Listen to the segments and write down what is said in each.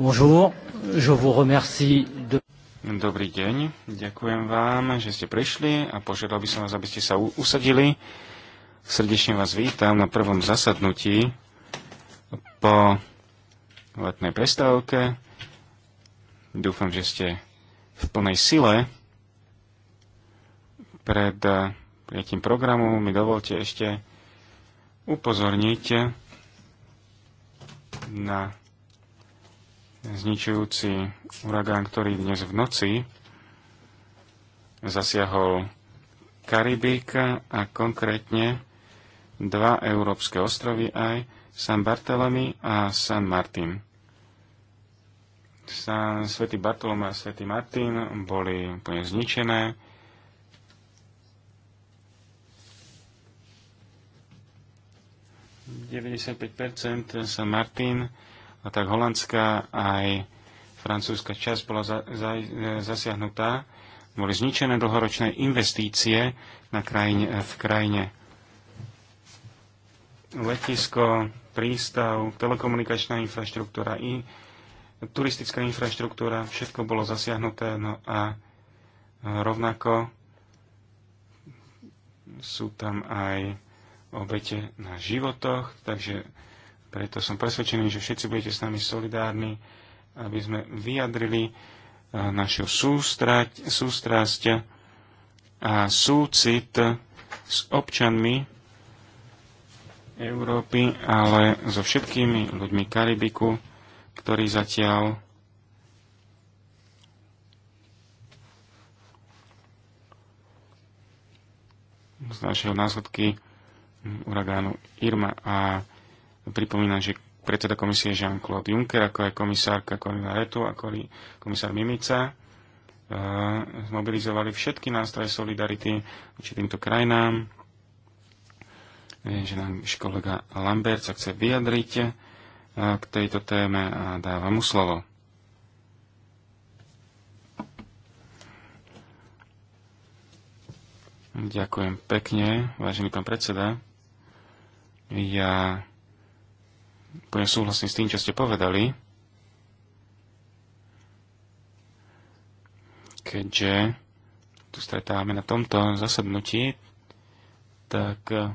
Bonjour, je vous remercie de... Dobrý deň, ďakujem vám, že ste prišli a požiadal by som vás, aby ste sa usadili. Srdečne vás vítam na prvom zasadnutí po letnej prestávke. Dúfam, že ste v plnej sile. Pred eh, prijatím programu mi dovolte ešte upozorniť na zničujúci uragán, ktorý dnes v noci zasiahol Karibik a konkrétne dva európske ostrovy aj San Bartolomé a San Martin. San, Svetý Bartolomé a Svetý Martin boli úplne zničené. percent San Martin tak holandská aj francúzska časť bola za, za, zasiahnutá. Boli zničené dlhoročné investície na krajine, v krajine. Letisko, prístav, telekomunikačná infraštruktúra i turistická infraštruktúra, všetko bolo zasiahnuté. No a rovnako sú tam aj obete na životoch, takže preto som presvedčený, že všetci budete s nami solidárni, aby sme vyjadrili eh, našu sústrať, sústrasť a súcit s občanmi Európy, ale so všetkými ľuďmi Karibiku, ktorí zatiaľ Z našeho následky uragánu Irma a Pripomínam, že predseda komisie Jean-Claude Juncker, ako aj komisárka Corina Retu, ako aj komisár Mimica, eh, zmobilizovali všetky nástroje solidarity voči týmto krajinám. Viem, eh, že nám kolega Lambert sa chce vyjadriť eh, k tejto téme a dávam mu slovo. Ďakujem pekne, vážený pán predseda. Ja Plne súhlasím s tým, čo ste povedali. Keďže tu stretávame na tomto zasadnutí, tak eh,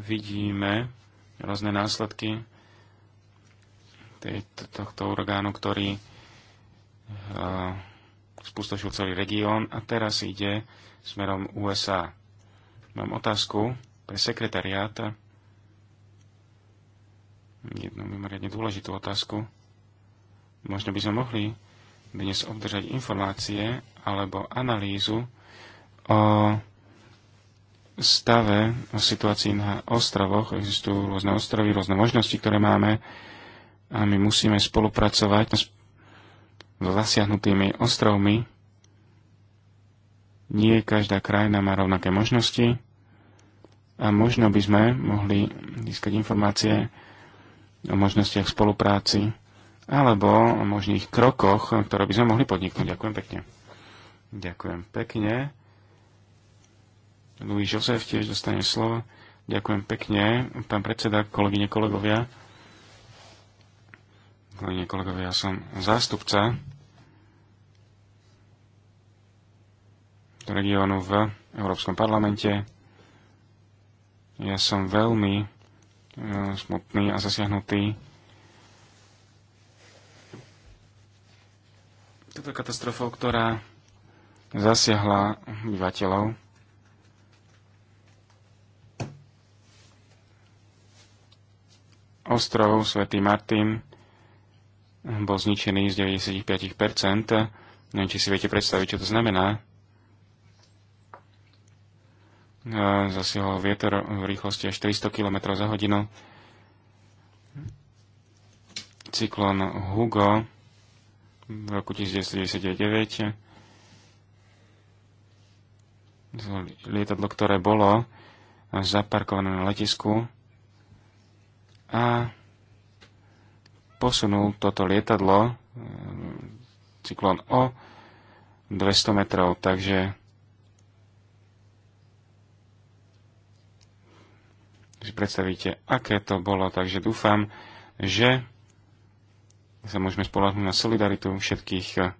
vidíme rôzne následky tejto, tohto orgánu, ktorý uh, eh, spustošil celý región a teraz ide smerom USA. Mám otázku pre sekretariát jednu mimoriadne dôležitú otázku. Možno by sme mohli dnes obdržať informácie alebo analýzu o stave, o situácii na ostrovoch. Existujú rôzne ostrovy, rôzne možnosti, ktoré máme a my musíme spolupracovať s zasiahnutými ostrovmi. Nie každá krajina má rovnaké možnosti a možno by sme mohli získať informácie o možnostiach spolupráci alebo o možných krokoch, ktoré by sme mohli podniknúť. Ďakujem pekne. Ďakujem pekne. Louis Josef tiež dostane slovo. Ďakujem pekne, pán predseda, kolegyne, kolegovia. Kolegyne, kolegovia, ja som zástupca regiónu v Európskom parlamente. Ja som veľmi Eh, smutný a zasiahnutý. Toto je katastrofou, ktorá zasiahla obyvateľov. Ostrov Svetý Martin bol zničený z 95%. Neviem, či si viete predstaviť, čo to znamená. Zasiahol vietor v rýchlosti až 300 km za hodinu. Cyklon Hugo v roku 1999 lietadlo, ktoré bolo zaparkované na letisku a posunul toto lietadlo e, cyklon O 200 metrov, takže si predstavíte, aké to bolo. Takže dúfam, že sa môžeme spolahnúť na solidaritu všetkých eh,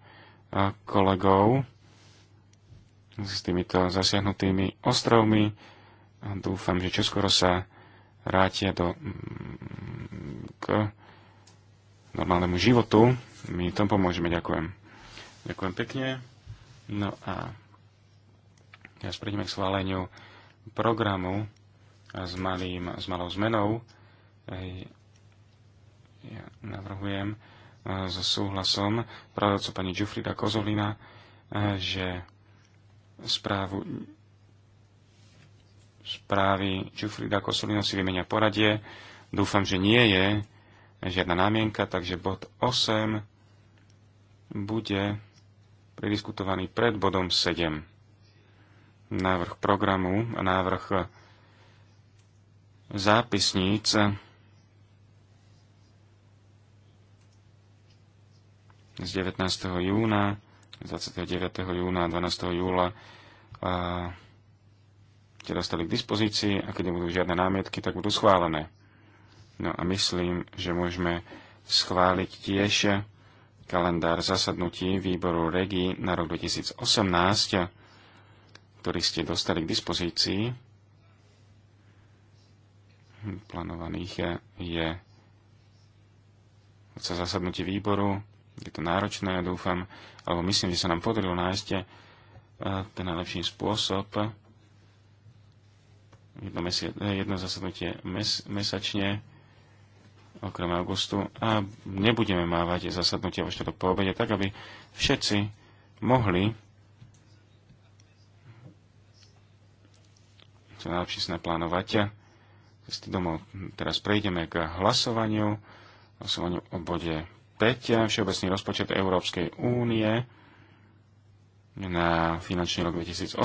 kolegov s týmito zasiahnutými ostrovmi. Dúfam, že čoskoro sa vrátia do, mm, k normálnemu životu. My tom pomôžeme. Ďakujem. Ďakujem pekne. No a ja prejdeme k schváleniu programu s, malým, s malou zmenou. Ja navrhujem e, so súhlasom pravdovcu pani Giuffrida Kozolina, e, že správu správy Čufrida Kosolino si vymenia poradie. Dúfam, že nie je žiadna námienka, takže bod 8 bude prediskutovaný pred bodom 7. Návrh programu a návrh zápisníc z 19. júna, 29. júna, 12. júla tie dostali k dispozícii a keď nebudú žiadne námietky, tak budú schválené. No a myslím, že môžeme schváliť tiež kalendár zasadnutí výboru REGI na rok 2018, ktorý ste dostali k dispozícii plánovaných je sa zasadnutie výboru. Je to náročné, ja dúfam, alebo myslím, že sa nám podarilo nájsť eh, ten najlepší spôsob. Jedno, mesie, eh, jedno zasadnutie mes, mesačne, okrem augustu, a nebudeme mávať zasadnutie vo do po obede, tak aby všetci mohli čo najlepšie sa naplánovať domov. Teraz prejdeme k hlasovaniu. Hlasovaniu o bode 5. Všeobecný rozpočet Európskej únie na finančný rok 2018.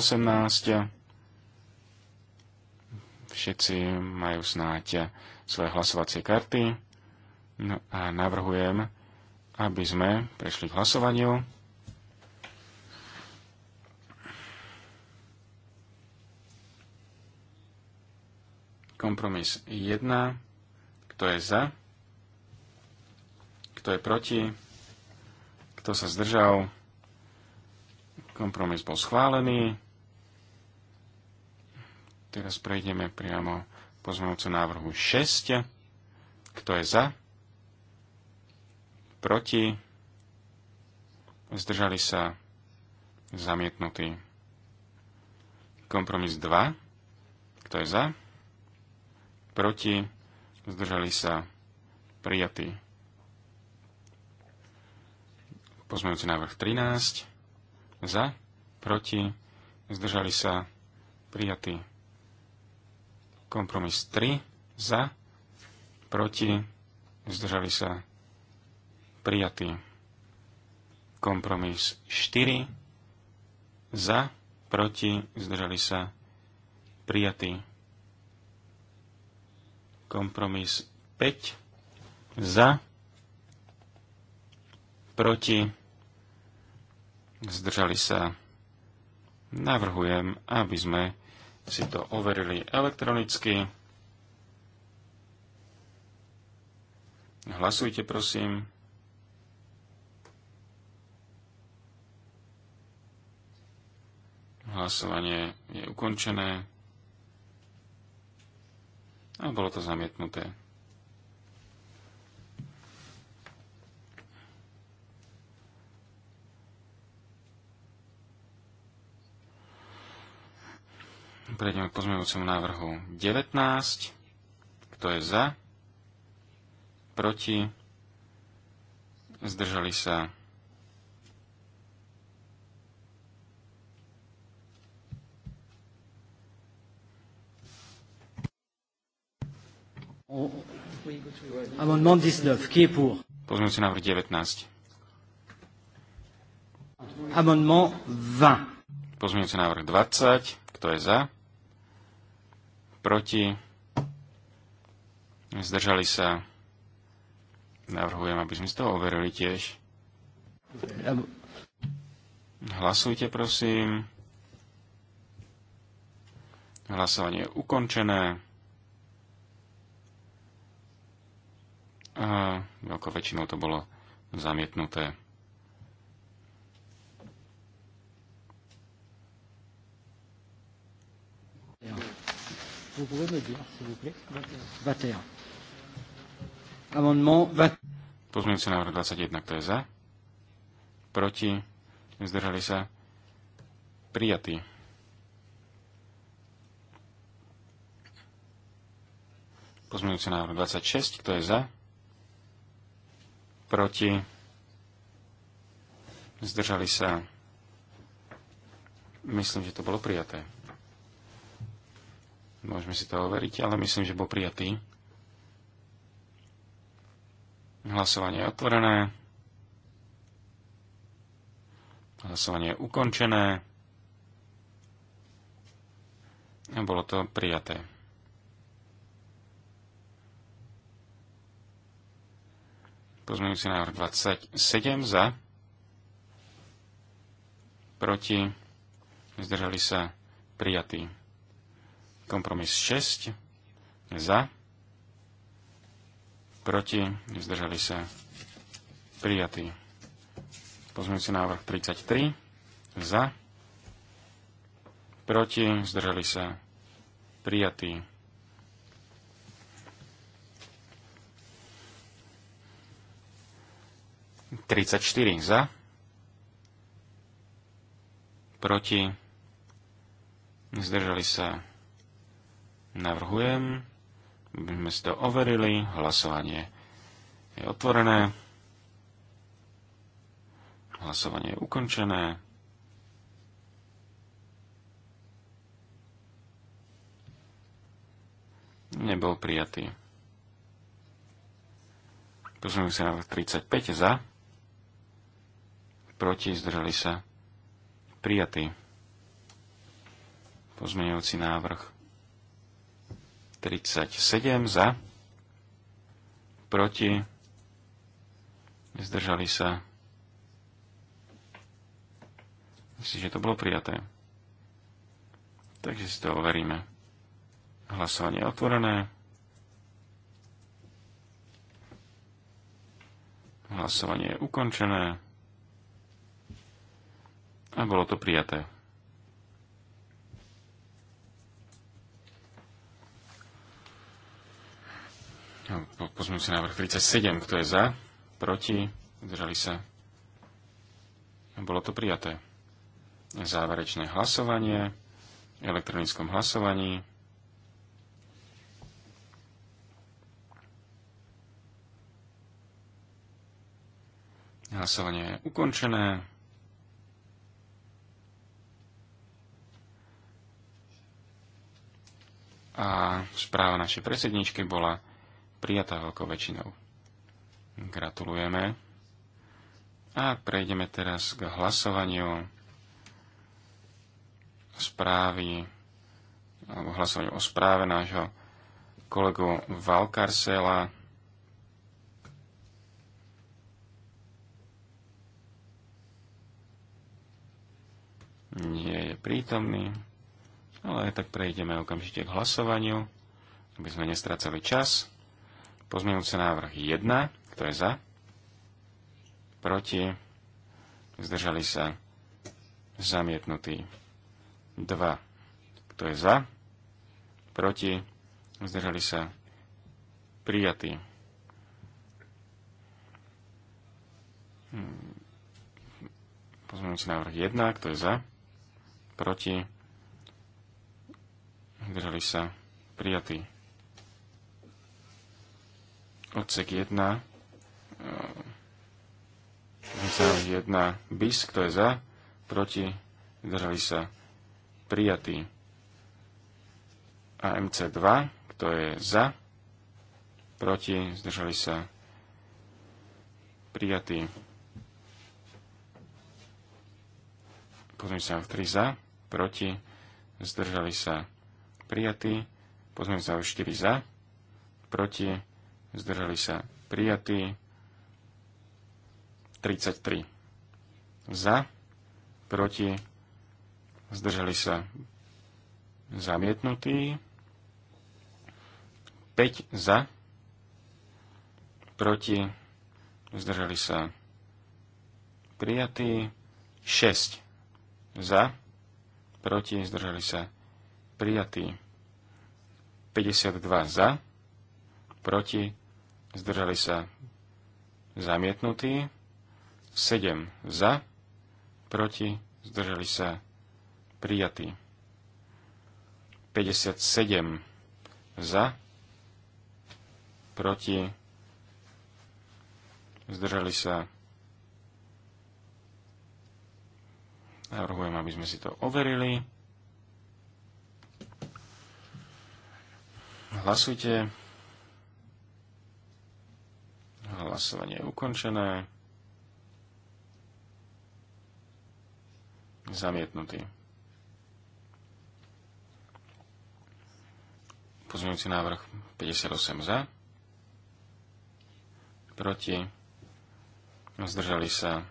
Všetci majú snáď svoje hlasovacie karty. No a navrhujem, aby sme prešli k hlasovaniu. Kompromis 1. Kto je za? Kto je proti? Kto sa zdržal? Kompromis bol schválený. Teraz prejdeme priamo pozmeňujúcu návrhu 6. Kto je za? Proti? Zdržali sa? Zamietnutý. Kompromis 2. Kto je za? proti, zdržali sa prijatí. Pozmejúci návrh 13, za, proti, zdržali sa prijatí. Kompromis 3, za, proti, zdržali sa prijatí. Kompromis 4, za, proti, zdržali sa prijatí Kompromis 5 za, proti, zdržali sa. Navrhujem, aby sme si to overili elektronicky. Hlasujte, prosím. Hlasovanie je ukončené. A bolo to zamietnuté. Prejdeme k pozmeňujúcemu návrhu 19. Kto je za? Proti? Zdržali sa? Amendement 19, qui est pour? Pozmeňujúci návrh 19. Amendement 20. Pozmeňujúci návrh 20. Kto je za? Proti? Zdržali sa? Navrhujem, aby sme z toho overili tiež. Hlasujte, prosím. Hlasovanie je ukončené. a veľkou väčšinou to bolo zamietnuté. Vous pouvez návrh 21, kto je za? Proti? Zdržali sa? Prijatý. Pozmeňujúci návrh 26, kto je za? proti, zdržali sa. Myslím, že to bolo prijaté. Môžeme si to overiť, ale myslím, že bol prijatý. Hlasovanie je otvorené. Hlasovanie je ukončené. A bolo to prijaté. Pozmeňujúci návrh 27 za. Proti. Zdržali sa prijatí. Kompromis 6 za. Proti. Zdržali sa prijatí. Pozmeňujúci návrh 33 za. Proti. Zdržali sa prijatí 34 za, proti, zdržali sa, navrhujem, by sme si to overili, hlasovanie je otvorené, hlasovanie je ukončené, nebol prijatý. Pozrieme sa na 35 za, proti, zdržali sa, prijatý. Pozmeňujúci návrh 37 za, proti, zdržali sa. Myslím, že to bolo prijaté. Takže si to overíme. Hlasovanie je otvorené. Hlasovanie je ukončené a bolo to prijaté. No, Pozmím si návrh 37, kto je za, proti, zdržali sa. No, bolo to prijaté. Záverečné hlasovanie, elektronickom hlasovaní. Hlasovanie je ukončené. a správa našej predsedničky bola prijatá veľkou väčšinou. Gratulujeme. A prejdeme teraz k hlasovaniu správy alebo hlasovaniu o správe nášho kolegu Valkarsela. Nie je prítomný. Ale tak prejdeme okamžite k hlasovaniu, aby sme nestracali čas. Pozmienujúce návrh 1, kto je za? Proti? Zdržali sa? Zamietnutý. 2, kto je za? Proti? Zdržali sa? Prijatý. Hmm. Pozmienujúce návrh 1, kto je za? Proti? Zdržali sa. prijatí. Odsek 1. Zálež 1. Bis. Kto je za? Proti. Zdržali sa. prijatí. A MC2. Kto je za? Proti. Zdržali sa. prijatí. Pozrime sa v 3 za. Proti. Zdržali sa prijatí prijatý. Pozmeň sa 4 za, proti, zdržali sa prijatí. 33 za, proti, zdržali sa zamietnutí. 5 za, proti, zdržali sa prijatí. 6 za, proti, zdržali sa prijatý. 52 za, proti, zdržali sa zamietnutí. 7 za, proti, zdržali sa prijatí. 57 za, proti, zdržali sa Navrhujem, aby sme si to overili. Hlasujte. Hlasovanie je ukončené. Zamietnutý. Pozmeňujúci návrh 58 za. Proti. Zdržali sa.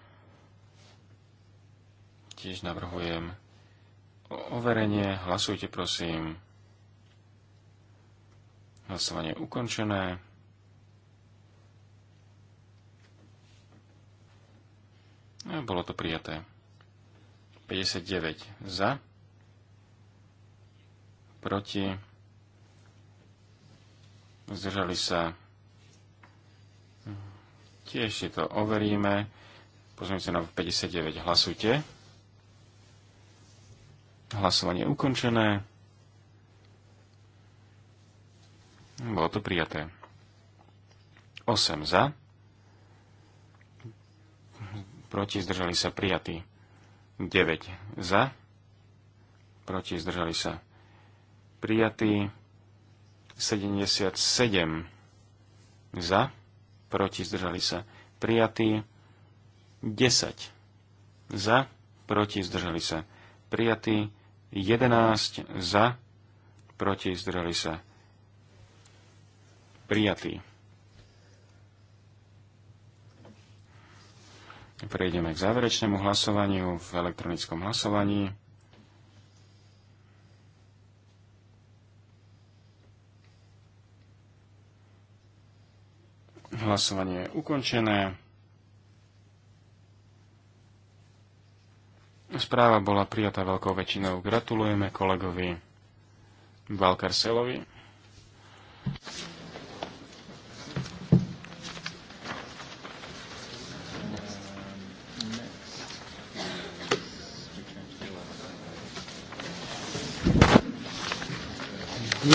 Tiež navrhujem overenie. Hlasujte prosím. Hlasovanie je ukončené. A bolo to prijaté. 59 za, proti, zdržali sa. Tiež si to overíme. Pozrieme sa na 59. Hlasujte. Hlasovanie je ukončené. Bolo to prijaté. 8 za. Proti zdržali sa prijatí. 9 za. Proti zdržali sa prijatí. 77 za. Proti zdržali sa prijatí. 10 za. Proti zdržali sa prijatí. 11 za. Proti zdržali sa prijatí prijatý. Prejdeme k záverečnému hlasovaniu v elektronickom hlasovaní. Hlasovanie je ukončené. Správa bola prijatá veľkou väčšinou. Gratulujeme kolegovi Valkarselovi.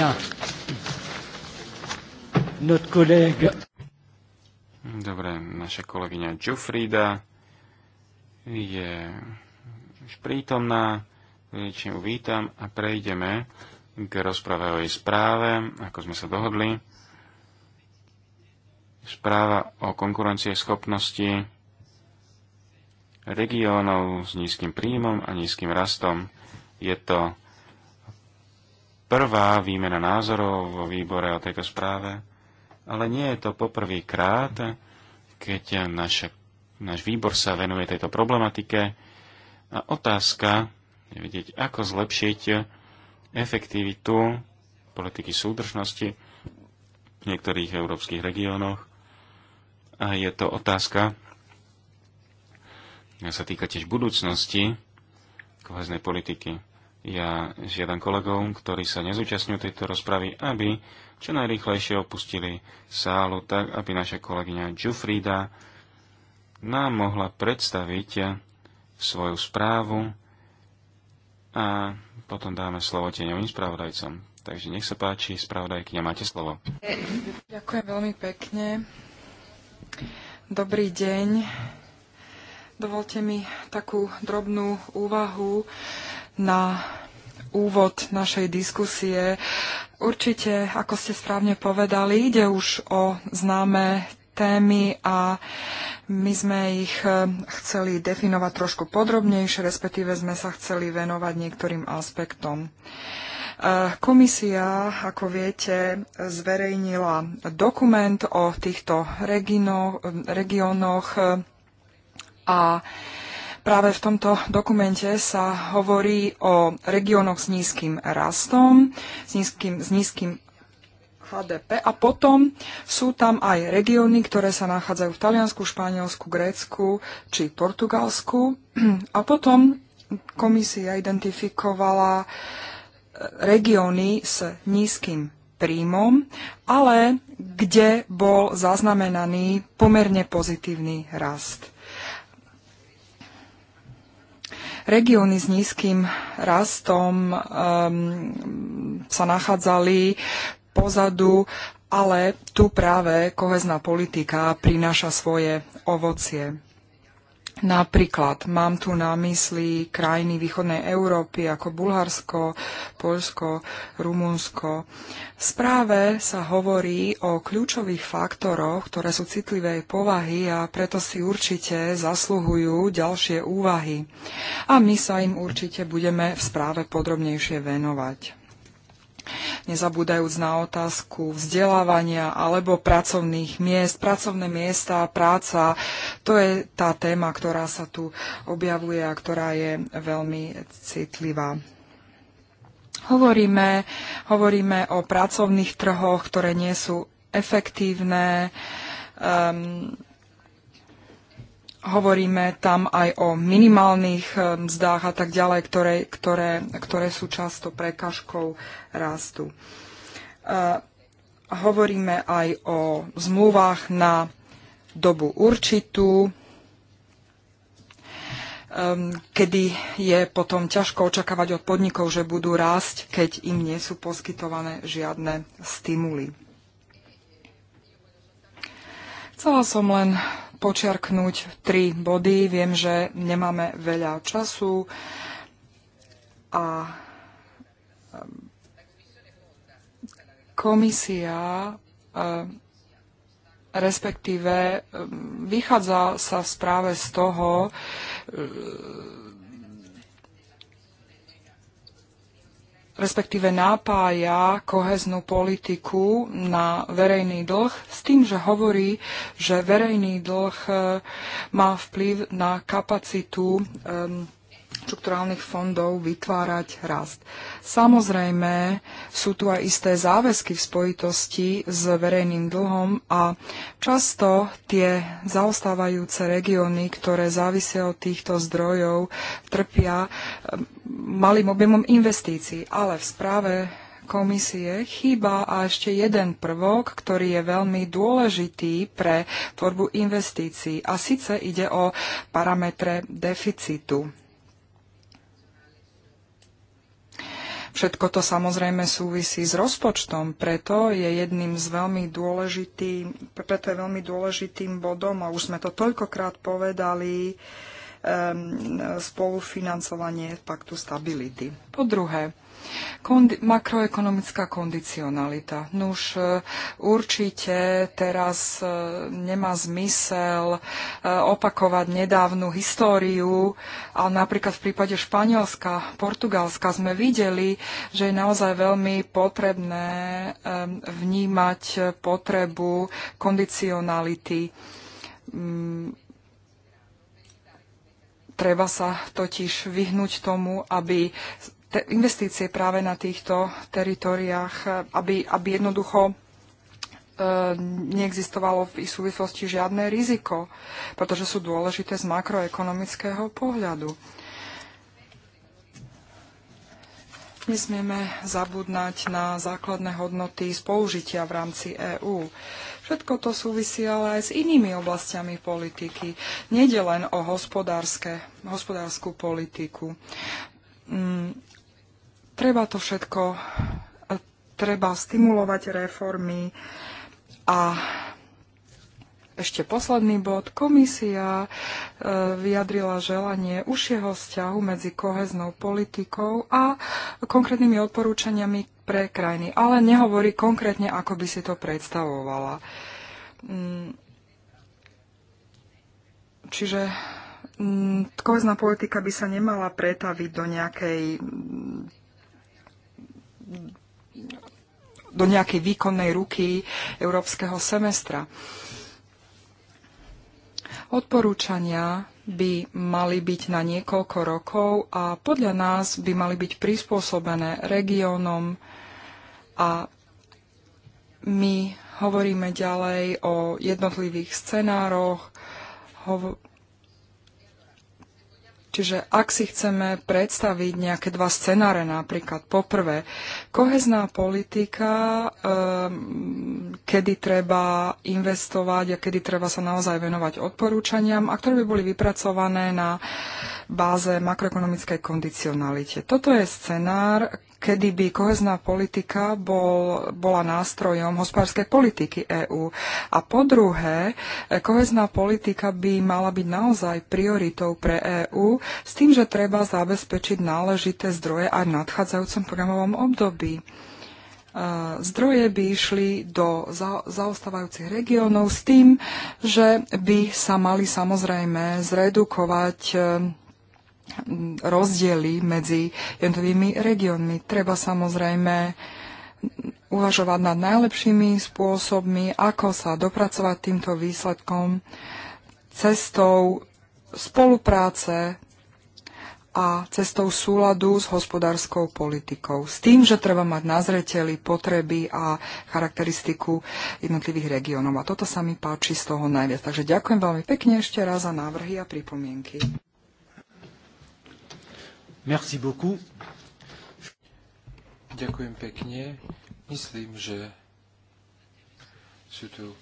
Bien. Notre collègue. Dobre, naša kolegyňa Jufrida je už prítomná, ju vítam a prejdeme k rozprave o jej správe, ako sme sa dohodli. Správa o konkurencie schopnosti regiónov s nízkym príjmom a nízkym rastom. Je to prvá výmena názorov vo výbore o tejto správe, ale nie je to poprvýkrát, keď naše, náš výbor sa venuje tejto problematike a otázka je vidieť, ako zlepšiť efektivitu politiky súdržnosti v niektorých európskych regiónoch. A je to otázka, ktorá sa týka tiež budúcnosti kohezné politiky ja žiadam kolegov, ktorí sa nezúčastňujú tejto rozpravy, aby čo najrýchlejšie opustili sálu, tak aby naša kolegyňa Jufrida nám mohla predstaviť svoju správu a potom dáme slovo tieňovým spravodajcom. Takže nech sa páči, spravodajkyňa, máte slovo. Ďakujem veľmi pekne. Dobrý deň. Dovolte mi takú drobnú úvahu na úvod našej diskusie. Určite, ako ste správne povedali, ide už o známe témy a my sme ich e, chceli definovať trošku podrobnejšie, respektíve sme sa chceli venovať niektorým aspektom. E, komisia, ako viete, zverejnila dokument o týchto regiónoch e, a Práve v tomto dokumente sa hovorí o regiónoch s nízkym rastom, s nízkym, s nízkym HDP a potom sú tam aj regióny, ktoré sa nachádzajú v Taliansku, Španielsku, Grécku či Portugalsku. A potom komisia identifikovala e, regióny s nízkym príjmom, ale kde bol zaznamenaný pomerne pozitívny rast. Regióny s nízkym rastom um, sa nachádzali pozadu, ale tu práve kohezná politika prináša svoje ovocie. Napríklad mám tu na mysli krajiny východnej Európy ako Bulharsko, Polsko, Rumunsko. V správe sa hovorí o kľúčových faktoroch, ktoré sú citlivej povahy a preto si určite zasluhujú ďalšie úvahy. A my sa im určite budeme v správe podrobnejšie venovať nezabúdajúc na otázku vzdelávania alebo pracovných miest. Pracovné miesta, práca, to je tá téma, ktorá sa tu objavuje a ktorá je veľmi citlivá. Hovoríme, hovoríme o pracovných trhoch, ktoré nie sú efektívne. Um, Hovoríme tam aj o minimálnych eh, mzdách a tak ďalej, ktoré, ktoré, ktoré sú často prekažkou rastu. Eh, hovoríme aj o zmluvách na dobu určitú, ehm, kedy je potom ťažko očakávať od podnikov, že budú rásť, keď im nie sú poskytované žiadne stimuly. Chcela som len počiarknúť tri body. Viem, že nemáme veľa času a um, komisia um, respektíve um, vychádza sa správe z toho, respektíve nápája koheznú politiku na verejný dlh s tým, že hovorí, že verejný dlh eh, má vplyv na kapacitu um, štrukturálnych fondov vytvárať rast. Samozrejme, sú tu aj isté záväzky v spojitosti s verejným dlhom a často tie zaostávajúce regióny, ktoré závisia od týchto zdrojov, trpia ehm, malým objemom investícií. Ale v správe komisie chýba a ešte jeden prvok, ktorý je veľmi dôležitý pre tvorbu investícií. A síce ide o parametre deficitu. Všetko to samozrejme súvisí s rozpočtom, preto je jedným z veľmi dôležitým, preto je veľmi dôležitým bodom, a už sme to toľkokrát povedali, spolufinancovanie paktu stability. Po druhé, Kondi- makroekonomická kondicionalita. Nuž e, určite teraz e, nemá zmysel e, opakovať nedávnu históriu, ale napríklad v prípade Španielska, Portugalska sme videli, že je naozaj veľmi potrebné vnímať potrebu kondicionality mm, treba sa totiž vyhnúť tomu, aby investície práve na týchto teritoriách, aby, aby jednoducho e, neexistovalo v ich súvislosti žiadne riziko, pretože sú dôležité z makroekonomického pohľadu. Nesmieme zabudnať na základné hodnoty spolužitia v rámci EÚ. Všetko to súvisí ale aj s inými oblastiami politiky. Nede len o hospodárskú politiku. Mm, Treba to všetko, e, treba stimulovať reformy a ešte posledný bod. Komisia e, vyjadrila želanie užšieho vzťahu medzi koheznou politikou a konkrétnymi odporúčaniami pre krajiny, ale nehovorí konkrétne, ako by si to predstavovala. Mm. Čiže mm, kohezná politika by sa nemala pretaviť do nejakej mm, do nejakej výkonnej ruky európskeho semestra. Odporúčania by mali byť na niekoľko rokov a podľa nás by mali byť prispôsobené regiónom a my hovoríme ďalej o jednotlivých scenároch, Čiže ak si chceme predstaviť nejaké dva scenáre, napríklad poprvé, kohezná politika, ehm, kedy treba investovať a kedy treba sa naozaj venovať odporúčaniam, a ktoré by boli vypracované na báze makroekonomickej kondicionalite. Toto je scenár, kedy by kohezná politika bol, bola nástrojom hospodárskej politiky EÚ. A po druhé, kohezná politika by mala byť naozaj prioritou pre EÚ s tým, že treba zabezpečiť náležité zdroje aj v nadchádzajúcom programovom období. E, zdroje by išli do za, zaostávajúcich regiónov s tým, že by sa mali samozrejme zredukovať e, rozdiely medzi jednotlivými regiónmi. Treba samozrejme uvažovať nad najlepšími spôsobmi, ako sa dopracovať týmto výsledkom cestou spolupráce a cestou súladu s hospodárskou politikou. S tým, že treba mať na zreteli potreby a charakteristiku jednotlivých regiónov. A toto sa mi páči z toho najviac. Takže ďakujem veľmi pekne ešte raz za návrhy a pripomienky. Merci beaucoup. Ďakujem pekne. Myslím, že sú tu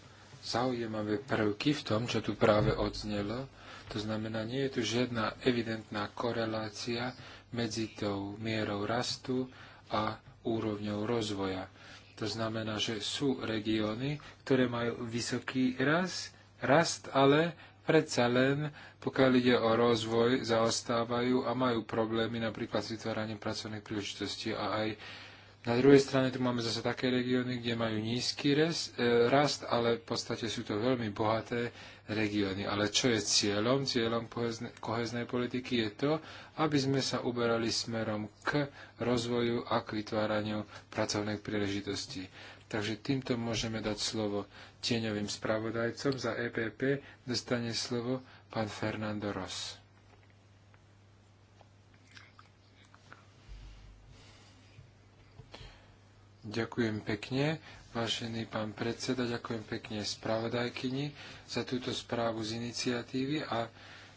zaujímavé prvky v tom, čo tu práve odznelo. To znamená, nie je tu žiadna evidentná korelácia medzi tou mierou rastu a úrovňou rozvoja. To znamená, že sú regióny, ktoré majú vysoký rast, rast ale predsa len, pokiaľ ide o rozvoj, zaostávajú a majú problémy napríklad s vytváraním pracovných príležitostí a aj na druhej strane tu máme zase také regióny, kde majú nízky res, e, rast, ale v podstate sú to veľmi bohaté regióny. Ale čo je cieľom? Cieľom kohezne, koheznej politiky je to, aby sme sa uberali smerom k rozvoju a k vytváraniu pracovných príležitostí. Takže týmto môžeme dať slovo tieňovým spravodajcom. Za EPP dostane slovo pán Fernando Ross. Ďakujem pekne, vážený pán predseda, ďakujem pekne spravodajkyni za túto správu z iniciatívy a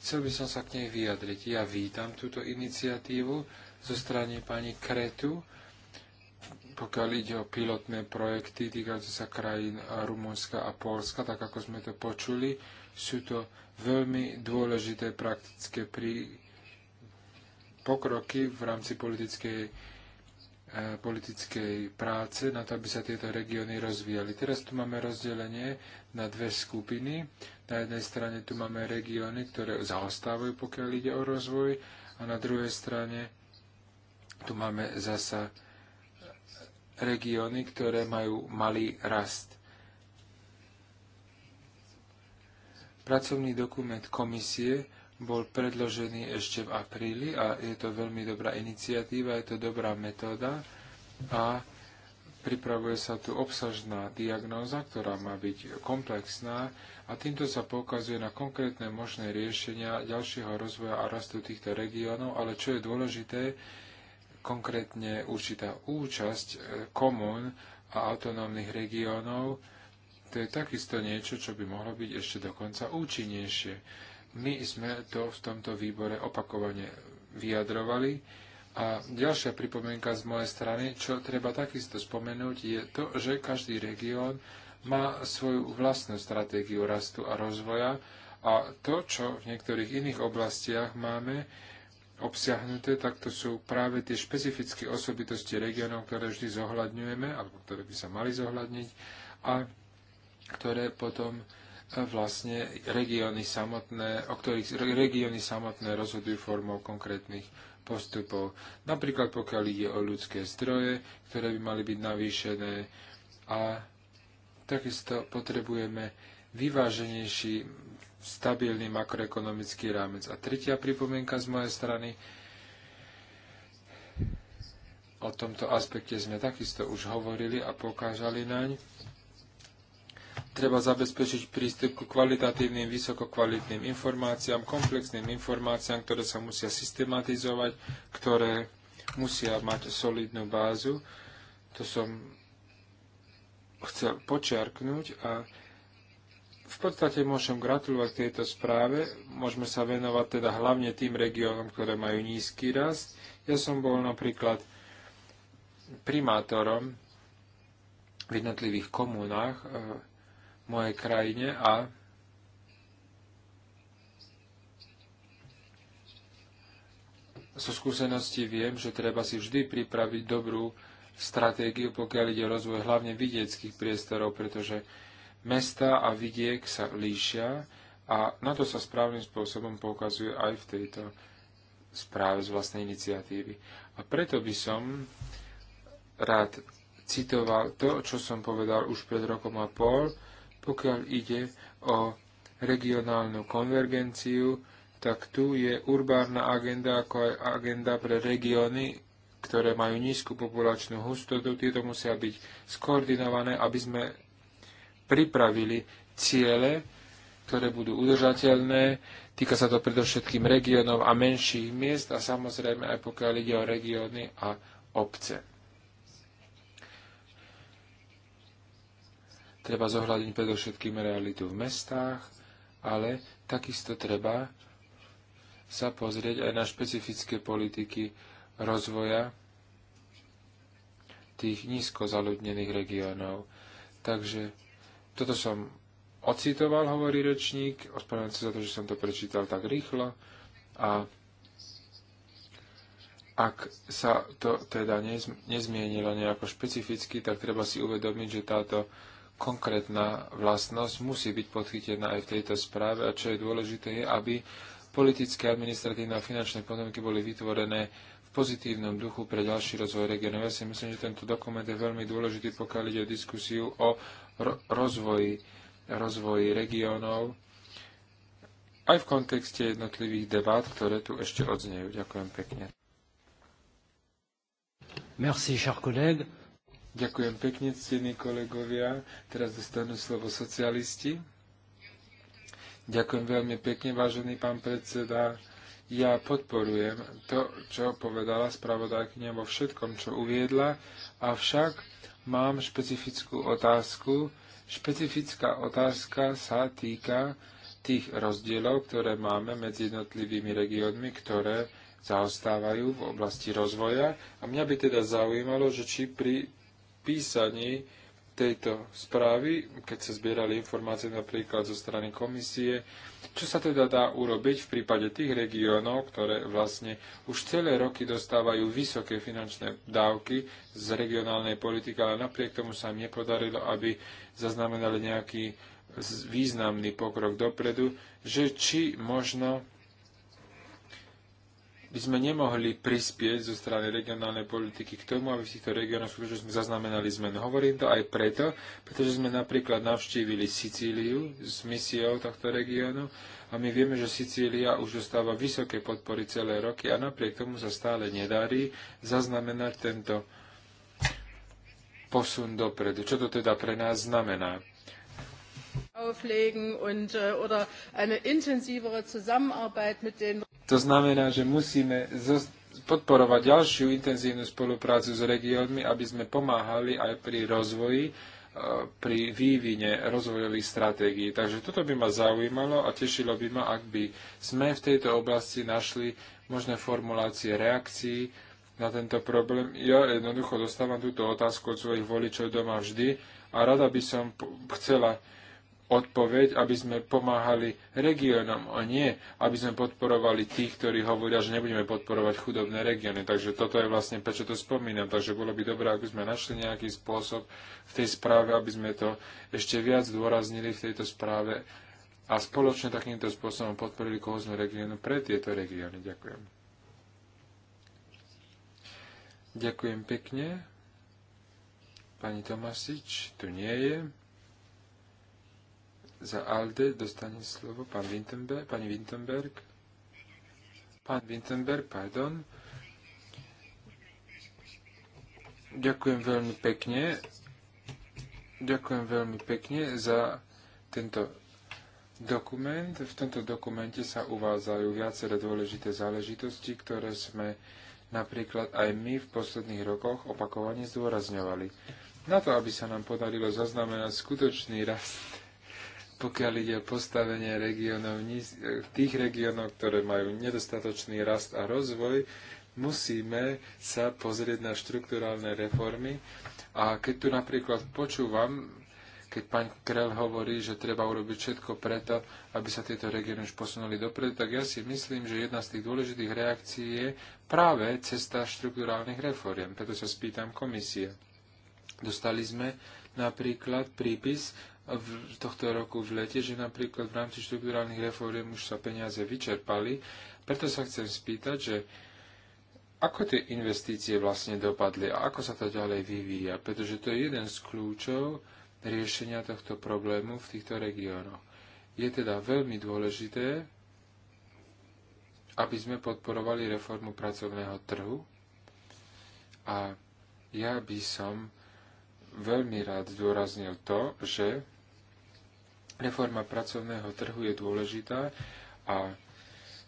chcel by som sa k nej vyjadriť. Ja vítam túto iniciatívu zo strany pani Kretu, pokiaľ ide o pilotné projekty týkajúce sa krajín Rumunska a Polska, tak ako sme to počuli, sú to veľmi dôležité praktické prí... pokroky v rámci politickej, e, politickej práce na to, aby sa tieto regióny rozvíjali. Teraz tu máme rozdelenie na dve skupiny. Na jednej strane tu máme regióny, ktoré zaostávajú, pokiaľ ide o rozvoj, a na druhej strane tu máme zasa regióny, ktoré majú malý rast. Pracovný dokument komisie bol predložený ešte v apríli a je to veľmi dobrá iniciatíva, je to dobrá metóda a pripravuje sa tu obsažná diagnóza, ktorá má byť komplexná a týmto sa poukazuje na konkrétne možné riešenia ďalšieho rozvoja a rastu týchto regiónov, ale čo je dôležité, konkrétne určitá účasť e, komún a autonómnych regiónov, to je takisto niečo, čo by mohlo byť ešte dokonca účinnejšie. My sme to v tomto výbore opakovane vyjadrovali a ďalšia pripomienka z mojej strany, čo treba takisto spomenúť, je to, že každý región má svoju vlastnú stratégiu rastu a rozvoja a to, čo v niektorých iných oblastiach máme, obsiahnuté, tak to sú práve tie špecifické osobitosti regionov, ktoré vždy zohľadňujeme, alebo ktoré by sa mali zohľadniť a ktoré potom eh, vlastne regióny samotné, o ktorých regióny samotné rozhodujú formou konkrétnych postupov. Napríklad pokiaľ ide o ľudské zdroje, ktoré by mali byť navýšené a takisto potrebujeme vyváženejší stabilný makroekonomický rámec. A tretia pripomienka z mojej strany, o tomto aspekte sme takisto už hovorili a pokážali naň. Treba zabezpečiť prístup ku kvalitatívnym, vysokokvalitným informáciám, komplexným informáciám, ktoré sa musia systematizovať, ktoré musia mať solidnú bázu. To som chcel počiarknúť a v podstate môžem gratulovať k tejto správe. Môžeme sa venovať teda hlavne tým regiónom, ktoré majú nízky rast. Ja som bol napríklad primátorom v jednotlivých komunách e, v mojej krajine a zo so skúsenosti viem, že treba si vždy pripraviť dobrú stratégiu, pokiaľ ide o rozvoj hlavne vidieckých priestorov, pretože mesta a vidiek sa líšia a na to sa správnym spôsobom poukazuje aj v tejto správe z vlastnej iniciatívy. A preto by som rád citoval to, čo som povedal už pred rokom a pol, pokiaľ ide o regionálnu konvergenciu, tak tu je urbárna agenda ako aj agenda pre regióny, ktoré majú nízku populačnú hustotu. Tieto musia byť skoordinované, aby sme pripravili ciele, ktoré budú udržateľné. Týka sa to predovšetkým regiónov a menších miest a samozrejme aj pokiaľ ide o regióny a obce. Treba zohľadiť predovšetkým realitu v mestách, ale takisto treba sa pozrieť aj na špecifické politiky rozvoja tých nízko zaludnených regiónov. Takže toto som ocitoval, hovorí rečník, ospravedlňujem sa za to, že som to prečítal tak rýchlo a ak sa to teda nezmienilo nejako špecificky, tak treba si uvedomiť, že táto konkrétna vlastnosť musí byť podchytená aj v tejto správe a čo je dôležité je, aby politické, administratívne a finančné podmienky boli vytvorené pozitívnom duchu pre ďalší rozvoj regionu. Ja si myslím, že tento dokument je veľmi dôležitý, pokiaľ ide o diskusiu o rozvoji, rozvoji regionov aj v kontexte jednotlivých debát, ktoré tu ešte odznejú. Ďakujem pekne. Merci, cher collègue. Ďakujem pekne, ctení kolegovia. Teraz dostanú slovo socialisti. Ďakujem veľmi pekne, vážený pán predseda. Ja podporujem to, čo povedala spravodajkňa vo všetkom, čo uviedla, avšak mám špecifickú otázku. Špecifická otázka sa týka tých rozdielov, ktoré máme medzi jednotlivými regiónmi, ktoré zaostávajú v oblasti rozvoja. A mňa by teda zaujímalo, že či pri písaní tejto správy, keď sa zbierali informácie napríklad zo strany komisie, čo sa teda dá urobiť v prípade tých regiónov, ktoré vlastne už celé roky dostávajú vysoké finančné dávky z regionálnej politiky, ale napriek tomu sa im nepodarilo, aby zaznamenali nejaký významný pokrok dopredu, že či možno by sme nemohli prispieť zo strany regionálnej politiky k tomu, aby v týchto regiónoch skutočne sme zaznamenali zmenu. Hovorím to aj preto, pretože sme napríklad navštívili Sicíliu s misiou tohto regiónu a my vieme, že Sicília už dostáva vysoké podpory celé roky a napriek tomu sa stále nedarí zaznamenať tento posun dopredu. Čo to teda pre nás znamená? auflegen und äh, oder eine intensivere Zusammenarbeit mit den to znamená, že musíme podporovať ďalšiu intenzívnu spoluprácu s regiónmi, aby sme pomáhali aj pri rozvoji, e, pri vývine rozvojových stratégií. Takže toto by ma zaujímalo a tešilo by ma, ak by sme v tejto oblasti našli možné formulácie reakcií na tento problém. Ja jednoducho dostávam túto otázku od svojich voličov doma vždy a rada by som chcela odpoveď, aby sme pomáhali regiónom a nie, aby sme podporovali tých, ktorí hovoria, že nebudeme podporovať chudobné regióny. Takže toto je vlastne, prečo to spomínam. Takže bolo by dobré, aby sme našli nejaký spôsob v tej správe, aby sme to ešte viac dôraznili v tejto správe a spoločne takýmto spôsobom podporili kohoznú regiónu pre tieto regióny. Ďakujem. Ďakujem pekne. Pani Tomasič tu nie je. Za ALDE dostane slovo pán Wittenberg, pani Wittenberg. Pán Wittenberg, pardon. Ďakujem veľmi pekne. Ďakujem veľmi pekne za tento dokument. V tomto dokumente sa uvádzajú viaceré dôležité záležitosti, ktoré sme napríklad aj my v posledných rokoch opakovane zdôrazňovali. Na to, aby sa nám podarilo zaznamenať skutočný rast pokiaľ ide o postavenie regionov, eh, tých regionov, ktoré majú nedostatočný rast a rozvoj, musíme sa pozrieť na štrukturálne reformy. A keď tu napríklad počúvam, keď pán Krel hovorí, že treba urobiť všetko preto, aby sa tieto regióny už posunuli dopredu, tak ja si myslím, že jedna z tých dôležitých reakcií je práve cesta štrukturálnych reforiem. Preto sa spýtam komisie. Dostali sme napríklad prípis, v tohto roku v lete, že napríklad v rámci štruktúrálnych reforiem už sa peniaze vyčerpali. Preto sa chcem spýtať, že ako tie investície vlastne dopadli a ako sa to ďalej vyvíja, pretože to je jeden z kľúčov riešenia tohto problému v týchto regiónoch. Je teda veľmi dôležité, aby sme podporovali reformu pracovného trhu a ja by som veľmi rád zdôraznil to, že Reforma pracovného trhu je dôležitá a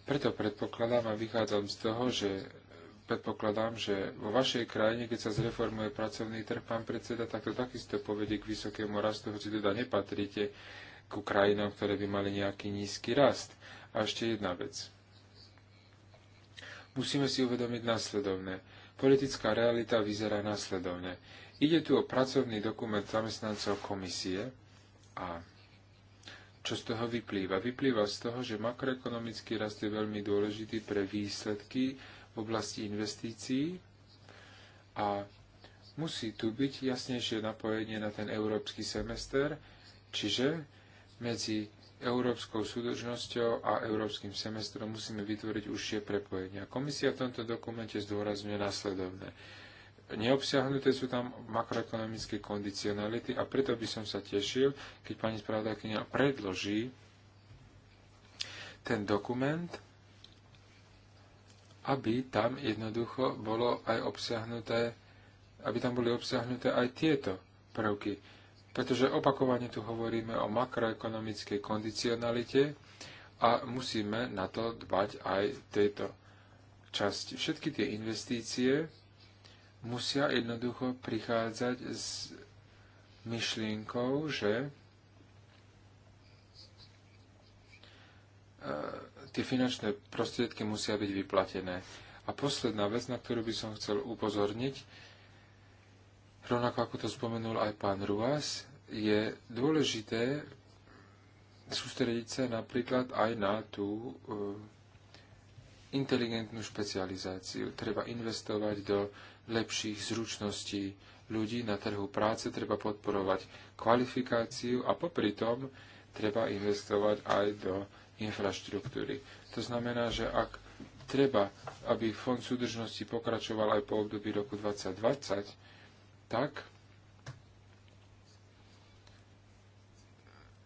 preto predpokladám a vychádzam z toho, že predpokladám, že vo vašej krajine, keď sa zreformuje pracovný trh, pán predseda, tak to takisto povedie k vysokému rastu, hoci teda nepatríte ku krajinám, ktoré by mali nejaký nízky rast. A ešte jedna vec. Musíme si uvedomiť následovné. Politická realita vyzerá následovne. Ide tu o pracovný dokument zamestnancov komisie a čo z toho vyplýva? Vyplýva z toho, že makroekonomický rast je veľmi dôležitý pre výsledky v oblasti investícií a musí tu byť jasnejšie napojenie na ten európsky semester, čiže medzi európskou súdržnosťou a európskym semestrom musíme vytvoriť užšie prepojenia. Komisia v tomto dokumente zdôrazňuje následovné neobsiahnuté sú tam makroekonomické kondicionality a preto by som sa tešil, keď pani spravodajkynia predloží ten dokument, aby tam jednoducho bolo aj obsiahnuté, aby tam boli obsiahnuté aj tieto prvky. Pretože opakovane tu hovoríme o makroekonomickej kondicionalite a musíme na to dbať aj tejto časti. Všetky tie investície, musia jednoducho prichádzať s myšlienkou, že e, tie finančné prostriedky musia byť vyplatené. A posledná vec, na ktorú by som chcel upozorniť, rovnako ako to spomenul aj pán Ruas, je dôležité sústrediť sa napríklad aj na tú e, inteligentnú špecializáciu. Treba investovať do lepších zručností ľudí na trhu práce, treba podporovať kvalifikáciu a popri tom treba investovať aj do infraštruktúry. To znamená, že ak treba, aby Fond súdržnosti pokračoval aj po období roku 2020, tak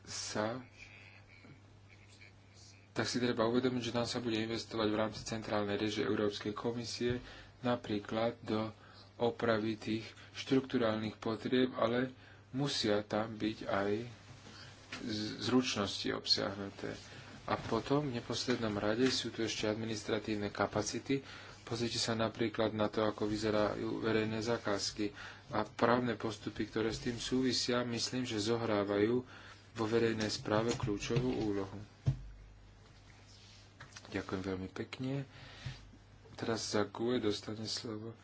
sa tak si treba uvedomiť, že tam sa bude investovať v rámci centrálnej reže Európskej komisie napríklad do opravy tých štruktúrálnych potrieb, ale musia tam byť aj zručnosti obsiahnuté. A potom v neposlednom rade sú tu ešte administratívne kapacity. Pozrite sa napríklad na to, ako vyzerajú verejné zakázky a právne postupy, ktoré s tým súvisia, myslím, že zohrávajú vo verejnej správe kľúčovú úlohu. Ďakujem veľmi pekne. Teraz za GUE dostane slovo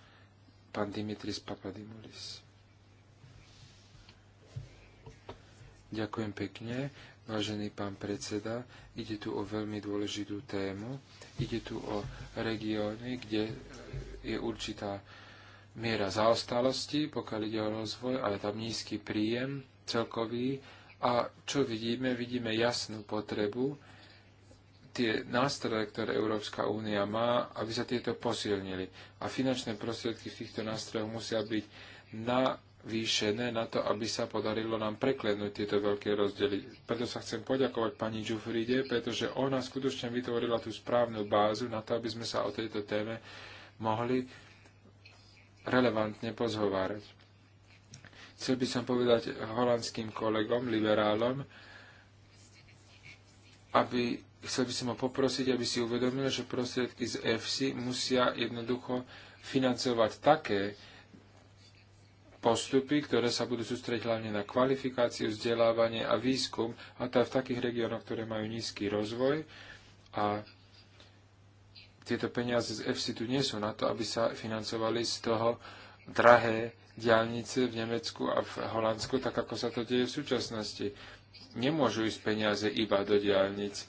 pán Dimitris Papadimulis. Ďakujem pekne, vážený pán predseda. Ide tu o veľmi dôležitú tému. Ide tu o regióny, kde je určitá miera zaostalosti, pokiaľ ide o rozvoj, ale tam nízky príjem celkový. A čo vidíme? Vidíme jasnú potrebu tie nástroje, ktoré Európska únia má, aby sa tieto posilnili. A finančné prostriedky v týchto nástrojoch musia byť navýšené na to, aby sa podarilo nám preklenúť tieto veľké rozdiely. Preto sa chcem poďakovať pani Džufride, pretože ona skutočne vytvorila tú správnu bázu na to, aby sme sa o tejto téme mohli relevantne pozhovárať. Chcel by som povedať holandským kolegom, liberálom, aby chcel by som ho poprosiť, aby si uvedomil, že prostriedky z EFSI musia jednoducho financovať také postupy, ktoré sa budú sústrediť hlavne na kvalifikáciu, vzdelávanie a výskum, a to aj v takých regiónoch, ktoré majú nízky rozvoj. A tieto peniaze z EFSI tu nie sú na to, aby sa financovali z toho drahé diálnice v Nemecku a v Holandsku, tak ako sa to deje v súčasnosti. Nemôžu ísť peniaze iba do diálnic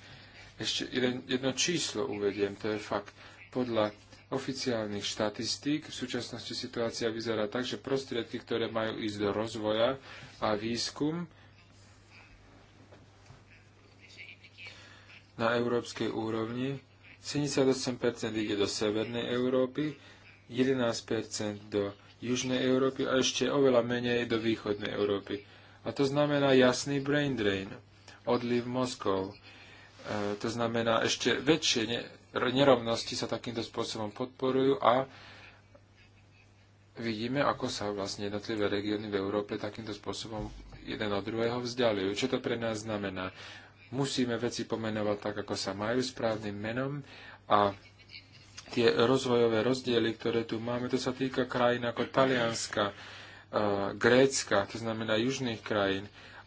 ešte jedno číslo uvediem, to je fakt. Podľa oficiálnych štatistík v súčasnosti situácia vyzerá tak, že prostriedky, ktoré majú ísť do rozvoja a výskum na európskej úrovni, 78% ide do Severnej Európy, 11% do Južnej Európy a ešte oveľa menej do Východnej Európy. A to znamená jasný brain drain, odliv mozgov E, to znamená, ešte väčšie nerovnosti sa takýmto spôsobom podporujú a vidíme, ako sa vlastne jednotlivé regióny v Európe takýmto spôsobom jeden od druhého vzdialujú. Čo to pre nás znamená? Musíme veci pomenovať tak, ako sa majú správnym menom a tie rozvojové rozdiely, ktoré tu máme, to sa týka krajín ako Talianska, e, Grécka, to znamená južných krajín.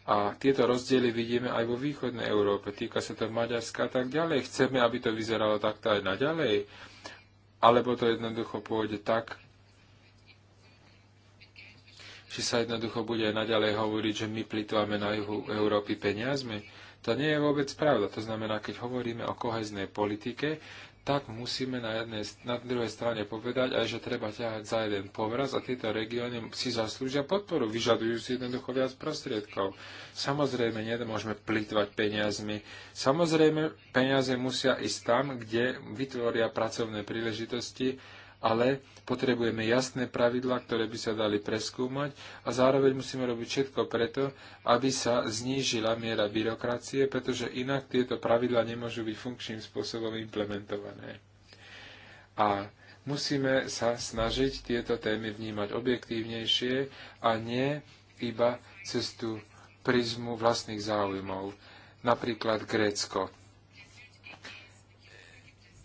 A tieto rozdiely vidíme aj vo východnej Európe. Týka sa to Maďarska a tak ďalej. Chceme, aby to vyzeralo takto aj naďalej. Alebo to jednoducho pôjde tak, že sa jednoducho bude aj naďalej hovoriť, že my plitváme na juhu Európy peniazmi. To nie je vôbec pravda. To znamená, keď hovoríme o koheznej politike, tak musíme na, jednej, na druhej strane povedať aj, že treba ťahať za jeden povraz a tieto regióny si zaslúžia podporu, vyžadujú si jednoducho viac prostriedkov. Samozrejme, nemôžeme plýtvať peniazmi. Samozrejme, peniaze musia ísť tam, kde vytvoria pracovné príležitosti ale potrebujeme jasné pravidlá, ktoré by sa dali preskúmať a zároveň musíme robiť všetko preto, aby sa znížila miera byrokracie, pretože inak tieto pravidlá nemôžu byť funkčným spôsobom implementované. A musíme sa snažiť tieto témy vnímať objektívnejšie a nie iba cez tú prizmu vlastných záujmov. Napríklad Grécko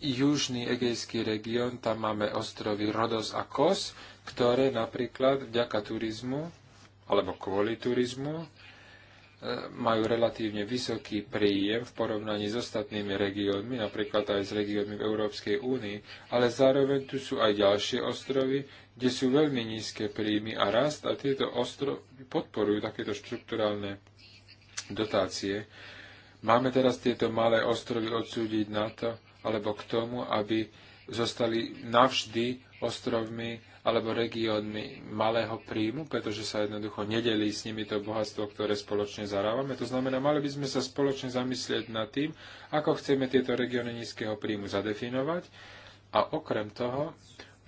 južný egejský región, tam máme ostrovy Rodos a Kos, ktoré napríklad vďaka turizmu, alebo kvôli turizmu, e, majú relatívne vysoký príjem v porovnaní s ostatnými regiónmi, napríklad aj s regiónmi v Európskej únii, ale zároveň tu sú aj ďalšie ostrovy, kde sú veľmi nízke príjmy a rast a tieto ostrovy podporujú takéto štrukturálne dotácie. Máme teraz tieto malé ostrovy odsúdiť na to, alebo k tomu, aby zostali navždy ostrovmi alebo regiónmi malého príjmu, pretože sa jednoducho nedelí s nimi to bohatstvo, ktoré spoločne zarávame. To znamená, mali by sme sa spoločne zamyslieť nad tým, ako chceme tieto regióny nízkeho príjmu zadefinovať a okrem toho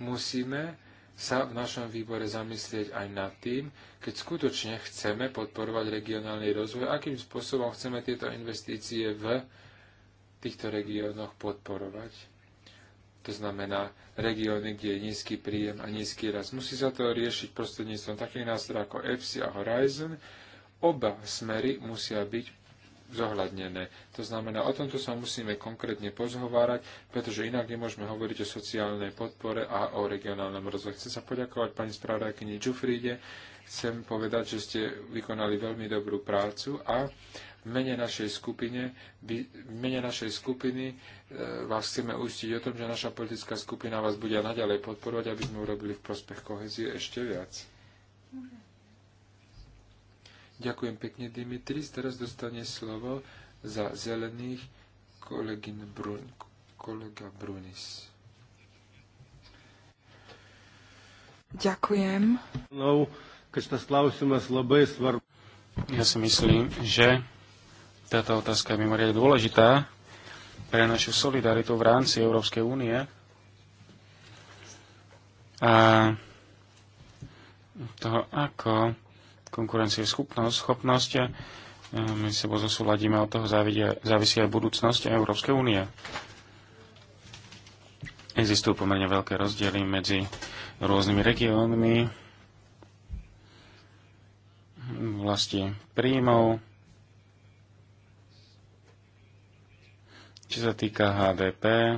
musíme sa v našom výbore zamyslieť aj nad tým, keď skutočne chceme podporovať regionálny rozvoj, akým spôsobom chceme tieto investície v týchto regiónoch podporovať. To znamená regióny, kde je nízky príjem a nízky rast. Musí sa to riešiť prostredníctvom takých nástrojov ako EFSI a Horizon. Oba smery musia byť zohľadnené. To znamená, o tomto sa musíme konkrétne pozhovárať, pretože inak nemôžeme hovoriť o sociálnej podpore a o regionálnom rozvoji. Chcem sa poďakovať pani správajkyni Čufríde. Chcem povedať, že ste vykonali veľmi dobrú prácu a v mene našej, skupine, v mene našej skupiny e, vás chceme uistiť o tom, že naša politická skupina vás bude naďalej podporovať, aby sme urobili v prospech kohezie ešte viac. Ďakujem pekne, Dimitris. Teraz dostane slovo za zelených kolegyn Brun, kolega Brunis. Ďakujem. No, Ja si myslím, že táto otázka je mimoriadne dôležitá pre našu solidaritu v rámci Európskej únie. A toho, ako konkurencieschopnosť, schopnosť, e, my sa zosúladíme, od toho závisí aj budúcnosť Európskej únie. Existujú pomerne veľké rozdiely medzi rôznymi regiónmi, vlasti príjmov, čo sa týka HDP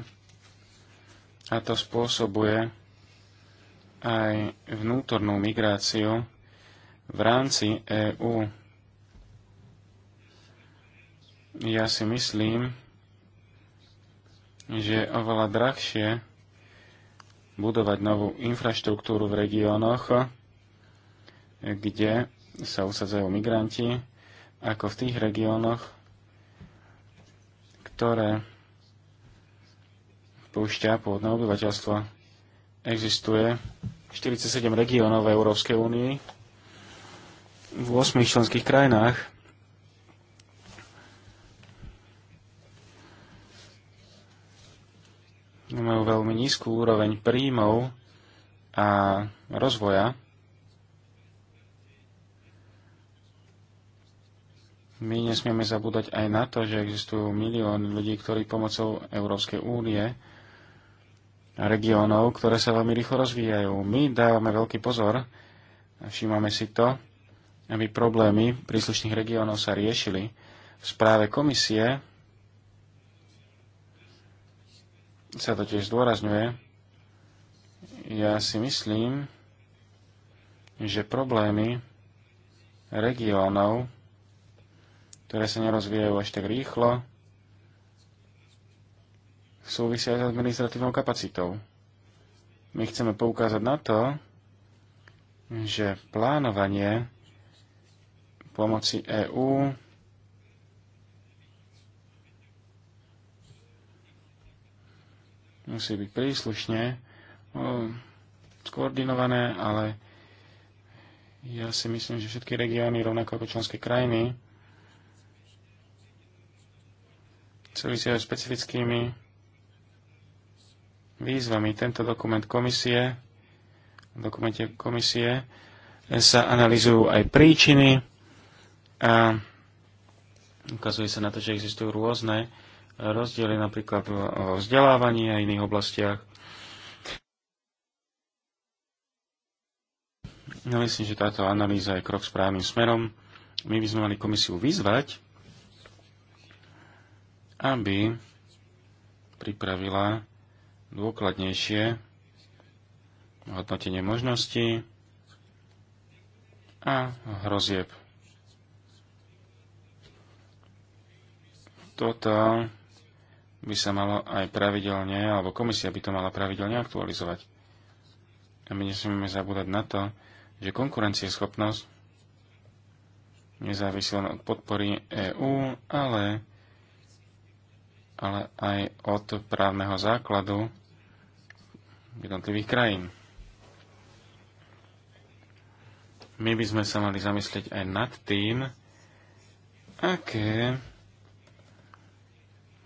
a to spôsobuje aj vnútornú migráciu v rámci EÚ. Ja si myslím, že je oveľa drahšie budovať novú infraštruktúru v regiónoch, kde sa usadzajú migranti, ako v tých regiónoch, ktoré púšťa pôvodné obyvateľstvo. Existuje 47 regiónov v Európskej únii v 8 členských krajinách. Majú veľmi nízku úroveň príjmov a rozvoja. My nesmieme zabúdať aj na to, že existujú milióny ľudí, ktorí pomocou Európskej únie a regiónov, ktoré sa veľmi rýchlo rozvíjajú. My dávame veľký pozor, všímame si to, aby problémy príslušných regiónov sa riešili. V správe komisie sa to tiež zdôrazňuje. Ja si myslím, že problémy regiónov ktoré sa nerozvíjajú až tak rýchlo, súvisia s administratívnou kapacitou. My chceme poukázať na to, že plánovanie pomoci EÚ musí byť príslušne skoordinované, ale ja si myslím, že všetky regióny, rovnako ako členské krajiny, súvisia s specifickými výzvami. Tento dokument komisie, v dokumente komisie sa analýzujú aj príčiny a ukazuje sa na to, že existujú rôzne rozdiely napríklad o vzdelávaní a iných oblastiach. No, myslím, že táto analýza je krok správnym smerom. My by sme mali komisiu vyzvať, aby pripravila dôkladnejšie hodnotenie možností a hrozieb. Toto by sa malo aj pravidelne, alebo komisia by to mala pravidelne aktualizovať. A my nesmieme zabúdať na to, že konkurencieschopnosť nezávisí len od podpory EÚ, ale ale aj od právneho základu jednotlivých krajín. My by sme sa mali zamyslieť aj nad tým, aké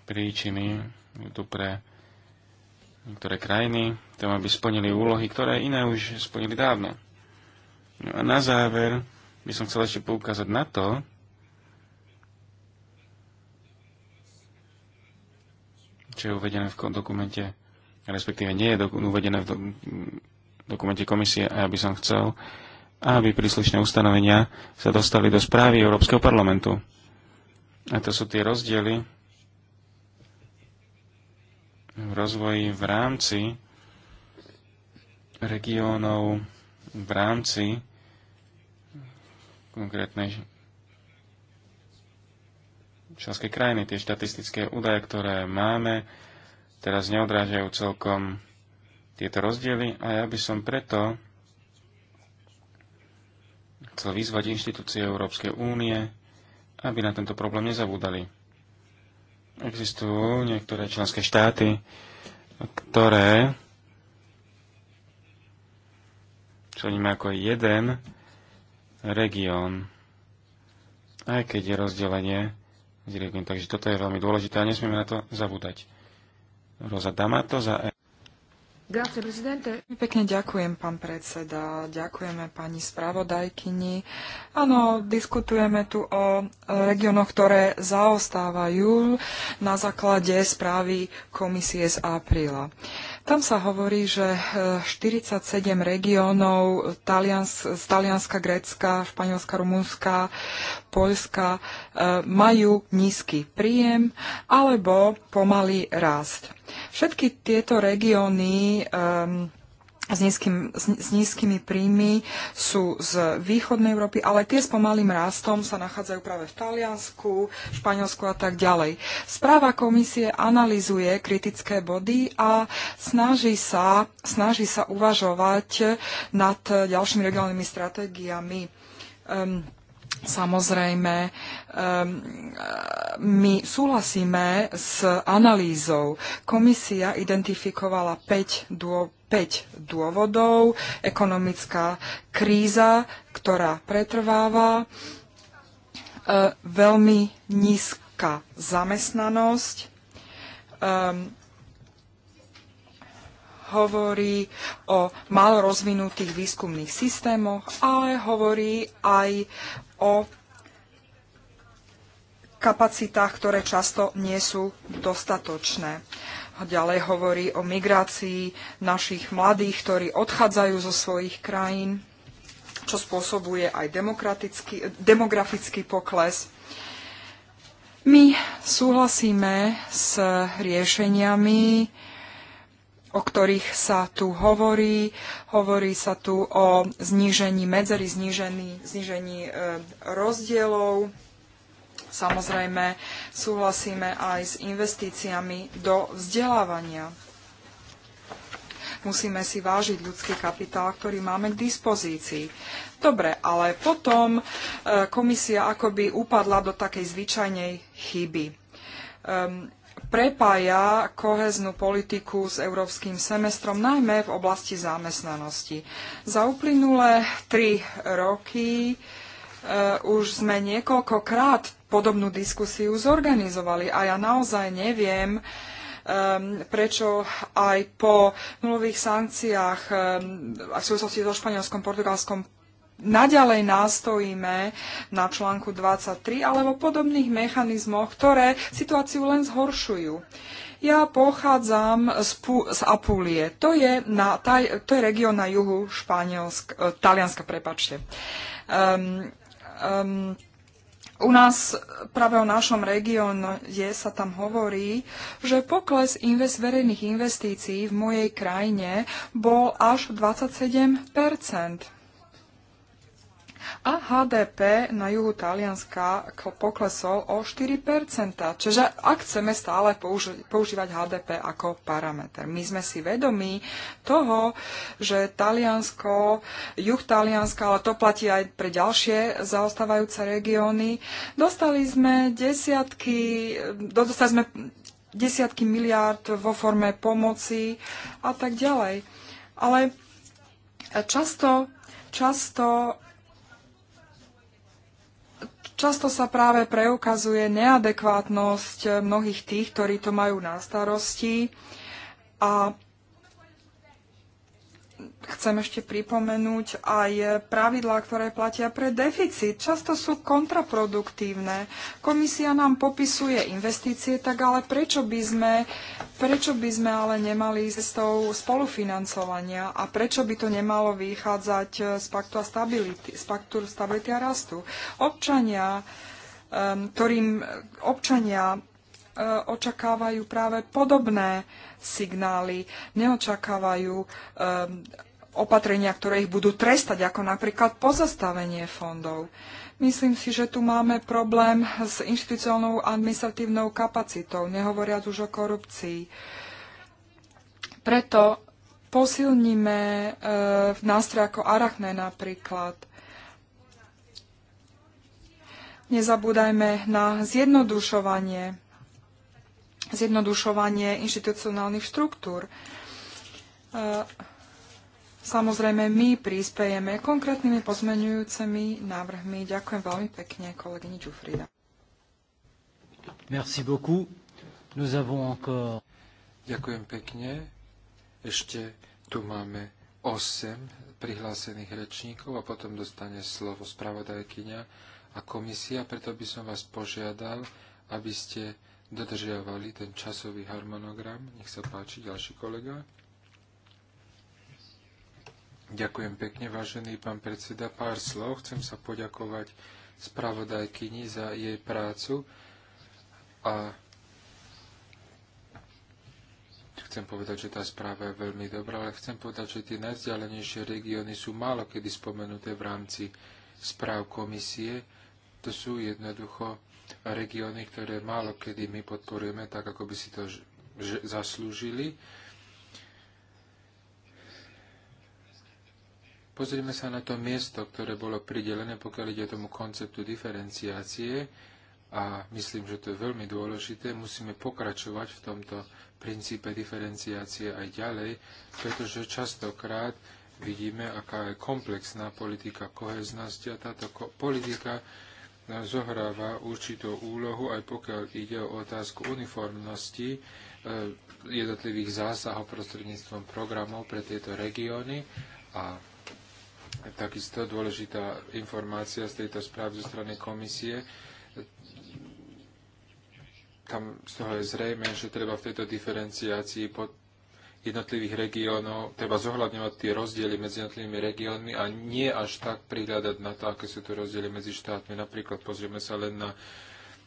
príčiny tu pre niektoré krajiny, tam aby splnili úlohy, ktoré iné už splnili dávno. No a na záver by som chcel ešte poukázať na to, čo je uvedené v dokumente, respektíve nie je uvedené v do, dokumente komisie a ja by som chcel, aby príslušné ustanovenia sa dostali do správy Európskeho parlamentu. A to sú tie rozdiely v rozvoji v rámci regiónov, v rámci konkrétnej členské krajiny. Tie štatistické údaje, ktoré máme, teraz neodrážajú celkom tieto rozdiely a ja by som preto chcel vyzvať inštitúcie Európskej únie, aby na tento problém nezabúdali. Existujú niektoré členské štáty, ktoré členíme ako jeden región, aj keď je rozdelenie zrieknúť. Takže toto je veľmi dôležité a nesmieme na to zabúdať. Rosa Damato za... E- Grazie, prezidente. Pekne ďakujem, pán predseda. Ďakujeme pani spravodajkyni. Áno, diskutujeme tu o e, regiónoch, ktoré zaostávajú na základe správy komisie z apríla. Uh, tam sa hovorí, že 47 e, regiónov z Talianska, Grécka, Španielska, Rumunska, Poľska e, majú nízky príjem alebo pomalý rast. Všetky tieto regióny um, s, nízkym, s, s nízkymi príjmy sú z východnej Európy, ale tie s pomalým rastom sa nachádzajú práve v Taliansku, Španielsku a tak ďalej. Správa komisie analizuje kritické body a snaží sa, snaží sa uvažovať nad ďalšími regionálnymi stratégiami. Um, Samozrejme, ehm, my súhlasíme s analýzou. Komisia identifikovala 5 dôvodov 5 dôvodov. Ekonomická kríza, ktorá pretrváva, e, veľmi nízka zamestnanosť, e, hovorí o malo rozvinutých výskumných systémoch, ale hovorí aj o kapacitách, ktoré často nie sú dostatočné ďalej hovorí o migrácii našich mladých, ktorí odchádzajú zo svojich krajín, čo spôsobuje aj demografický pokles. My súhlasíme s riešeniami, o ktorých sa tu hovorí. Hovorí sa tu o znížení medzery, znížení, znížení e, rozdielov Samozrejme, súhlasíme aj s investíciami do vzdelávania. Musíme si vážiť ľudský kapitál, ktorý máme k dispozícii. Dobre, ale potom e, komisia akoby upadla do takej zvyčajnej chyby. Um, prepája koheznú politiku s európskym semestrom, najmä v oblasti zamestnanosti. Za uplynulé tri roky e, už sme niekoľkokrát podobnú diskusiu zorganizovali. A ja naozaj neviem, um, prečo aj po nulových sankciách um, a v súvislosti so španielskom, portugalskom naďalej nástojíme na článku 23 alebo podobných mechanizmoch, ktoré situáciu len zhoršujú. Ja pochádzam z, Pú, z Apulie. To je, na, taj, to je region na juhu Španielsk, e, Talianska, prepačte. Um, um, u nás, práve o našom regióne sa tam hovorí, že pokles invest, verejných investícií v mojej krajine bol až 27 a HDP na juhu Talianska poklesol o 4%. Čiže ak chceme stále použi- používať HDP ako parameter. My sme si vedomí toho, že Taliansko, juh Talianska, ale to platí aj pre ďalšie zaostávajúce regióny, dostali sme desiatky, dostali sme desiatky miliárd vo forme pomoci a tak ďalej. Ale často, často Často sa práve preukazuje neadekvátnosť mnohých tých, ktorí to majú na starosti a chcem ešte pripomenúť aj pravidlá, ktoré platia pre deficit. Často sú kontraproduktívne. Komisia nám popisuje investície, tak ale prečo by sme, prečo by sme ale nemali tou spolufinancovania a prečo by to nemalo vychádzať z paktu, a stability, z paktu stability a rastu? Občania, ktorým občania e, očakávajú práve podobné signály, neočakávajú opatrenia, ktoré ich budú trestať, ako napríklad pozastavenie fondov. Myslím si, že tu máme problém s inštitucionálnou administratívnou kapacitou, nehovoriac už o korupcii. Preto posilníme v eh, nástroje ako Arachne napríklad. Nezabúdajme na zjednodušovanie, zjednodušovanie inštitucionálnych štruktúr. E, Samozrejme, my príspejeme konkrétnymi pozmenujúcimi návrhmi. Ďakujem veľmi pekne kolegyni Čufrida. Merci beaucoup. Nous avons encore... Ďakujem pekne. Ešte tu máme 8 prihlásených rečníkov a potom dostane slovo spravodajkyňa a komisia, preto by som vás požiadal, aby ste dodržiavali ten časový harmonogram. Nech sa páči, ďalší kolega. Ďakujem pekne, vážený pán predseda. Pár slov. Chcem sa poďakovať spravodajkyni za jej prácu a chcem povedať, že tá správa je veľmi dobrá, ale chcem povedať, že tie najvzdialenejšie regióny sú málo kedy spomenuté v rámci správ komisie. To sú jednoducho regióny, ktoré málo kedy my podporujeme tak, ako by si to zaslúžili. Pozrieme sa na to miesto, ktoré bolo pridelené, pokiaľ ide o tomu konceptu diferenciácie a myslím, že to je veľmi dôležité. Musíme pokračovať v tomto princípe diferenciácie aj ďalej, pretože častokrát vidíme, aká je komplexná politika koheznosti a táto ko- politika no, zohráva určitú úlohu, aj pokiaľ ide o otázku uniformnosti e, jednotlivých zásahov prostredníctvom programov pre tieto regióny a takisto dôležitá informácia z tejto správy zo strany komisie. Tam z toho je zrejme, že treba v tejto diferenciácii pod jednotlivých regiónov, treba zohľadňovať tie rozdiely medzi jednotlivými regiónmi a nie až tak prihľadať na to, aké sú tu rozdiely medzi štátmi. Napríklad pozrieme sa len na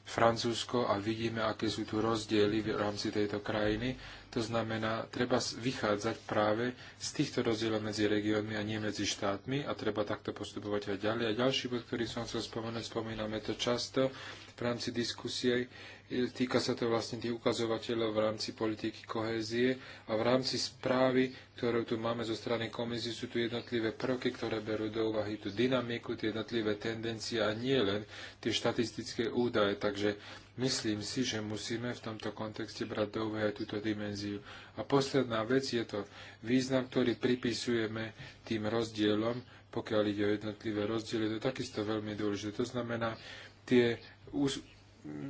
Francúzsko a vidíme, aké sú tu rozdiely v rámci tejto krajiny to znamená, treba vychádzať práve z týchto rozdielov medzi regiónmi a nie medzi štátmi a treba takto postupovať aj ďalej. A ďalší bod, ktorý som chcel spomenúť, spomíname to často v rámci diskusie, týka sa to vlastne tých ukazovateľov v rámci politiky kohézie a v rámci správy, ktorú tu máme zo strany komisie, sú tu jednotlivé prvky, ktoré berú do úvahy tú dynamiku, tie jednotlivé tendencie a nie len tie štatistické údaje. Takže Myslím si, že musíme v tomto kontexte brať do úvahy túto dimenziu. A posledná vec je to význam, ktorý pripisujeme tým rozdielom, pokiaľ ide o jednotlivé rozdiely. To je takisto veľmi dôležité. To znamená, tie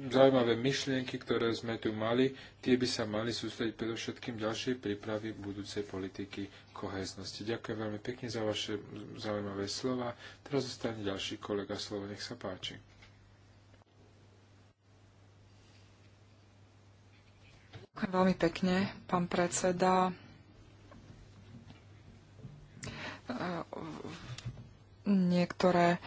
zaujímavé myšlienky, ktoré sme tu mali, tie by sa mali sústrediť predovšetkým ďalšej prípravy budúcej politiky koheznosti. Ďakujem veľmi pekne za vaše zaujímavé slova. Teraz zostane ďalší kolega slovo. Nech sa páči. Veľmi pekne, pán predseda. E, niektoré,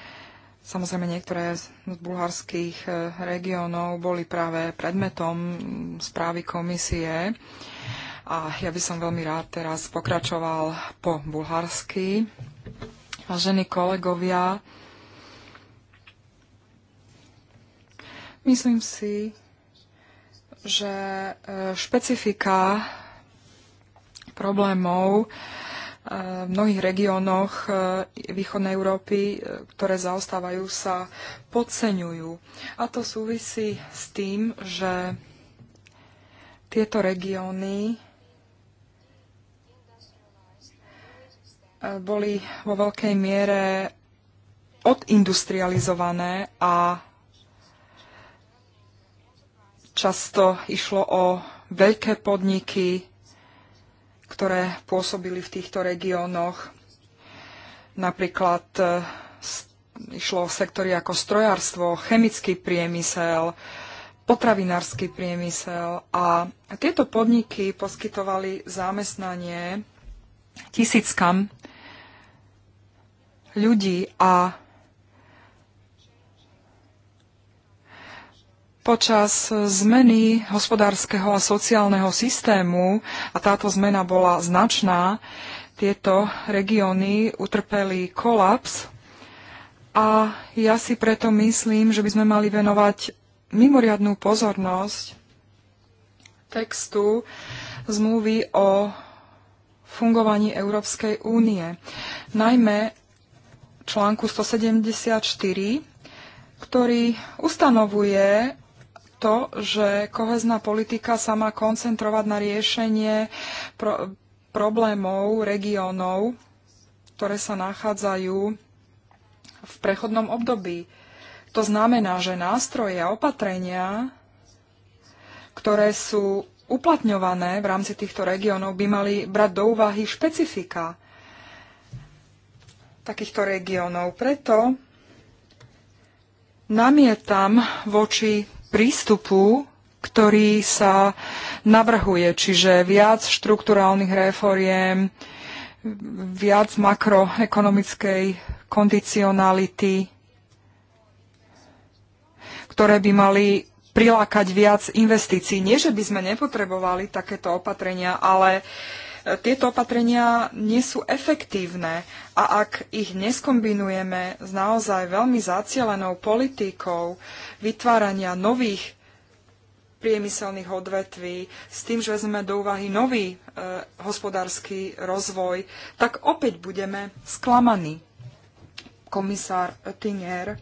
samozrejme niektoré z bulharských e, regiónov boli práve predmetom správy komisie. A ja by som veľmi rád teraz pokračoval po bulharsky. Vážení kolegovia, myslím si, že e, špecifika problémov e, v mnohých regiónoch e, východnej Európy, ktoré zaostávajú, sa podceňujú. A to súvisí s tým, že tieto regióny boli vo veľkej miere odindustrializované a Často išlo o veľké podniky, ktoré pôsobili v týchto regiónoch. Napríklad e, išlo o sektory ako strojárstvo, chemický priemysel, potravinársky priemysel a tieto podniky poskytovali zamestnanie tisíckam ľudí a Počas zmeny hospodárskeho a sociálneho systému, a táto zmena bola značná, tieto regióny utrpeli kolaps a ja si preto myslím, že by sme mali venovať mimoriadnú pozornosť textu zmluvy o fungovaní Európskej únie, najmä článku 174, ktorý ustanovuje to, že kohezná politika sa má koncentrovať na riešenie pro- problémov regiónov, ktoré sa nachádzajú v prechodnom období. To znamená, že nástroje a opatrenia, ktoré sú uplatňované v rámci týchto regiónov, by mali brať do úvahy špecifika takýchto regiónov. Preto namietam voči prístupu, ktorý sa navrhuje, čiže viac štruktúrálnych reforiem, viac makroekonomickej kondicionality, ktoré by mali prilákať viac investícií. Nie, že by sme nepotrebovali takéto opatrenia, ale tieto opatrenia nie sú efektívne a ak ich neskombinujeme s naozaj veľmi zacielenou politikou vytvárania nových priemyselných odvetví, s tým, že vezme do úvahy nový e, hospodársky rozvoj, tak opäť budeme sklamaní. Komisár Tinger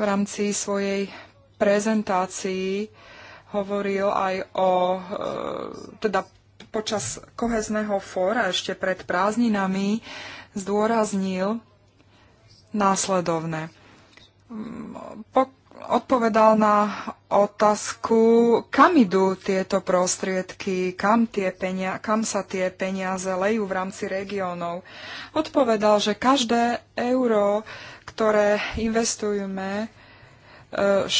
v rámci svojej prezentácii hovoril aj o, e, teda počas kohezného fóra ešte pred prázdninami zdôraznil následovné. Po, odpovedal na otázku, kam idú tieto prostriedky, kam, tie penia, kam sa tie peniaze lejú v rámci regiónov. Odpovedal, že každé euro, ktoré investujeme, 60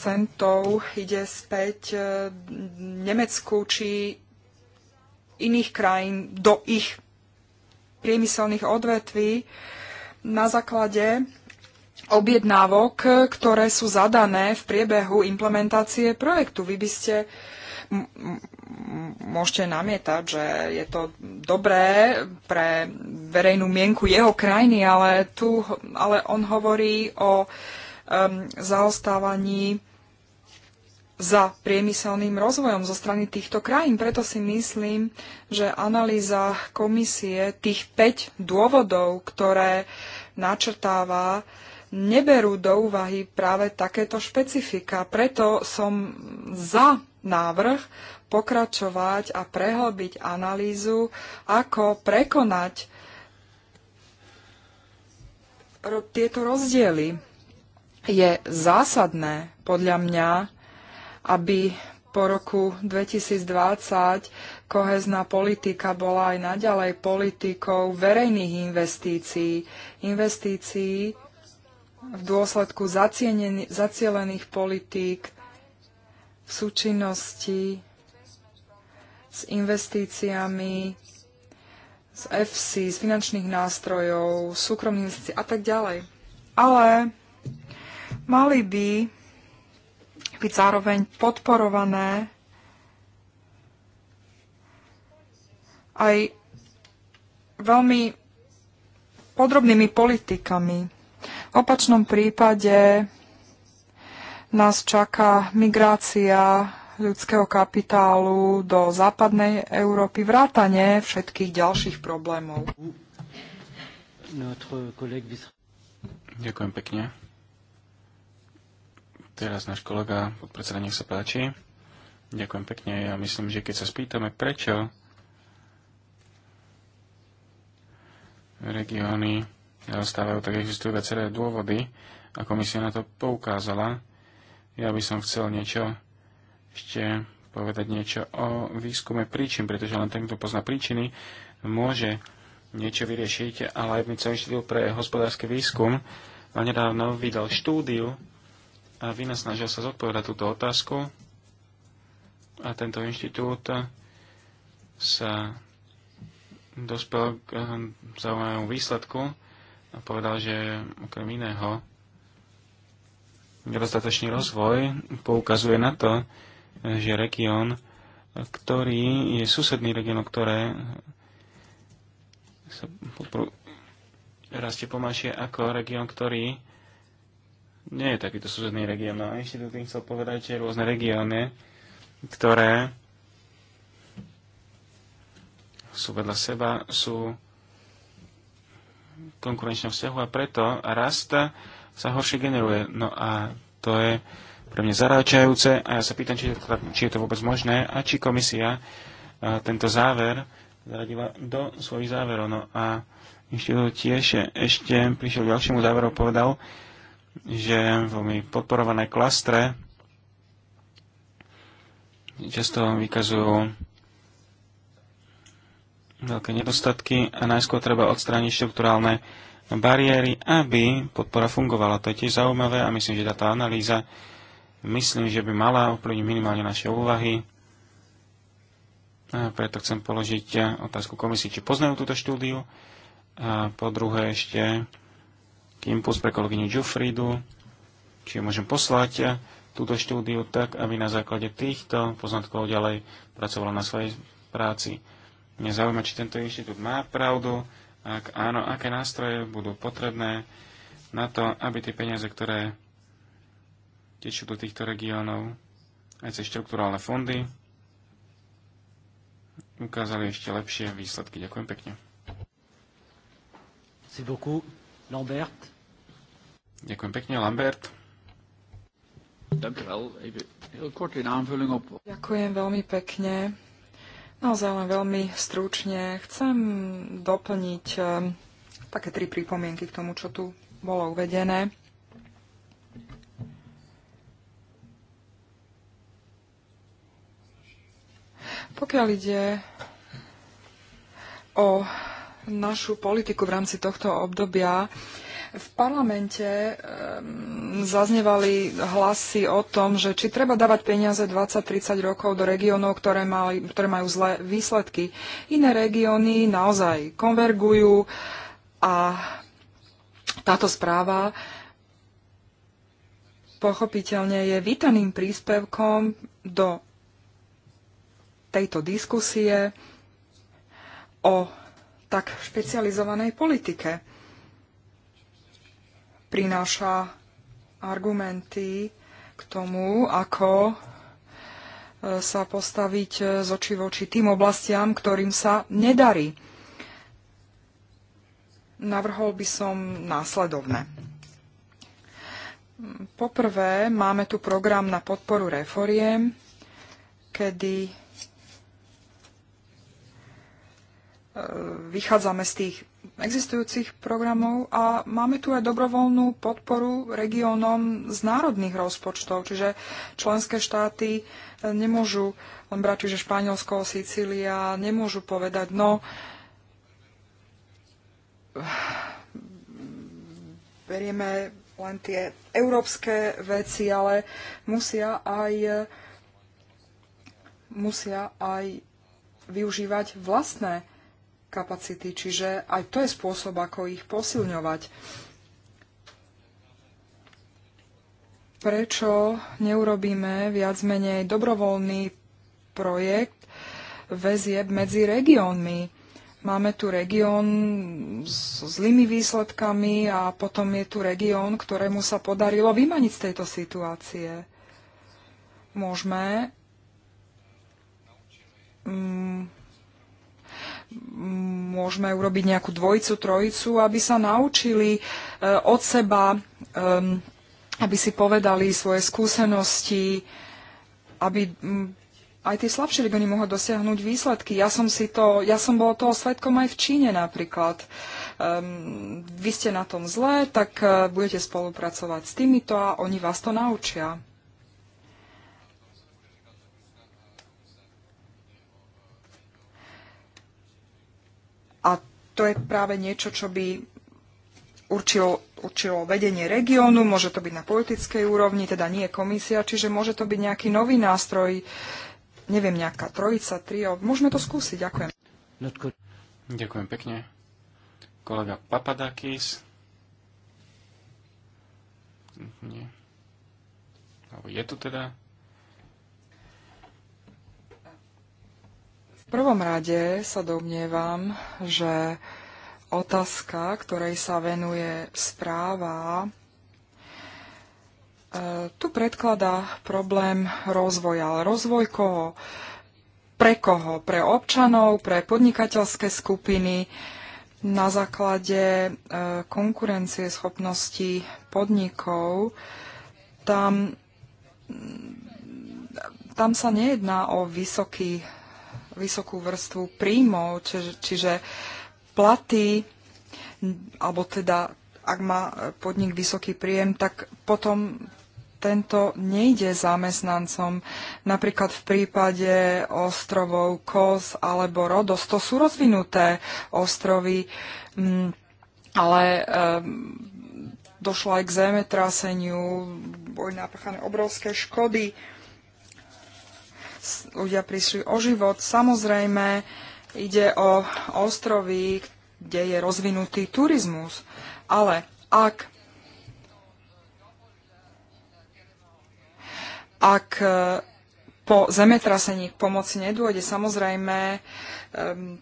centov ide späť e, Nemecku či iných krajín do ich priemyselných odvetví na základe objednávok, ktoré sú zadané v priebehu implementácie projektu. Vy by ste môžete namietať, že je to dobré pre verejnú mienku jeho krajiny, ale, tu, ale on hovorí o um, zaostávaní za priemyselným rozvojom zo strany týchto krajín. Preto si myslím, že analýza komisie tých 5 dôvodov, ktoré načrtáva, neberú do úvahy práve takéto špecifika. Preto som za návrh pokračovať a prehlbiť analýzu, ako prekonať tieto rozdiely je zásadné podľa mňa, aby po roku 2020 kohezná politika bola aj naďalej politikou verejných investícií, investícií v dôsledku zacielených politík v súčinnosti s investíciami z FC, z finančných nástrojov, súkromných investícií a tak ďalej. Ale mali by byť zároveň podporované aj veľmi podrobnými politikami. V opačnom prípade nás čaká migrácia ľudského kapitálu do západnej Európy, vrátanie všetkých ďalších problémov. Ďakujem pekne. Teraz náš kolega, podpredseda, nech sa páči. Ďakujem pekne. Ja myslím, že keď sa spýtame, prečo regióny zaostávajú, tak existujú viaceré dôvody a komisia na to poukázala. Ja by som chcel niečo ešte povedať niečo o výskume príčin, pretože len ten, kto pozná príčiny, môže niečo vyriešiť, ale Leibnicov inštitút pre hospodársky výskum nedávno vydal štúdiu, a vynasnažil sa zodpovedať túto otázku a tento inštitút sa dospel k eh, zaujímavému výsledku a povedal, že okrem iného nedostatočný rozvoj poukazuje na to, že región, ktorý je susedný región, ktoré sa rastie pomalšie ako región, ktorý nie je takýto susedný región. No a ešte tu tým chcel povedať, že rôzne regióny, ktoré sú vedľa seba, sú konkurenčného vzťahu a preto rast sa horšie generuje. No a to je pre mňa zaráčajúce a ja sa pýtam, či je to, či je to vôbec možné a či komisia tento záver zaradila do svojich záverov. No a inštitút tiež ešte prišiel k ďalšiemu záveru, povedal, že veľmi podporované klastre často vykazujú veľké nedostatky a najskôr treba odstrániť štruktúrálne bariéry, aby podpora fungovala. To je tiež zaujímavé a myslím, že táto analýza myslím, že by mala ovplyvniť minimálne naše úvahy. A preto chcem položiť otázku komisii, či poznajú túto štúdiu. A po druhé ešte impuls pre kolegyňu Jufridu, či môžem poslať eh, túto štúdiu tak, aby na základe týchto poznatkov ďalej pracovala na svojej práci. Mňa zaujíma, či tento inštitút má pravdu, ak áno, aké nástroje budú potrebné na to, aby tie peniaze, ktoré tečú do týchto regiónov, aj cez štruktúrálne fondy, ukázali ešte lepšie výsledky. Ďakujem pekne. Merci beaucoup. Lambert. Ďakujem pekne, Lambert. Ďakujem veľmi pekne. Naozaj len veľmi stručne. Chcem doplniť eh, také tri pripomienky k tomu, čo tu bolo uvedené. Pokiaľ ide o našu politiku v rámci tohto obdobia. V parlamente ehm, zaznevali hlasy o tom, že či treba dávať peniaze 20-30 rokov do regiónov, ktoré, mali, ktoré majú zlé výsledky. Iné regióny naozaj konvergujú a táto správa pochopiteľne je vítaným príspevkom do tejto diskusie o tak špecializovanej politike. Prináša argumenty k tomu, ako e, sa postaviť e, z v oči tým oblastiam, ktorým sa nedarí. Navrhol by som následovné. Poprvé, máme tu program na podporu reforiem, kedy E, vychádzame z tých existujúcich programov a máme tu aj dobrovoľnú podporu regiónom z národných rozpočtov, čiže členské štáty e, nemôžu len brať, čiže Španielsko, Sicília, nemôžu povedať, no berieme len tie európske veci, ale musia aj musia aj využívať vlastné kapacity, čiže aj to je spôsob, ako ich posilňovať. Prečo neurobíme viac menej dobrovoľný projekt väzieb medzi regiónmi? Máme tu región s zlými výsledkami a potom je tu región, ktorému sa podarilo vymaniť z tejto situácie. Môžeme mm, môžeme urobiť nejakú dvojicu, trojicu, aby sa naučili e, od seba, aby si povedali svoje skúsenosti, aby aj tie slabšie regióny mohli dosiahnuť výsledky. Ja som, si to, ja som bol toho svetkom aj v Číne napríklad. Um, vy ste na tom zle, tak uh, budete spolupracovať s týmito a oni vás to naučia. to je práve niečo, čo by určilo, určilo vedenie regiónu, môže to byť na politickej úrovni, teda nie komisia, čiže môže to byť nejaký nový nástroj, neviem, nejaká trojica, trio. Môžeme to skúsiť, ďakujem. Ďakujem pekne. Kolega Papadakis. Nie. je tu teda. prvom rade sa domnievam, že otázka, ktorej sa venuje správa, e, tu predkladá problém rozvoja. Ale rozvoj koho? Pre koho? Pre občanov, pre podnikateľské skupiny, na základe e, konkurencie schopnosti podnikov. Tam, tam sa nejedná o vysoký vysokú vrstvu príjmov, čiže, čiže platy, alebo teda ak má podnik vysoký príjem, tak potom tento nejde zamestnancom. Napríklad v prípade ostrovov Kos alebo Rodos, to sú rozvinuté ostrovy, mm, ale ehm, došlo aj k zemetraseniu, boli napáchané obrovské škody ľudia prišli o život. Samozrejme, ide o ostrovy, kde je rozvinutý turizmus. Ale ak ak e, po zemetrasení k pomoci nedôjde, samozrejme um,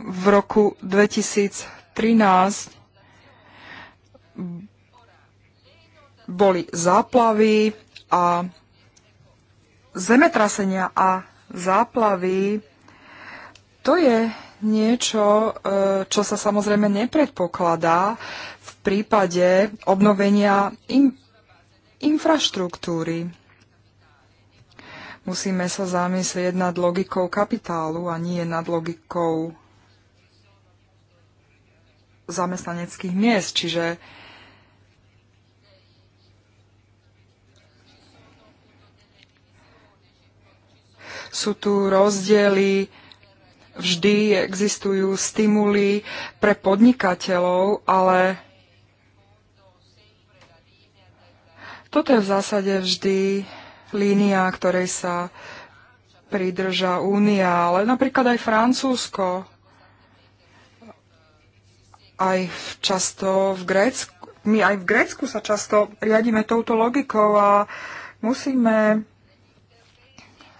v roku 2013 boli záplavy a zemetrasenia a záplavy. To je niečo, e, čo sa samozrejme nepredpokladá v prípade obnovenia in- infraštruktúry. Musíme sa zamyslieť nad logikou kapitálu a nie nad logikou zamestnaneckých miest. Čiže sú tu rozdiely, vždy existujú stimuly pre podnikateľov, ale toto je v zásade vždy línia, ktorej sa pridrža Únia, ale napríklad aj Francúzsko, aj v, často v Grécku, my aj v Grécku sa často riadíme touto logikou a musíme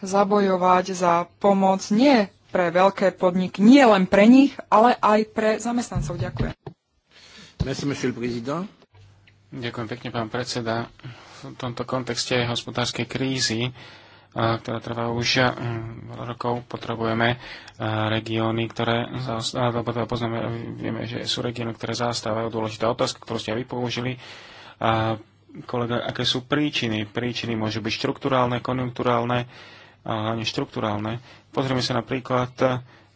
zabojovať za pomoc nie pre veľké podniky, nie len pre nich, ale aj pre zamestnancov. Ďakujem. Merci, monsieur le président. Ďakujem pekne, pán predseda. V tomto kontexte hospodárskej krízy ktorá trvá už rokov, potrebujeme regióny, ktoré zaostávajú, alebo teda poznáme, vieme, že sú regióny, ktoré zastávajú dôležitá otázka, ktorú ste aj vy použili. kolega, aké sú príčiny? Príčiny môžu byť štruktúrálne, konjunkturálne, hlavne štruktúrálne. Pozrieme sa napríklad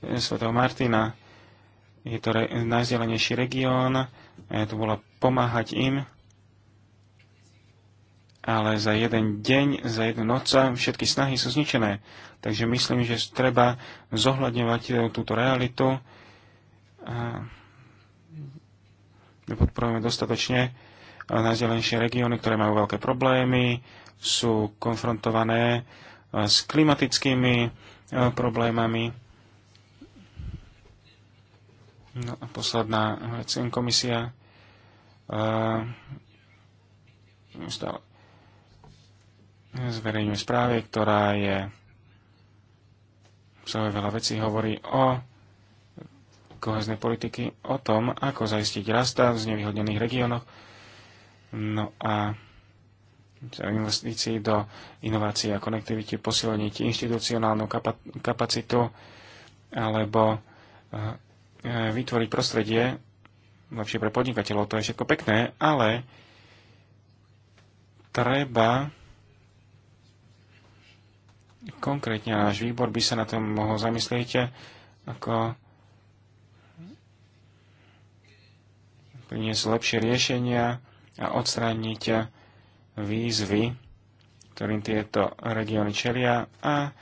e, svätého Martina. Je to re- najzdelenejší región, to bola pomáhať im, ale za jeden deň, za jednu noc všetky snahy sú zničené. Takže myslím, že treba zohľadňovať e, túto realitu. A nepodporujeme dostatočne e, najzdelenejšie regióny, ktoré majú veľké problémy, sú konfrontované s klimatickými e, problémami. No a posledná vec, komisia e, stále zverejňuje správy, ktorá je sa veľa vecí hovorí o koheznej politiky, o tom, ako zaistiť rasta v znevýhodnených regiónoch. No a investícií do inovácií a konektivity, posilniť inštitucionálnu kapacitu alebo eh, eh, vytvoriť prostredie lepšie pre podnikateľov. To je všetko pekné, ale treba konkrétne náš výbor by sa na tom mohol zamyslieť, ako priniesť lepšie riešenia a odstrániť výzvy, ktorým tieto regióny čelia a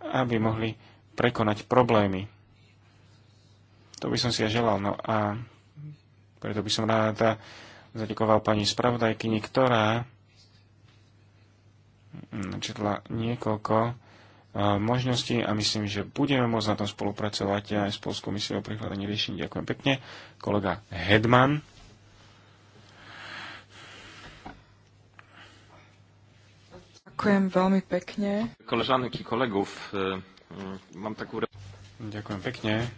aby mohli prekonať problémy. To by som si ja želal. No a preto by som rád zadekoval pani spravodajkyni, ktorá načetla niekoľko e, možností a myslím, že budeme môcť na tom spolupracovať aj s Polskou misiou pri hľadaní riešení. Ďakujem pekne. Kolega Hedman. Ďakujem veľmi pekne. Koležanky, kolegov, e, e, mám takú... Ďakujem pekne.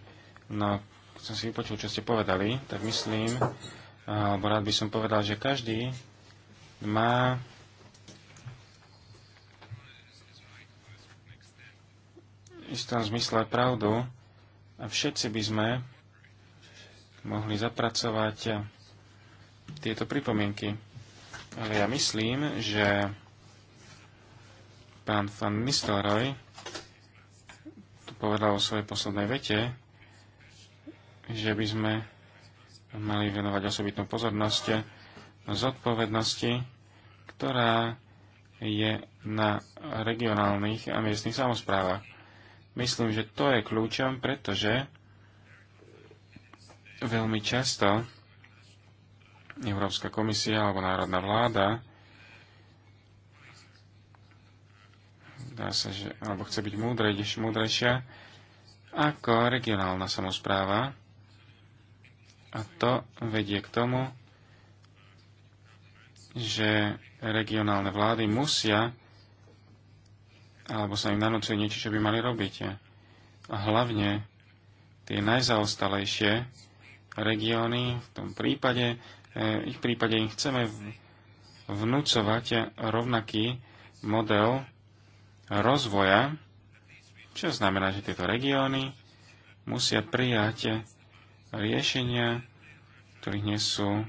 No, keď som si vypočul, čo ste povedali, tak myslím, alebo rád by som povedal, že každý má v istom zmysle pravdu a všetci by sme mohli zapracovať tieto pripomienky. Ale ja myslím, že Pán Van Nistelrooy tu povedal o svojej poslednej vete, že by sme mali venovať osobitnú pozornosť zodpovednosti, ktorá je na regionálnych a miestnych samozprávach. Myslím, že to je kľúčom, pretože veľmi často Európska komisia alebo národná vláda zdá sa, že, alebo chce byť múdrejš, múdrejšia ako regionálna samozpráva. A to vedie k tomu, že regionálne vlády musia alebo sa im nanúcuje niečo, čo by mali robiť. A hlavne tie najzaostalejšie regióny, v tom prípade, e, ich prípade im chceme vnúcovať rovnaký model rozvoja, čo znamená, že tieto regióny musia prijať riešenia, ktorých nie sú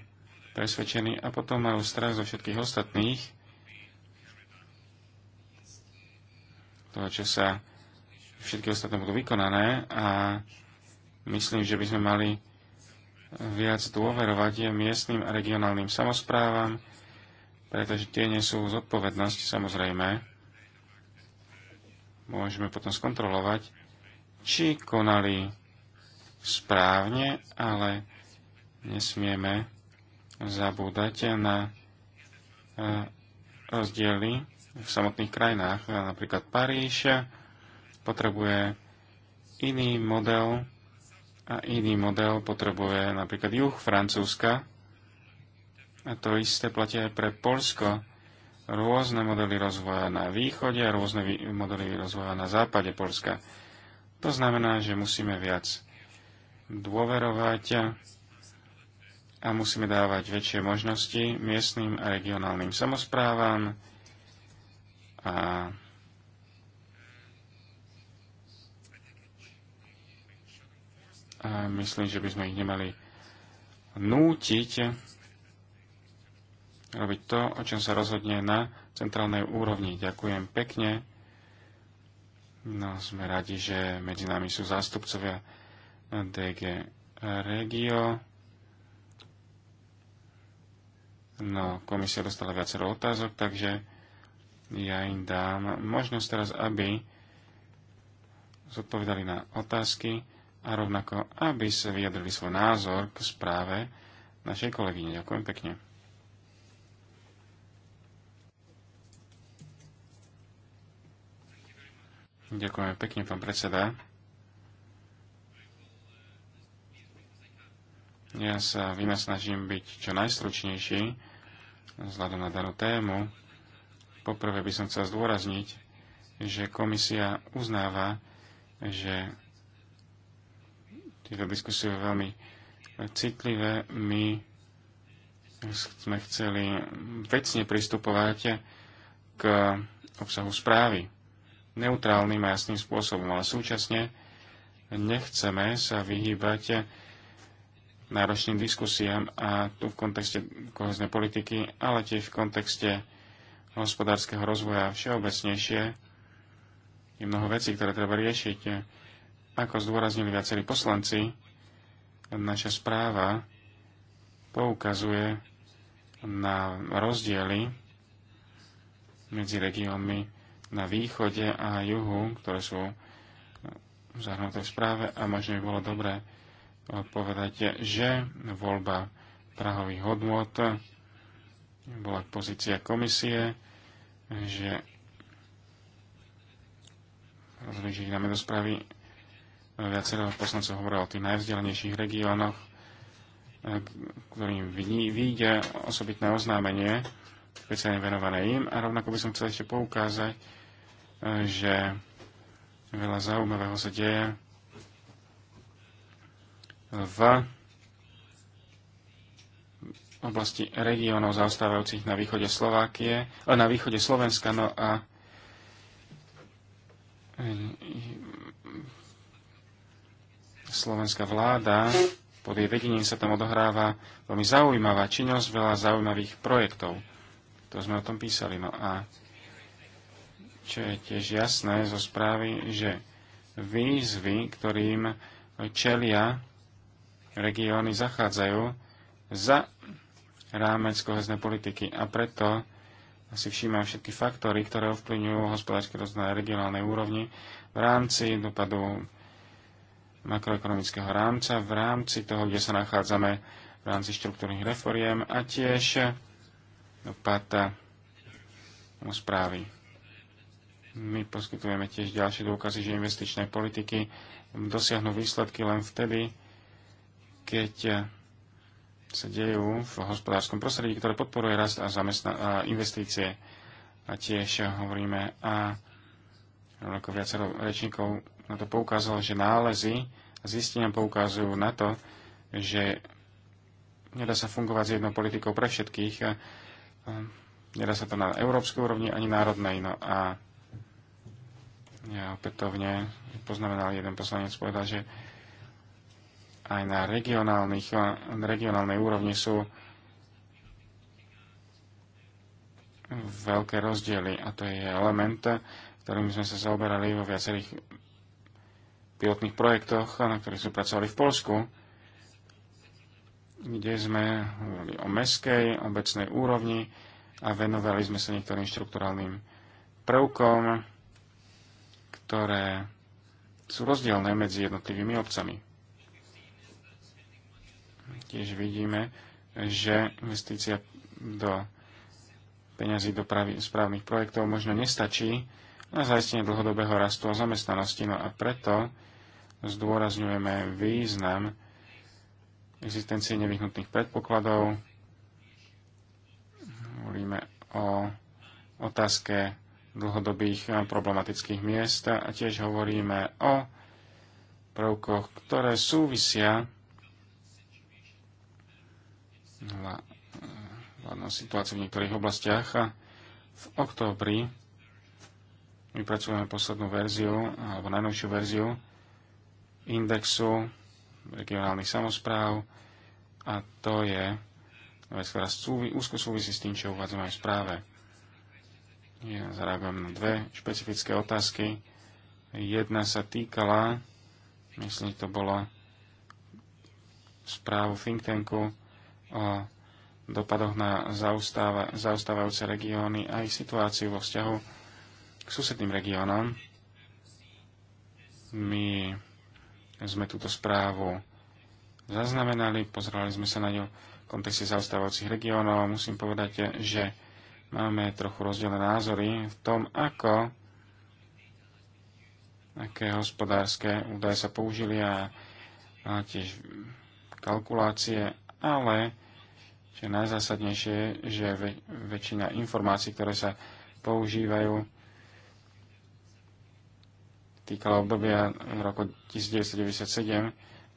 presvedčení a potom majú strach zo všetkých ostatných, toho, čo sa všetky ostatné budú vykonané a myslím, že by sme mali viac dôverovať miestnym a regionálnym samozprávam, pretože tie nesú zodpovednosť samozrejme môžeme potom skontrolovať, či konali správne, ale nesmieme zabúdať na e, rozdiely v samotných krajinách. Napríklad Paríž potrebuje iný model a iný model potrebuje napríklad juh Francúzska. A to isté platia aj pre Polsko rôzne modely rozvoja na východe a rôzne modely rozvoja na západe Polska. To znamená, že musíme viac dôverovať a musíme dávať väčšie možnosti miestnym a regionálnym samozprávam a a myslím, že by sme ich nemali nútiť robiť to, o čom sa rozhodne na centrálnej úrovni. Ďakujem pekne. No, sme radi, že medzi nami sú zástupcovia DG Regio. No, komisia dostala viacero otázok, takže ja im dám možnosť teraz, aby zodpovedali na otázky a rovnako, aby sa vyjadrili svoj názor k správe našej kolegyne. Ďakujem pekne. Ďakujem pekne, pán predseda. Ja sa vynasnažím byť čo najstručnejší vzhľadom na danú tému. Poprvé by som chcel zdôrazniť, že komisia uznáva, že tieto diskusie sú veľmi citlivé. My sme chceli vecne pristupovať k obsahu správy neutrálnym a jasným spôsobom, ale súčasne nechceme sa vyhýbať náročným diskusiám a tu v kontexte kohezné politiky, ale tiež v kontexte hospodárskeho rozvoja všeobecnejšie je mnoho vecí, ktoré treba riešiť. Ako zdôraznili viacerí poslanci, naša správa poukazuje na rozdiely medzi regiónmi na východe a juhu, ktoré sú zahrnuté v správe a možno by bolo dobré e, povedať, že voľba prahových hodnot bola pozícia komisie, že rozlišiť na medospravy viacero poslancov hovorilo o tých najvzdelenejších regiónoch, e, ktorým vyjde osobitné oznámenie, špeciálne venované im. A rovnako by som chcel ešte poukázať že veľa zaujímavého sa deje v oblasti regiónov zaostávajúcich na východe Slovákie, eh, na východe Slovenska, no a eh, slovenská vláda, pod jej vedením sa tam odohráva veľmi zaujímavá činnosť, veľa zaujímavých projektov. To sme o tom písali. No a čo je tiež jasné zo správy, že výzvy, ktorým čelia regióny, zachádzajú za rámec kohezné politiky a preto si všímam všetky faktory, ktoré ovplyvňujú hospodársky rozvoj na regionálnej úrovni v rámci dopadu makroekonomického rámca, v rámci toho, kde sa nachádzame v rámci štruktúrnych reforiem a tiež dopad eh, správy my poskytujeme tiež ďalšie dôkazy, že investičné politiky dosiahnu výsledky len vtedy, keď sa dejú v hospodárskom prostredí, ktoré podporuje rast a, zamestna- a investície. A tiež hovoríme a ako viacero rečníkov na to poukázalo, že nálezy a zistenia poukazujú na to, že nedá sa fungovať s jednou politikou pre všetkých. Nedá sa to na európskej úrovni ani národnej. No a ja opätovne poznamenal jeden poslanec, povedal, že aj na regionálnych, regionálnej úrovni sú veľké rozdiely a to je element, ktorým sme sa zaoberali vo viacerých pilotných projektoch, na ktorých sme pracovali v Polsku, kde sme hovorili o meskej, obecnej úrovni a venovali sme sa niektorým štruktúrálnym prvkom, ktoré sú rozdielne medzi jednotlivými obcami. Tiež vidíme, že investícia do peňazí do správnych projektov možno nestačí na zaistenie dlhodobého rastu a zamestnanosti. No a preto zdôrazňujeme význam existencie nevyhnutných predpokladov. Hovoríme o otázke dlhodobých problematických miest a tiež hovoríme o prvkoch, ktoré súvisia vládnou situáciu v niektorých oblastiach. A v októbri vypracujeme poslednú verziu, alebo najnovšiu verziu indexu regionálnych samozpráv a to je vec, ktorá súvi, úzko súvisí s tým, čo uvádzame aj v správe. Ja zareagujem na dve špecifické otázky. Jedna sa týkala, myslím, že to bola správu think tanku o dopadoch na zaustáva, zaustávajúce regióny a ich situáciu vo vzťahu k susedným regiónom. My sme túto správu zaznamenali, pozerali sme sa na ňu v kontexte zaostávajúcich regiónov. a Musím povedať, že máme trochu rozdielne názory v tom, ako aké hospodárske údaje sa použili a, a tiež kalkulácie, ale čo najzásadnejšie je, že väč väčšina informácií, ktoré sa používajú, týkala obdobia roku 1997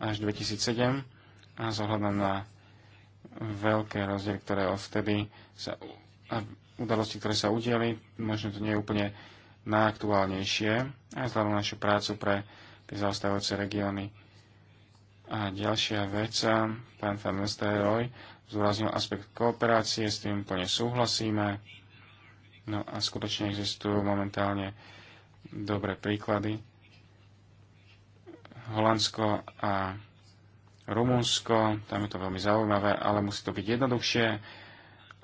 až 2007 a zohľadom na veľké rozdiely, ktoré odvtedy sa udalosti, ktoré sa udiali. Možno to nie je úplne najaktuálnejšie, aj vzhľadom na našu prácu pre tie zaostávajúce regióny. A ďalšia vec, pán Van Nistelrooy zúraznil aspekt kooperácie, s tým plne súhlasíme. No a skutočne existujú momentálne dobré príklady. Holandsko a Rumunsko, tam je to veľmi zaujímavé, ale musí to byť jednoduchšie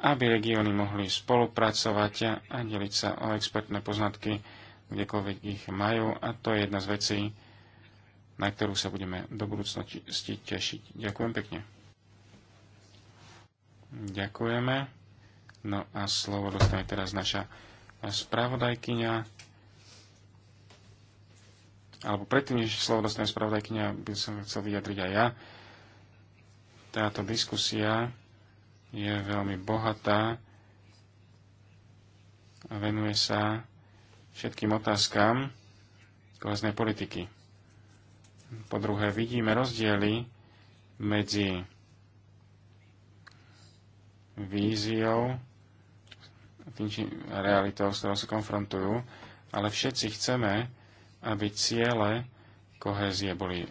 aby regióny mohli spolupracovať a deliť sa o expertné poznatky, kdekoľvek ich majú. A to je jedna z vecí, na ktorú sa budeme do budúcnosti tešiť. Ďakujem pekne. Ďakujeme. No a slovo dostane teraz naša spravodajkyňa. Alebo predtým, než slovo dostane spravodajkyňa, by som chcel vyjadriť aj ja. Táto diskusia je veľmi bohatá a venuje sa všetkým otázkam koheznej politiky. Po druhé, vidíme rozdiely medzi víziou a tým, či realitou, s ktorou sa konfrontujú, ale všetci chceme, aby ciele kohézie boli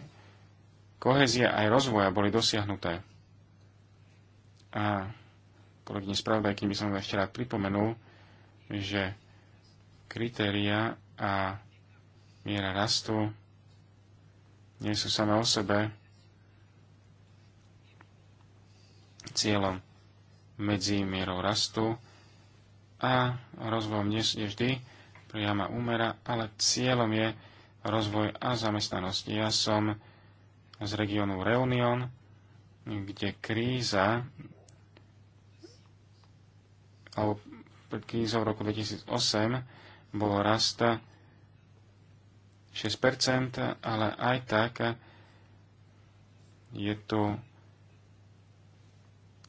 kohézia aj rozvoja boli dosiahnuté. A kolegyne spravodajky by som ešte rád pripomenul, že kritéria a miera rastu nie sú samé o sebe cieľom medzi mierou rastu a rozvojom nie je vždy priama úmera, ale cieľom je rozvoj a zamestnanosť. Ja som z regiónu Reunion, kde kríza alebo pred krízou v roku 2008 bolo rast 6%, ale aj tak je tu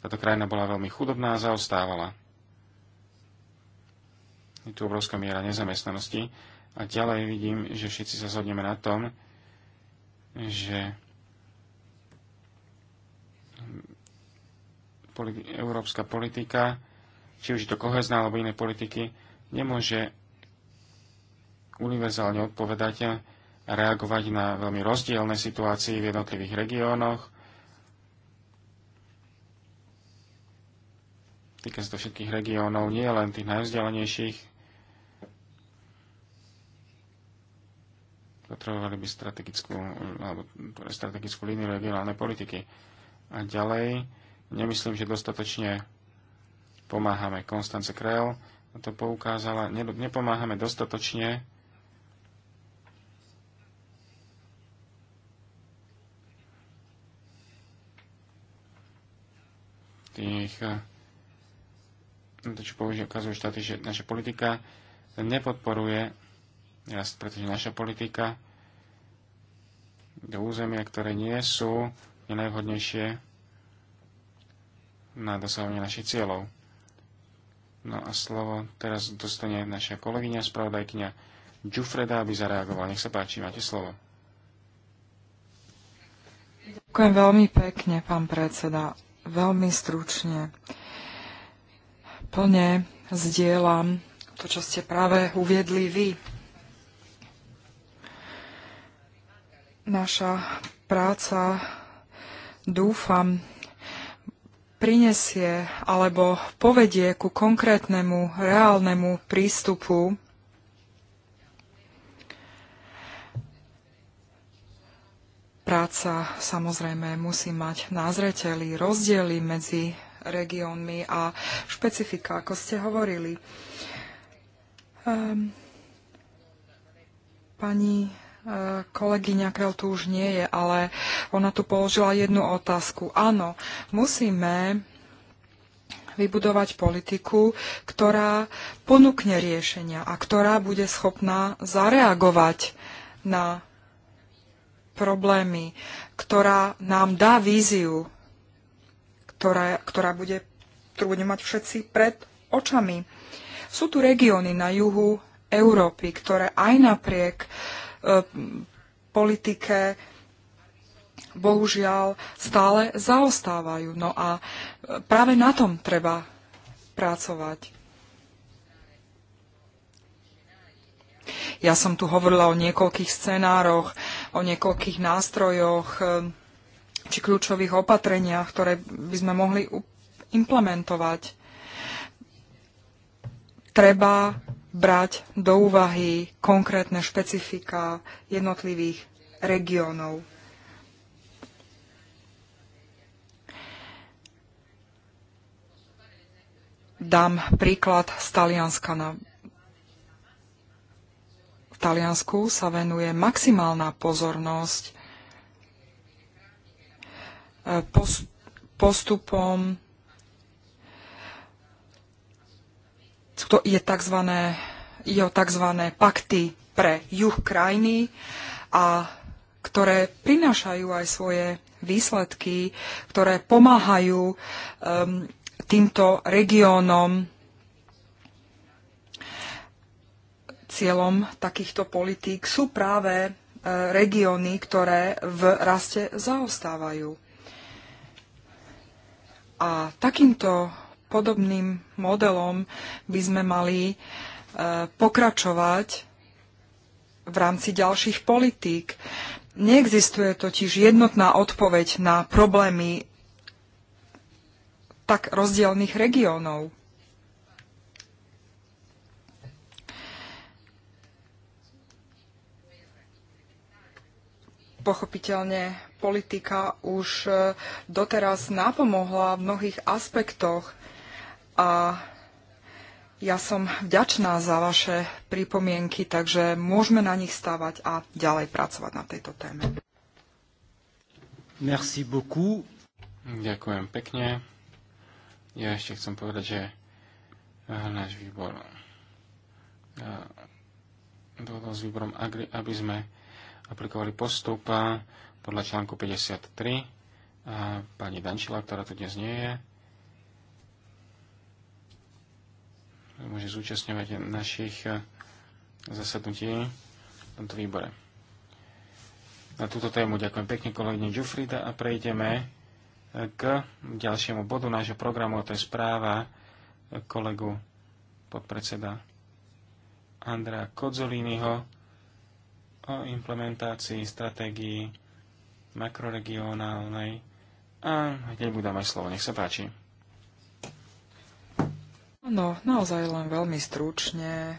táto krajina bola veľmi chudobná a zaostávala. Je tu obrovská miera nezamestnanosti a ďalej vidím, že všetci sa zhodneme na tom, že európska politika či už je to kohezná alebo iné politiky, nemôže univerzálne odpovedať a reagovať na veľmi rozdielne situácie v jednotlivých regiónoch. Týka sa to všetkých regiónov, nie len tých najvzdialenejších. Potrebovali by strategickú, alebo strategickú líniu regionálnej politiky. A ďalej, nemyslím, že dostatočne pomáhame. Konstance Krell to poukázala, nepomáhame dostatočne tých eh, to, čo ukazujú štáty, že naša politika nepodporuje rast, pretože naša politika do územia, ktoré nie sú najvhodnejšie na dosahovanie našich cieľov. No a slovo teraz dostane naša kolegyňa, spravodajkňa Džufreda, aby zareagovala. Nech sa páči, máte slovo. Ďakujem veľmi pekne, pán predseda. Veľmi stručne. Plne zdieľam to, čo ste práve uviedli vy. Naša práca, dúfam, prinesie alebo povedie ku konkrétnemu, reálnemu prístupu Práca samozrejme musí mať názreteli rozdiely medzi regiónmi a špecifika, ako ste hovorili. Um, pani kolegyňa Krel tu už nie je, ale ona tu položila jednu otázku. Áno, musíme vybudovať politiku, ktorá ponúkne riešenia a ktorá bude schopná zareagovať na problémy, ktorá nám dá víziu, ktorá, ktorá bude, ktorú budeme mať všetci pred očami. Sú tu regióny na juhu Európy, ktoré aj napriek uh, Eh, politike bohužiaľ stále zaostávajú. No a eh, práve na tom treba pracovať. Ja som tu hovorila o niekoľkých scenároch, o niekoľkých nástrojoch eh, či kľúčových opatreniach, ktoré by sme mohli implementovať. Treba brať do úvahy konkrétne špecifika jednotlivých regiónov. Dám príklad z Talianska. Na... V Taliansku sa venuje maximálna pozornosť eh, postupom je, tzv. je tzv. pakty pre juh krajiny a ktoré prinášajú aj svoje výsledky, ktoré pomáhajú um, týmto regiónom cieľom takýchto politík sú práve uh, regióny, ktoré v raste zaostávajú. A takýmto podobným modelom by sme mali e, pokračovať v rámci ďalších politík. Neexistuje totiž jednotná odpoveď na problémy tak rozdielných regiónov. Pochopiteľne politika už e, doteraz napomohla v mnohých aspektoch a ja som vďačná za vaše pripomienky, takže môžeme na nich stávať a ďalej pracovať na tejto téme. Merci beaucoup. Ďakujem pekne. Ja ešte chcem povedať, že eh, náš výbor eh, dohodol s výborom Agri, aby sme aplikovali postup eh, podľa článku 53. A pani Dančila, ktorá tu dnes nie je, môže zúčastňovať našich eh, zasadnutí v tomto výbore. Na túto tému ďakujem pekne kolegyne Jufrida a prejdeme eh, k ďalšiemu bodu nášho programu, a to je správa eh, kolegu podpredseda Andrea Kodzolínyho o implementácii stratégii makroregionálnej a hneď budem aj slovo. Nech sa páči. No, naozaj len veľmi stručne.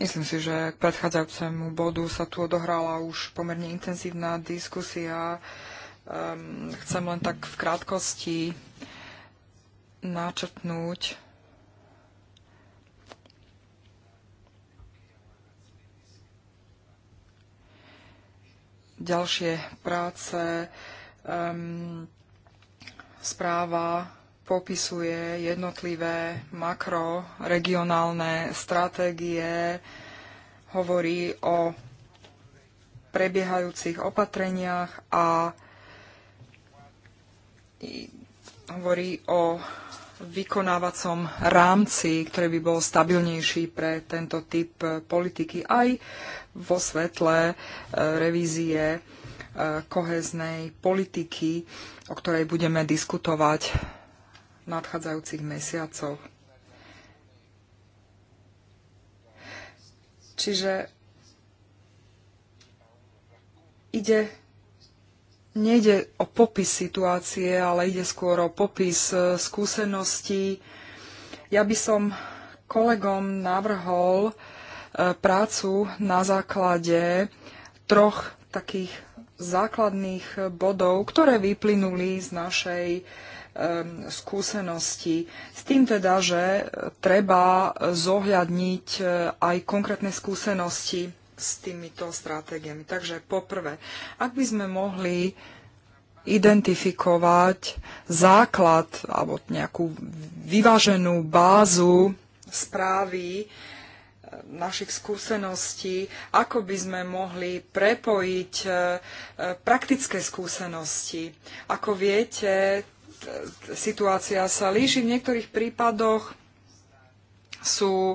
Myslím si, že k predchádzajúcemu bodu sa tu odohrala už pomerne intenzívna diskusia. Um, chcem len tak v krátkosti načrtnúť ďalšie práce. Um, správa popisuje jednotlivé makroregionálne stratégie, hovorí o prebiehajúcich opatreniach a hovorí o vykonávacom rámci, ktorý by bol stabilnejší pre tento typ politiky aj vo svetle e, revízie koheznej politiky, o ktorej budeme diskutovať v nadchádzajúcich mesiacoch. Čiže ide, nejde o popis situácie, ale ide skôr o popis e, skúseností. Ja by som kolegom navrhol e, prácu na základe troch takých základných bodov, ktoré vyplynuli z našej skúsenosti. S tým teda, že treba zohľadniť e, aj konkrétne skúsenosti s týmito stratégiami. Takže poprvé, ak by sme mohli identifikovať základ alebo nejakú vyváženú bázu správy, našich skúseností, ako by sme mohli prepojiť e, praktické skúsenosti. Ako viete, situácia sa líši. V niektorých prípadoch sú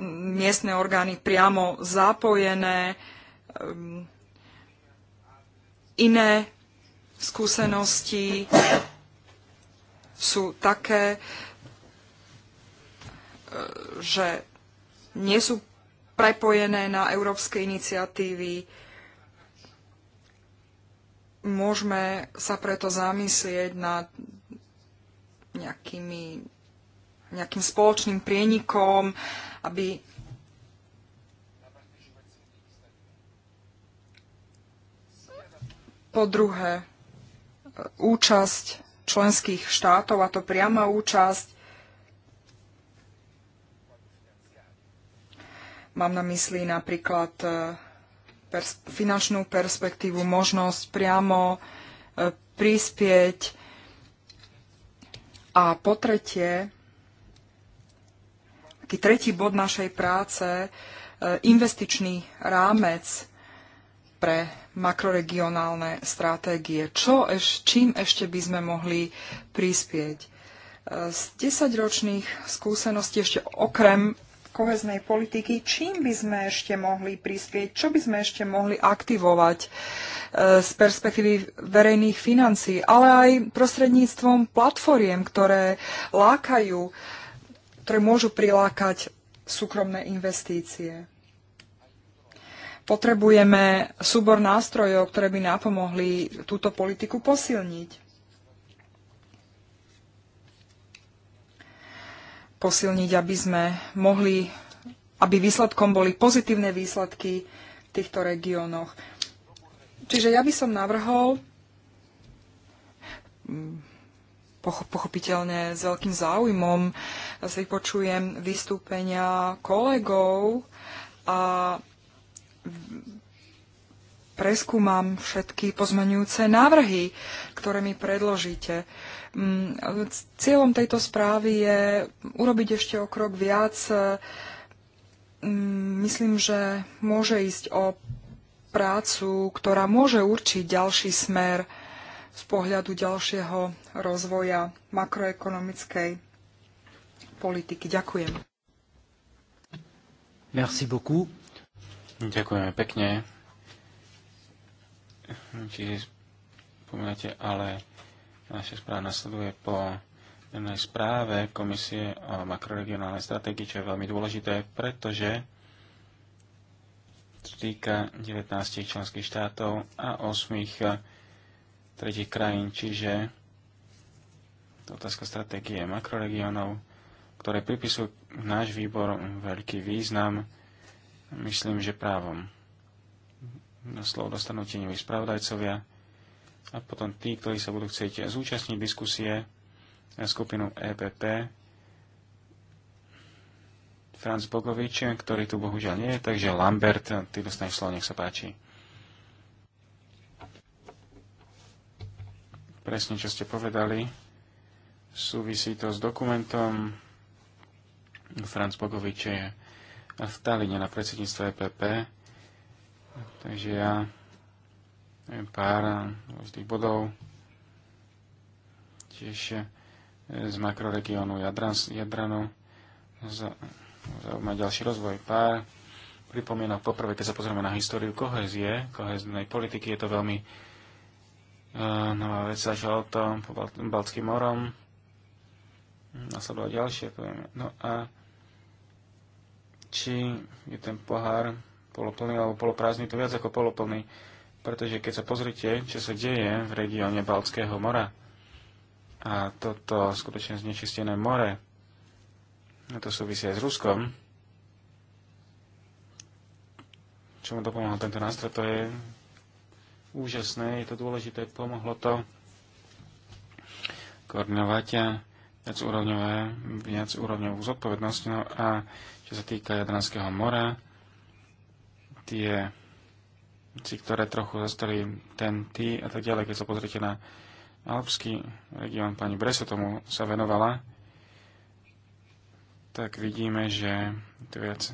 miestne orgány priamo zapojené. Iné skúsenosti sú také, e, že nie sú prepojené na európske iniciatívy. Môžeme sa preto zamyslieť nad nejakými, nejakým spoločným prienikom, aby po druhé účasť členských štátov, a to priama účasť, Mám na mysli napríklad e, pers- finančnú perspektívu, možnosť priamo e, prispieť. A po tretie, taký tretí bod našej práce, e, investičný rámec pre makroregionálne stratégie. Čo eš, čím ešte by sme mohli prispieť? Z desaťročných skúseností ešte okrem koheznej politiky, čím by sme ešte mohli prispieť, čo by sme ešte mohli aktivovať e, z perspektívy verejných financií, ale aj prostredníctvom platformiem, ktoré lákajú, ktoré môžu prilákať súkromné investície. Potrebujeme súbor nástrojov, ktoré by napomohli túto politiku posilniť. posilniť, aby sme mohli, aby výsledkom boli pozitívne výsledky v týchto regiónoch. Čiže ja by som navrhol mm, pochopiteľne s veľkým záujmom si počujem vystúpenia kolegov a preskúmam všetky pozmenujúce návrhy, ktoré mi predložíte. Mm, cieľom tejto správy je urobiť ešte o krok viac. Mm, myslím, že môže ísť o prácu, ktorá môže určiť ďalší smer z pohľadu ďalšieho rozvoja makroekonomickej politiky. Ďakujem. Merci beaucoup. Ďakujeme pekne. Čiže spomínate, ale Naša správa nasleduje po jednej správe Komisie o makroregionálnej stratégii, čo je veľmi dôležité, pretože týka 19 členských štátov a 8 tretich krajín, čiže otázka stratégie makroregiónov, ktoré pripisujú náš výbor veľký význam, myslím, že právom. Na slovo dostanú tieňoví spravodajcovia a potom tí, ktorí sa budú chcieť zúčastniť diskusie skupinu EPP, Franz Bogovič, ktorý tu bohužiaľ nie je, takže Lambert, ty dostaneš slovo, nech sa páči. Presne, čo ste povedali, súvisí to s dokumentom. Franz Bogovič je v Taline na predsedníctve EPP, takže ja pár eh, rôznych bodov. Tiež eh, z makroregiónu Jadran, Jadranu zaujíma ďalší rozvoj. Pár Pripomína poprvé, keď sa pozrieme na históriu kohezie, koheznej politiky, je to veľmi uh, nová vec, začalo to po balckým Baltským morom, nasledovalo ďalšie, povieme. No a či je ten pohár poloplný alebo poloprázdny, to viac ako poloplný. Pretože keď sa pozrite, čo sa deje v regióne Baltského mora a toto skutočne znečistené more, a to súvisí aj s Ruskom, čo mu dopomohol tento nástroj, to je úžasné, je to dôležité, pomohlo to koordinovať a viac úrovňové, viac úrovňovú zodpovednosť. No a čo sa týka Jadranského mora, tie veci, ktoré trochu zastali ten, ty a tak ďalej. Keď sa pozrite na alpský región, pani Breso tomu sa venovala, tak vidíme, že to viac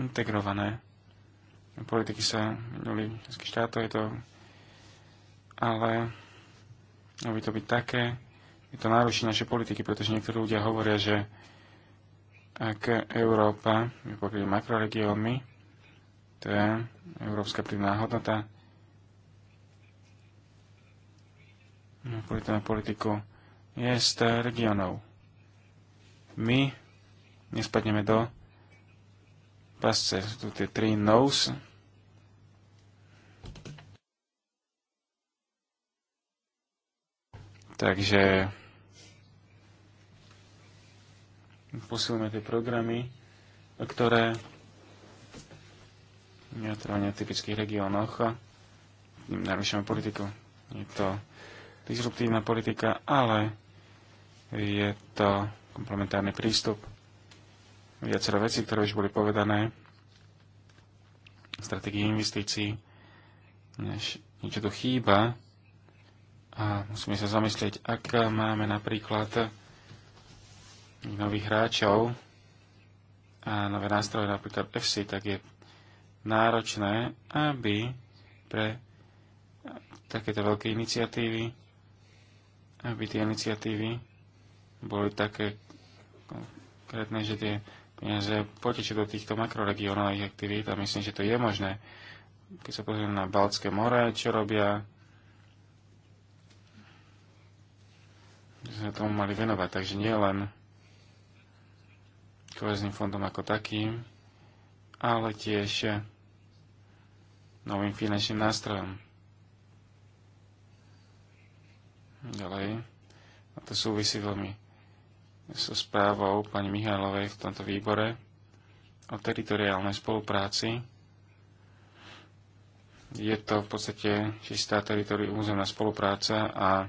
integrované. Politiky sa minuli všetkých štátov, je to ale aby to byť také, je to náročné naše politiky, pretože niektorí ľudia hovoria, že ak Európa je pokryť makroregiónmi, to je európska prídná hodnota, politická no, politiku, je z regionov. My nespadneme do pasce. Sú tu tie tri nos. Takže posilme tie programy, ktoré neotrvania v typických regiónoch narušujeme politiku. Je to disruptívna politika, ale je to komplementárny prístup. Viacero vecí, ktoré už boli povedané, stratégie investícií, než niečo tu chýba a musíme sa zamyslieť, ak máme napríklad nových hráčov a nové nástroje, napríklad FC, tak je náročné, aby pre takéto veľké iniciatívy, aby tie iniciatívy boli také konkrétne, že tie peniaze potečú do týchto makroregionálnych aktivít a myslím, že to je možné. Keď sa pozrieme na Baltské more, čo robia, že sme tomu mali venovať. Takže nie len kohezným fondom ako takým, ale tiež novým finančným nástrojom. Ďalej. A to súvisí veľmi so správou pani Mihajlovej v tomto výbore o teritoriálnej spolupráci. Je to v podstate čistá teritoriálna územná spolupráca a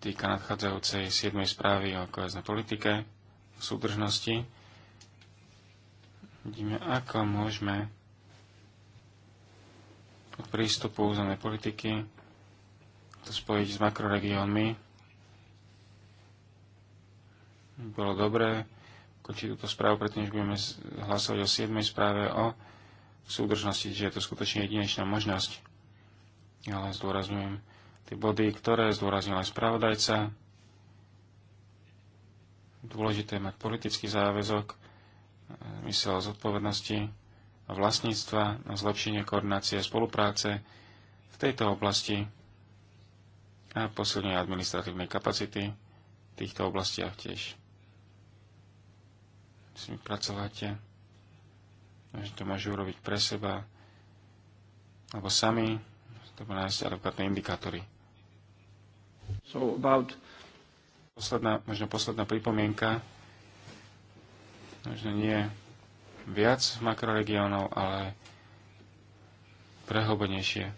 týka nadchádzajúcej 7. správy o kohezné politike v súdržnosti. Vidíme, ako môžeme od prístupu územnej politiky to spojiť s makroregiónmi. Bolo dobré končiť túto správu, pretože budeme hlasovať o 7. správe o súdržnosti, že je to skutočne jedinečná možnosť. Ale zdôrazňujem, tie body, ktoré zdôraznil aj spravodajca. Dôležité je mať politický záväzok, zmysel e, zodpovednosti a vlastníctva na zlepšenie koordinácie a spolupráce v tejto oblasti a posilnenie administratívnej kapacity v týchto oblastiach tiež. S nimi pracovate, že to môžu urobiť pre seba alebo sami to bolo nás adekvátne indikátory. So about... posledná, možno posledná pripomienka, možno nie viac makroregiónov, ale prehlbenejšie.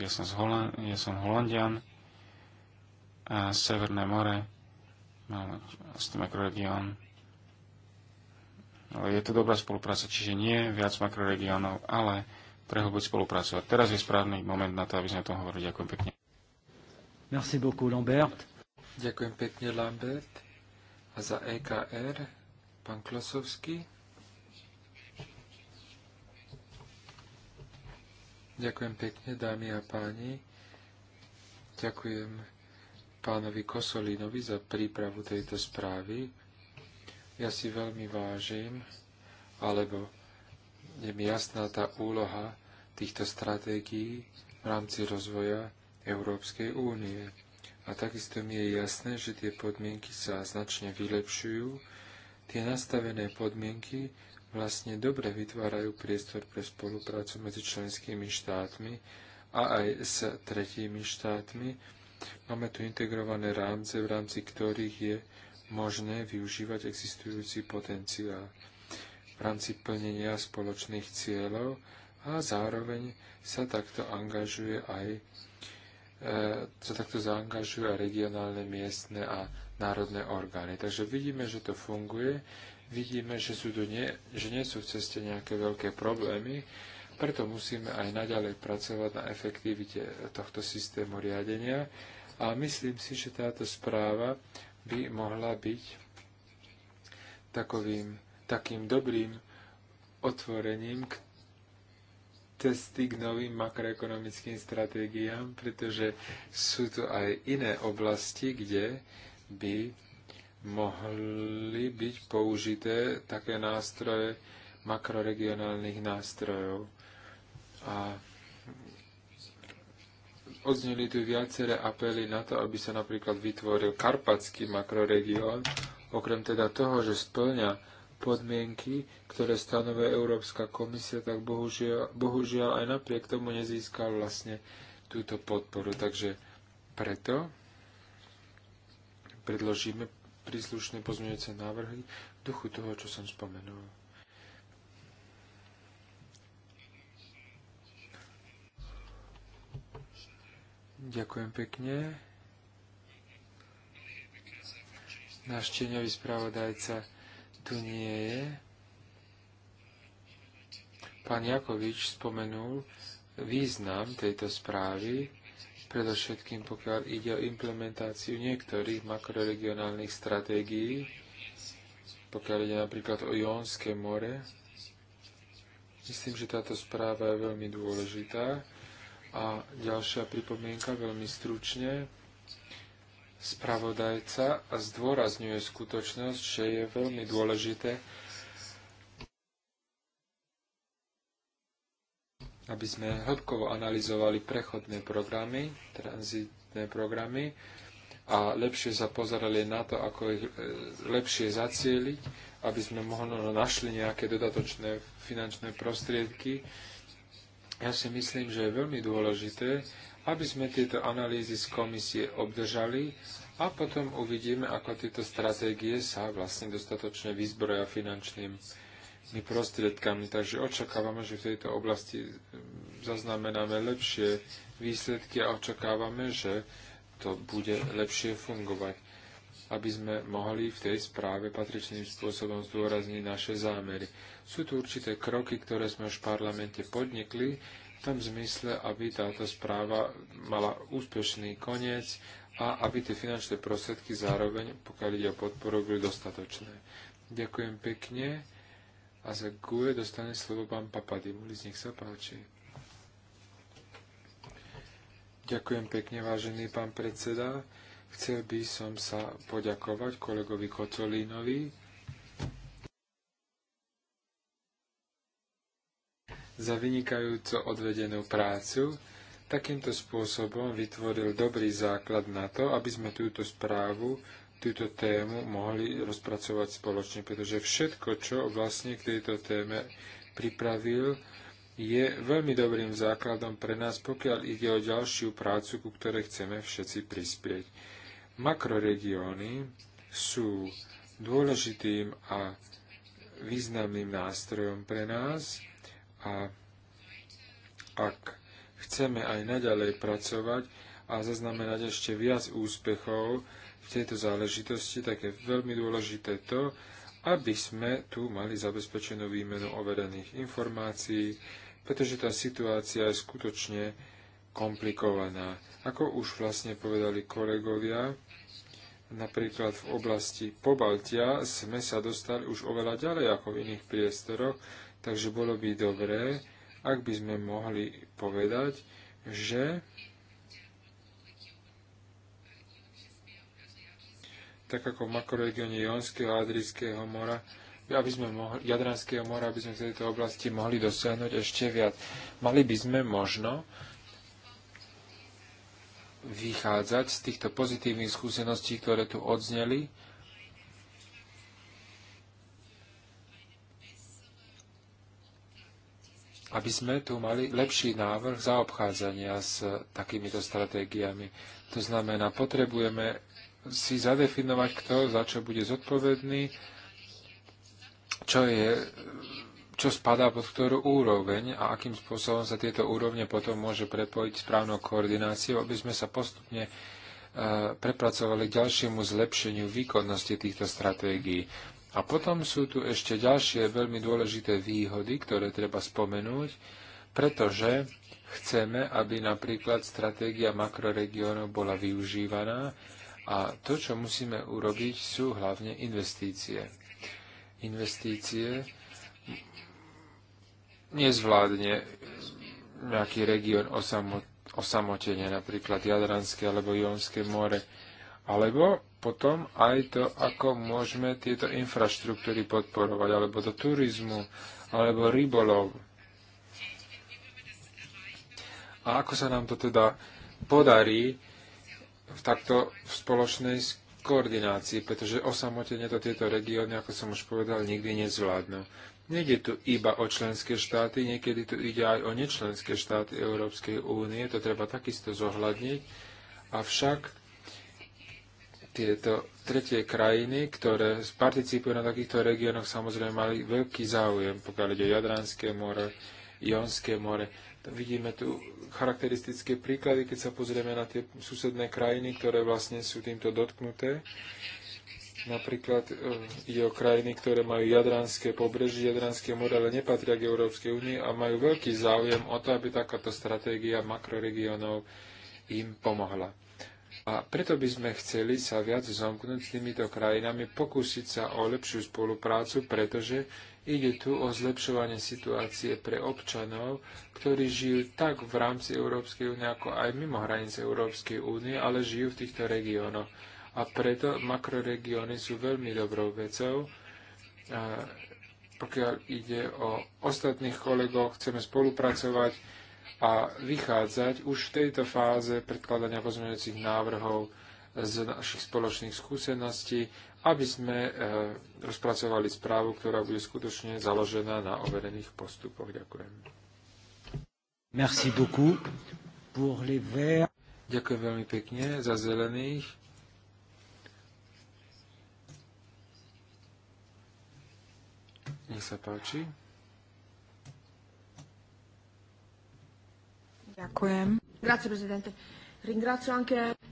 Ja som, z Holan- ja som Holandian a Severné more máme vlastný makroregión. Ale je to dobrá spolupráca, čiže nie viac makroregiónov, ale prehlbiť spoluprácu. A teraz je správny moment na to, aby sme o tom hovorili. Ďakujem pekne. Merci beaucoup, Lambert. Ďakujem pekne, Lambert. A za EKR, pán Klosovský. Ďakujem pekne, dámy a páni. Ďakujem pánovi Kosolinovi za prípravu tejto správy. Ja si veľmi vážim, alebo je mi jasná tá úloha, týchto stratégií v rámci rozvoja Európskej únie. A takisto mi je jasné, že tie podmienky sa značne vylepšujú. Tie nastavené podmienky vlastne dobre vytvárajú priestor pre spoluprácu medzi členskými štátmi a aj s tretími štátmi. Máme tu integrované rámce, v rámci ktorých je možné využívať existujúci potenciál. V rámci plnenia spoločných cieľov a zároveň sa takto angažuje aj e, sa takto zaangažujú aj regionálne, miestne a národné orgány. Takže vidíme, že to funguje, vidíme, že, sú tu nie, že nie sú v ceste nejaké veľké problémy, preto musíme aj naďalej pracovať na efektivite tohto systému riadenia a myslím si, že táto správa by mohla byť takovým, takým dobrým otvorením k cesty k novým makroekonomickým stratégiám, pretože sú tu aj iné oblasti, kde by mohli byť použité také nástroje makroregionálnych nástrojov. A odzneli tu viaceré apely na to, aby sa napríklad vytvoril karpatský makroregión, okrem teda toho, že splňa podmienky, ktoré stanovuje Európska komisia, tak bohužiaľ, bohužiaľ aj napriek tomu nezískal vlastne túto podporu. Takže preto predložíme príslušné pozmeňujúce návrhy v duchu toho, čo som spomenul. Ďakujem pekne. Náš tieňový správodajca tu nie je. Pán Jakovič spomenul význam tejto správy, predovšetkým pokiaľ ide o implementáciu niektorých makroregionálnych stratégií, pokiaľ ide napríklad o Jónske more. Myslím, že táto správa je veľmi dôležitá. A ďalšia pripomienka, veľmi stručne. Spravodajca zdôrazňuje skutočnosť, že je veľmi dôležité, aby sme hĺbkovo analyzovali prechodné programy, tranzitné programy a lepšie sa pozerali na to, ako ich e, lepšie zacieliť, aby sme mohli našli nejaké dodatočné finančné prostriedky. Ja si myslím, že je veľmi dôležité, aby sme tieto analýzy z komisie obdržali a potom uvidíme, ako tieto stratégie sa vlastne dostatočne vyzbroja finančnými prostriedkami. Takže očakávame, že v tejto oblasti mm, zaznamenáme lepšie výsledky a očakávame, že to bude lepšie fungovať aby sme mohli v tej správe patričným spôsobom zdôrazniť naše zámery. Sú tu určité kroky, ktoré sme už v parlamente podnikli, v tom zmysle, aby táto správa mala úspešný koniec a aby tie finančné prostriedky zároveň, pokiaľ ide o podporu, boli dostatočné. Ďakujem pekne a za GUE dostane slovo pán Papadimulis, nech sa páči. Ďakujem pekne, vážený pán predseda. Chcel by som sa poďakovať kolegovi Kotolínovi za vynikajúco odvedenú prácu. Takýmto spôsobom vytvoril dobrý základ na to, aby sme túto správu, túto tému mohli rozpracovať spoločne, pretože všetko, čo vlastne k tejto téme pripravil, je veľmi dobrým základom pre nás, pokiaľ ide o ďalšiu prácu, ku ktorej chceme všetci prispieť. Makroregióny sú dôležitým a významným nástrojom pre nás, a ak chceme aj naďalej pracovať a zaznamenať ešte viac úspechov v tejto záležitosti, tak je veľmi dôležité to, aby sme tu mali zabezpečenú výmenu overených informácií, pretože tá situácia je skutočne komplikovaná. Ako už vlastne povedali kolegovia, Napríklad v oblasti Pobaltia sme sa dostali už oveľa ďalej ako v iných priestoroch, Takže bolo by dobré, ak by sme mohli povedať, že tak ako v makroregióne Jonského a Adrického mora, aby sme mohli, Jadranského mora, aby sme v tejto oblasti mohli dosiahnuť ešte viac. Mali by sme možno vychádzať z týchto pozitívnych skúseností, ktoré tu odzneli, aby sme tu mali lepší návrh zaobchádzania s takýmito stratégiami. To znamená, potrebujeme si zadefinovať, kto za čo bude zodpovedný, čo, je, čo spadá pod ktorú úroveň a akým spôsobom sa tieto úrovne potom môže prepojiť správnou koordináciou, aby sme sa postupne eh, prepracovali k ďalšiemu zlepšeniu výkonnosti týchto stratégií. A potom sú tu ešte ďalšie veľmi dôležité výhody, ktoré treba spomenúť, pretože chceme, aby napríklad stratégia makroregiónov bola využívaná a to, čo musíme urobiť, sú hlavne investície. Investície nezvládne nejaký región osamotenie, napríklad Jadranské alebo Jonské more, alebo potom aj to, ako môžeme tieto infraštruktúry podporovať, alebo do turizmu, alebo rybolov. A ako sa nám to teda podarí v takto v spoločnej koordinácii, pretože osamotene to tieto regióny, ako som už povedal, nikdy nezvládnu. Nejde tu iba o členské štáty, niekedy tu ide aj o nečlenské štáty Európskej únie, to treba takisto zohľadniť, avšak tieto tretie krajiny, ktoré participujú na takýchto regiónoch, samozrejme mali veľký záujem, pokiaľ ide o Jadranské more, Jonské more. Vidíme tu charakteristické príklady, keď sa pozrieme na tie susedné krajiny, ktoré vlastne sú týmto dotknuté. Napríklad e, ide o krajiny, ktoré majú Jadranské pobreží, Jadranské more, ale nepatria k Európskej únii a majú veľký záujem o to, aby takáto stratégia makroregiónov im pomohla. A preto by sme chceli sa viac zomknúť s týmito krajinami, pokúsiť sa o lepšiu spoluprácu, pretože ide tu o zlepšovanie situácie pre občanov, ktorí žijú tak v rámci Európskej únie, ako aj mimo hranice Európskej únie, ale žijú v týchto regiónoch. A preto makroregióny sú veľmi dobrou vecou. A pokiaľ ide o ostatných kolegov, chceme spolupracovať a vychádzať už v tejto fáze predkladania pozmeňujúcich návrhov z našich spoločných skúseností, aby sme e, rozpracovali správu, ktorá bude skutočne založená na overených postupoch. Ďakujem. Merci beaucoup pour les verts. Ďakujem veľmi pekne za zelených. Nech sa páči. Ďakujem. Grazie, prezidente.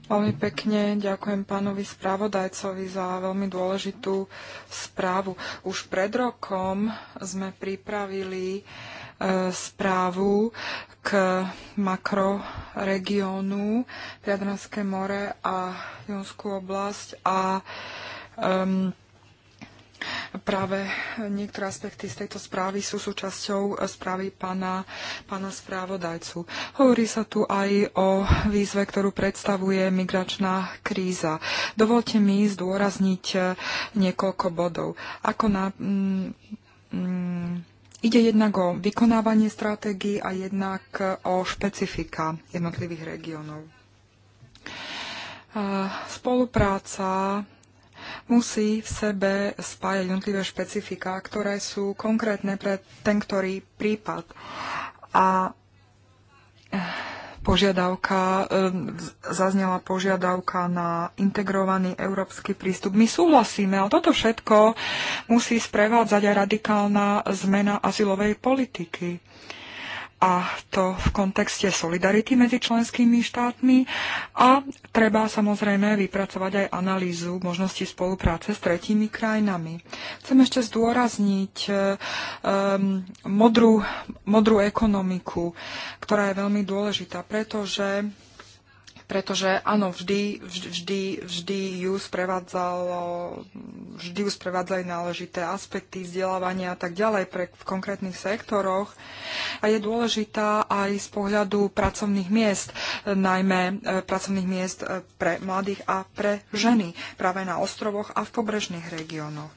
Veľmi pekne ďakujem pánovi spravodajcovi za veľmi dôležitú správu. Už pred rokom sme pripravili e, správu k makroregiónu Piadranské more a Jonskú oblasť a um, Práve niektoré aspekty z tejto správy sú súčasťou správy pána, pána správodajcu. Hovorí sa tu aj o výzve, ktorú predstavuje migračná kríza. Dovolte mi zdôrazniť niekoľko bodov. Ako na, mm, mm, ide jednak o vykonávanie stratégií a jednak o špecifika jednotlivých regiónov. Spolupráca musí v sebe spájať jednotlivé špecifiká, ktoré sú konkrétne pre ten, ktorý prípad. A eh, požiadavka, eh, zaznela požiadavka na integrovaný európsky prístup. My súhlasíme, ale toto všetko musí sprevádzať aj radikálna zmena azylovej politiky a to v kontexte solidarity medzi členskými štátmi a treba samozrejme vypracovať aj analýzu možnosti spolupráce s tretími krajinami. Chcem ešte zdôrazniť um, modrú, modrú ekonomiku, ktorá je veľmi dôležitá, pretože pretože áno, vždy, vždy, vždy ju sprevádzalo, vždy ju sprevádzali náležité aspekty vzdelávania a tak ďalej pre, v konkrétnych sektoroch a je dôležitá aj z pohľadu pracovných miest, najmä e, pracovných miest e, pre mladých a pre ženy práve na ostrovoch a v pobrežných regiónoch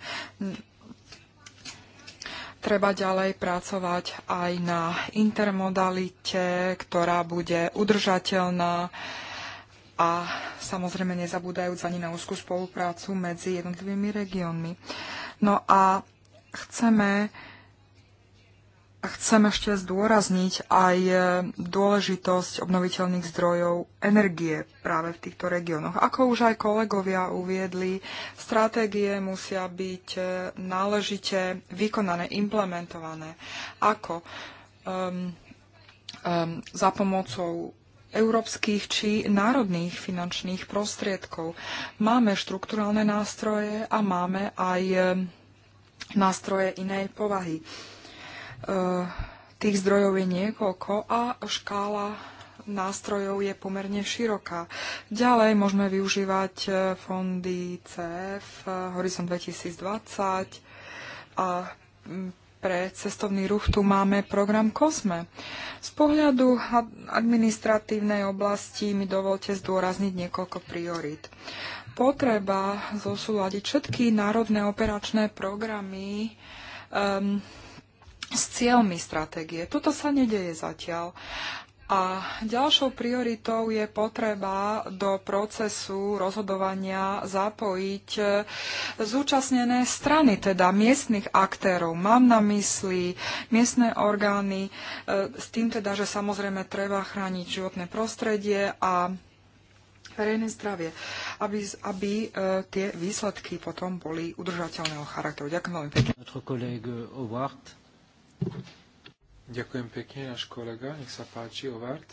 treba ďalej pracovať aj na intermodalite, ktorá bude udržateľná a samozrejme nezabúdajúc ani na úzkú spoluprácu medzi jednotlivými regiónmi. No a chceme, chcem ešte zdôrazniť aj e, dôležitosť obnoviteľných zdrojov energie práve v týchto regiónoch. Ako už aj kolegovia uviedli, stratégie musia byť e, náležite vykonané, implementované. Ako? Um, um, za pomocou európskych či národných finančných prostriedkov. Máme štrukturálne nástroje a máme aj e, nástroje inej povahy. E, tých zdrojov je niekoľko a škála nástrojov je pomerne široká. Ďalej môžeme využívať e, fondy CF, Horizon 2020 a pre cestovný ruch tu máme program COSME. Z pohľadu administratívnej oblasti mi dovolte zdôrazniť niekoľko priorit. Potreba zosúľadiť všetky národné operačné programy um, s cieľmi stratégie. Toto sa nedeje zatiaľ. A ďalšou prioritou je potreba do procesu rozhodovania zapojiť e, zúčastnené strany, teda miestnych aktérov. Mám na mysli miestne orgány, e, s tým teda, že samozrejme treba chrániť životné prostredie a verejné zdravie, aby, aby e, tie výsledky potom boli udržateľného charakteru. Ďakujem veľmi pekne. Ďakujem pekne, náš kolega. Nech sa páči, Ovard.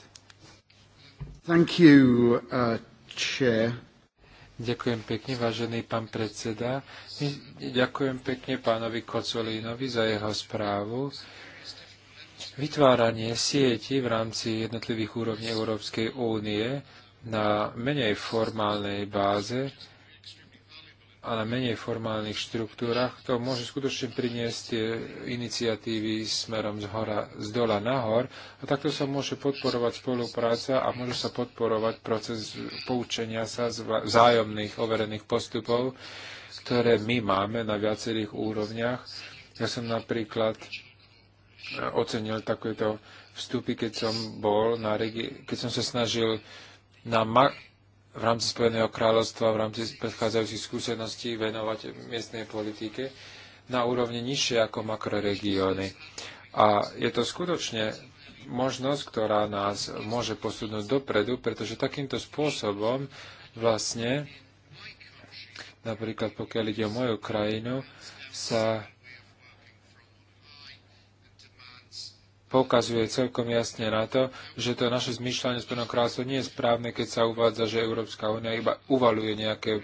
Thank you, uh, chair. Ďakujem pekne, vážený pán predseda. Ďakujem pekne pánovi Kocolínovi za jeho správu. Vytváranie sieti v rámci jednotlivých úrovní Európskej únie na menej formálnej báze a na menej formálnych štruktúrach, to môže skutočne priniesť tie eh, iniciatívy smerom z, hora, z dola nahor a takto sa môže podporovať spolupráca a môže sa podporovať proces poučenia sa z vzájomných overených postupov, ktoré my máme na viacerých úrovniach. Ja som napríklad eh, ocenil takéto vstupy, keď som bol na regi- keď som sa snažil na ma- v rámci Spojeného kráľovstva, v rámci predchádzajúcich skúseností venovať miestnej politike na úrovni nižšie ako makroregióny. A je to skutočne možnosť, ktorá nás môže posunúť dopredu, pretože takýmto spôsobom vlastne, napríklad pokiaľ ide o moju krajinu, sa poukazuje celkom jasne na to, že to naše zmýšľanie Spojeného kráľovstva nie je správne, keď sa uvádza, že Európska únia iba uvaluje nejaké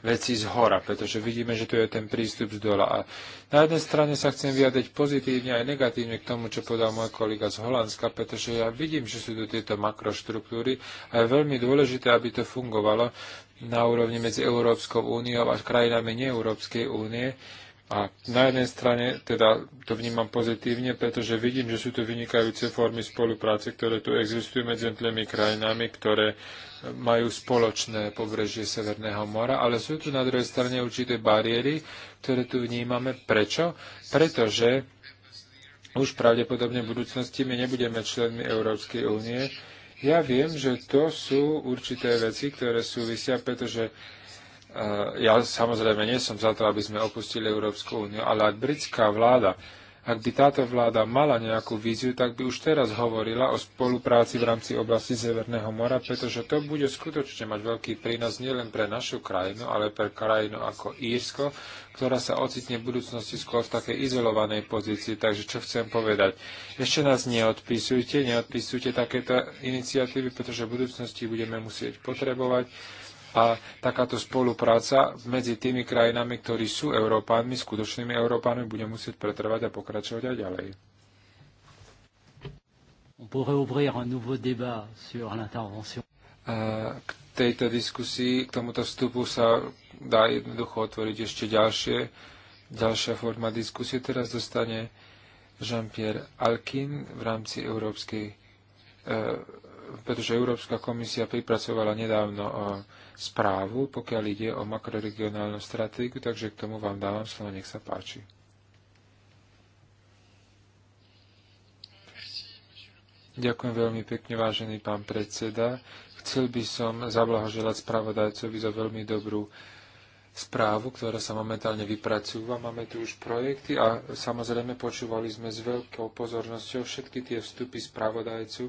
veci z hora, pretože vidíme, že tu je ten prístup z dola. A na jednej strane sa chcem vyjadriť pozitívne aj negatívne k tomu, čo povedal môj kolega z Holandska, pretože ja vidím, že sú tu tieto makroštruktúry a je veľmi dôležité, aby to fungovalo na úrovni medzi Európskou úniou a krajinami neeurópskej únie, a na jednej strane teda to vnímam pozitívne, pretože vidím, že sú tu vynikajúce formy spolupráce, ktoré tu existujú medzi jednotlivými krajinami, ktoré majú spoločné pobrežie Severného mora, ale sú tu na druhej strane určité bariéry, ktoré tu vnímame. Prečo? Pretože už pravdepodobne v budúcnosti my nebudeme členmi Európskej únie. Ja viem, že to sú určité veci, ktoré súvisia, pretože Eh, ja samozrejme nie som za to, aby sme opustili Európsku úniu, ale ak britská vláda, ak by táto vláda mala nejakú víziu, tak by už teraz hovorila o spolupráci v rámci oblasti Severného mora, pretože to bude skutočne mať veľký prínos nielen pre našu krajinu, ale pre krajinu ako Írsko, ktorá sa ocitne v budúcnosti skôr v takej izolovanej pozícii. Takže čo chcem povedať? Ešte nás neodpisujte, neodpisujte takéto iniciatívy, pretože v budúcnosti budeme musieť potrebovať a takáto spolupráca medzi tými krajinami, ktorí sú Európánmi, skutočnými Európánmi, bude musieť pretrvať a pokračovať aj ďalej. K tejto diskusii, k tomuto vstupu sa dá jednoducho otvoriť ešte ďalšie, ďalšia forma diskusie. Teraz dostane Jean-Pierre Alkin v rámci Európskej, e, pretože Európska komisia pripracovala nedávno o e, správu, pokiaľ ide o makroregionálnu stratégiu, takže k tomu vám dávam slovo, nech sa páči. Ďakujem veľmi pekne, vážený pán predseda. Chcel by som zablahoželať spravodajcovi za veľmi dobrú správu, ktorá sa momentálne vypracúva. Máme tu už projekty a samozrejme počúvali sme s veľkou pozornosťou všetky tie vstupy spravodajcu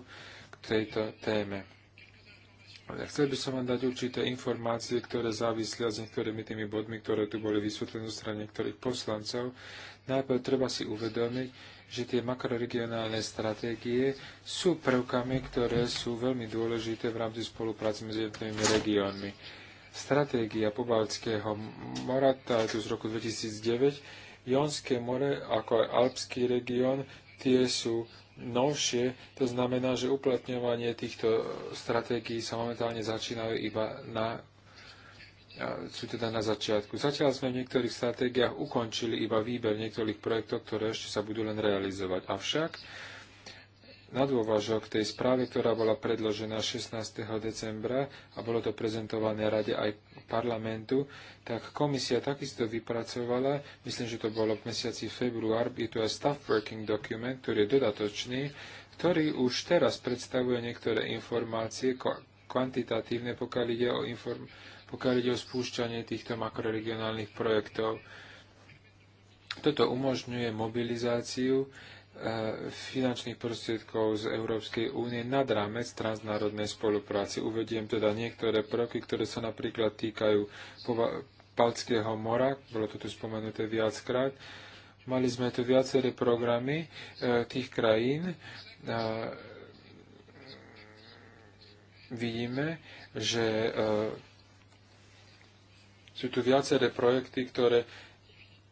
k tejto téme chcel by som vám dať určité informácie, ktoré závislia s niektorými tými bodmi, ktoré tu boli vysvetlené zo strany niektorých poslancov. Najprv treba si uvedomiť, že tie makroregionálne stratégie sú prvkami, ktoré sú veľmi dôležité v rámci spolupráce medzi jednotlivými regiónmi. Stratégia pobaltského mora, tá je tu z roku 2009, Jonské more, ako aj Alpský región, tie sú novšie. To znamená, že uplatňovanie týchto stratégií sa momentálne začínajú iba na sú teda na začiatku. Zatiaľ sme v niektorých stratégiách ukončili iba výber niektorých projektov, ktoré ešte sa budú len realizovať. Avšak na dôvažok tej správy, ktorá bola predložená 16. decembra a bolo to prezentované rade aj parlamentu, tak komisia takisto vypracovala, myslím, že to bolo v mesiaci február, je tu aj staff working document, ktorý je dodatočný, ktorý už teraz predstavuje niektoré informácie kvantitatívne, pokiaľ ide o, inform, pokiaľ ide o spúšťanie týchto makroregionálnych projektov. Toto umožňuje mobilizáciu Eh, finančných prostriedkov z Európskej únie nad rámec transnárodnej spolupráci. Uvediem teda niektoré prvky, ktoré sa napríklad týkajú Palckého mora, bolo to tu spomenuté viackrát. Mali sme tu viaceré programy eh, tých krajín. Eh, vidíme, že sú tu viaceré projekty, ktoré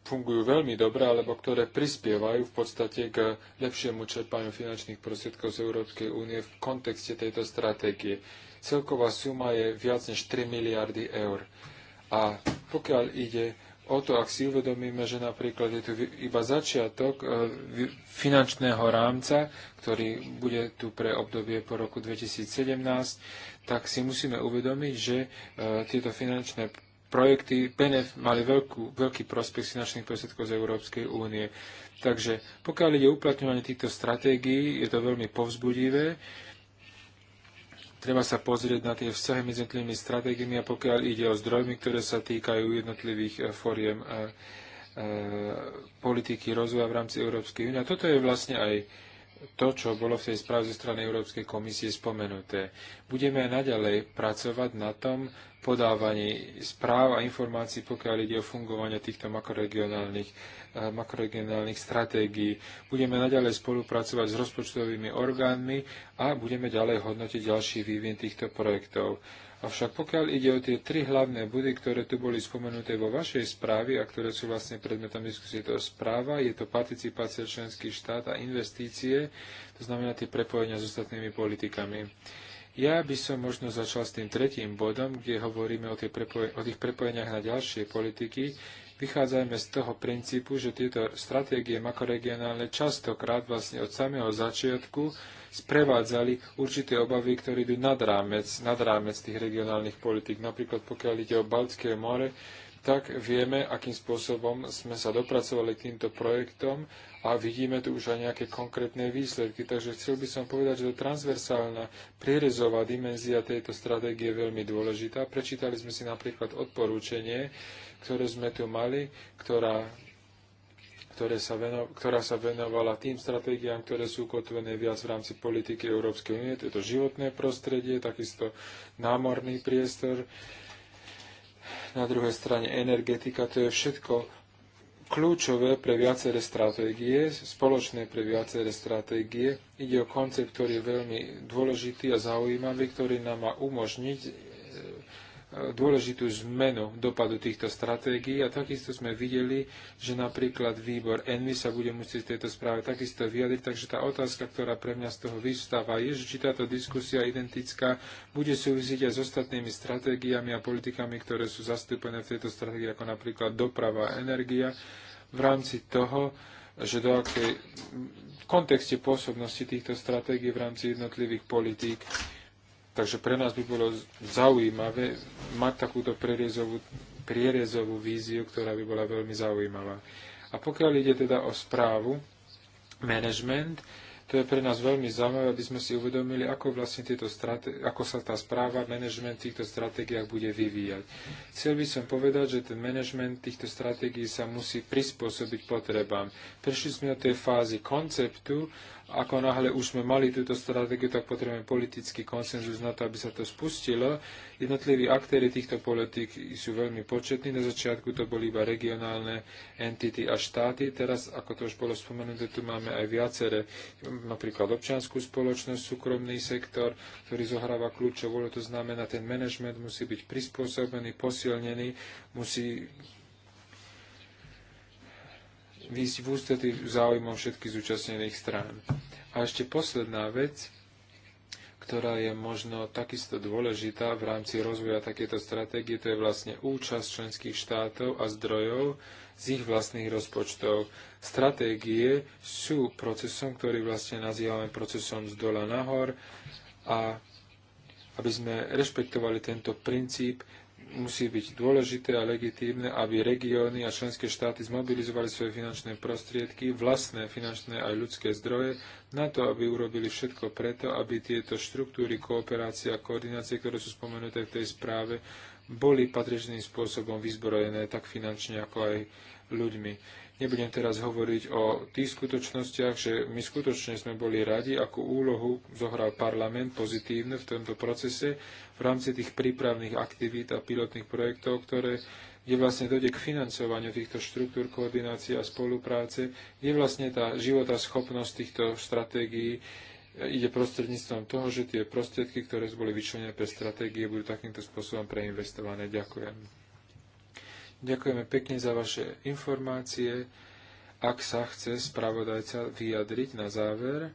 fungujú veľmi dobre, alebo ktoré prispievajú v podstate k lepšiemu čerpaniu finančných prostriedkov z Európskej únie v kontexte tejto stratégie. Celková suma je viac než 3 miliardy eur. A pokiaľ ide o to, ak si uvedomíme, že napríklad je tu iba začiatok e, finančného rámca, ktorý bude tu pre obdobie po roku 2017, tak si musíme uvedomiť, že e, tieto finančné projekty benef- mali veľkú, veľký prospech finančných prostriedkov z Európskej únie. Takže pokiaľ ide uplatňovanie týchto stratégií, je to veľmi povzbudivé. Treba sa pozrieť na tie vzťahy medzi jednotlivými stratégiami a pokiaľ ide o zdrojmi, ktoré sa týkajú jednotlivých eh, foriem eh, eh, politiky rozvoja v rámci Európskej únie. A toto je vlastne aj to, čo bolo v tej správe zo strany Európskej komisie spomenuté. Budeme naďalej pracovať na tom podávaní správ a informácií, pokiaľ ide o fungovanie týchto makroregionálnych, eh, makroregionálnych stratégií. Budeme naďalej spolupracovať s rozpočtovými orgánmi a budeme ďalej hodnotiť ďalší vývin týchto projektov. Avšak pokiaľ ide o tie tri hlavné body, ktoré tu boli spomenuté vo vašej správe a ktoré sú vlastne predmetom diskusie, to správa, je to participácia členských štát a investície, to znamená tie prepojenia s ostatnými politikami. Ja by som možno začal s tým tretím bodom, kde hovoríme o, tie prepoje- o tých prepojeniach na ďalšie politiky. Vychádzajme z toho princípu, že tieto stratégie makroregionálne častokrát vlastne od samého začiatku sprevádzali určité obavy, ktoré idú nad rámec, nad rámec tých regionálnych politik. Napríklad pokiaľ ide o Baltské more, tak vieme, akým spôsobom sme sa dopracovali k týmto projektom a vidíme tu už aj nejaké konkrétne výsledky. Takže chcel by som povedať, že transversálna prierezová dimenzia tejto stratégie je veľmi dôležitá. Prečítali sme si napríklad odporúčanie ktoré sme tu mali, ktorá, ktoré sa veno, ktorá sa venovala tým stratégiám, ktoré sú kotvené viac v rámci politiky Európskej únie. To je to životné prostredie, takisto námorný priestor. Na druhej strane energetika, to je všetko kľúčové pre viaceré stratégie, spoločné pre viaceré stratégie. Ide o koncept, ktorý je veľmi dôležitý a zaujímavý, ktorý nám má umožniť dôležitú zmenu dopadu týchto stratégií a takisto sme videli, že napríklad výbor Envy sa bude musieť v tejto správe takisto vyjadriť, takže tá otázka, ktorá pre mňa z toho vystáva, je, že či táto diskusia identická bude súvisieť aj s ostatnými stratégiami a politikami, ktoré sú zastúpené v tejto stratégii, ako napríklad doprava a energia, v rámci toho, že do akej v kontexte pôsobnosti týchto stratégií v rámci jednotlivých politík Takže pre nás by bolo zaujímavé mať takúto prierezovú, prierezovú víziu, ktorá by bola veľmi zaujímavá. A pokiaľ ide teda o správu, management, to je pre nás veľmi zaujímavé, aby sme si uvedomili, ako, vlastne tieto strate- ako sa tá správa, management v týchto stratégiách bude vyvíjať. Chcel by som povedať, že ten management týchto stratégií sa musí prispôsobiť potrebám. Prešli sme od tej fázy konceptu ako náhle už sme mali túto stratégiu, tak potrebujeme politický konsenzus na to, aby sa to spustilo. Jednotliví aktéry týchto politik sú veľmi početní. Na začiatku to boli iba regionálne entity a štáty. Teraz, ako to už bolo spomenuté, tu máme aj viaceré, napríklad občianskú spoločnosť, súkromný sektor, ktorý zohráva kľúčovú. To znamená, ten manažment musí byť prispôsobený, posilnený, musí výsť v ústretí záujmom všetkých zúčastnených strán. A ešte posledná vec, ktorá je možno takisto dôležitá v rámci rozvoja takéto stratégie, to je vlastne účasť členských štátov a zdrojov z ich vlastných rozpočtov. Stratégie sú procesom, ktorý vlastne nazývame procesom z dola nahor a aby sme rešpektovali tento princíp, musí byť dôležité a legitímne, aby regióny a členské štáty zmobilizovali svoje finančné prostriedky, vlastné finančné aj ľudské zdroje, na to, aby urobili všetko preto, aby tieto štruktúry kooperácie a koordinácie, ktoré sú spomenuté v tej správe, boli patričným spôsobom vyzbrojené tak finančne, ako aj ľuďmi. Nebudem teraz hovoriť o tých skutočnostiach, že my skutočne sme boli radi, akú úlohu zohral parlament pozitívne v tomto procese v rámci tých prípravných aktivít a pilotných projektov, ktoré kde vlastne dojde k financovaniu týchto štruktúr koordinácie a spolupráce, kde vlastne tá životaschopnosť týchto stratégií ide prostredníctvom toho, že tie prostriedky, ktoré boli vyčlenené pre stratégie, budú takýmto spôsobom preinvestované. Ďakujem. Ďakujeme pekne za vaše informácie. Ak sa chce spravodajca vyjadriť na záver,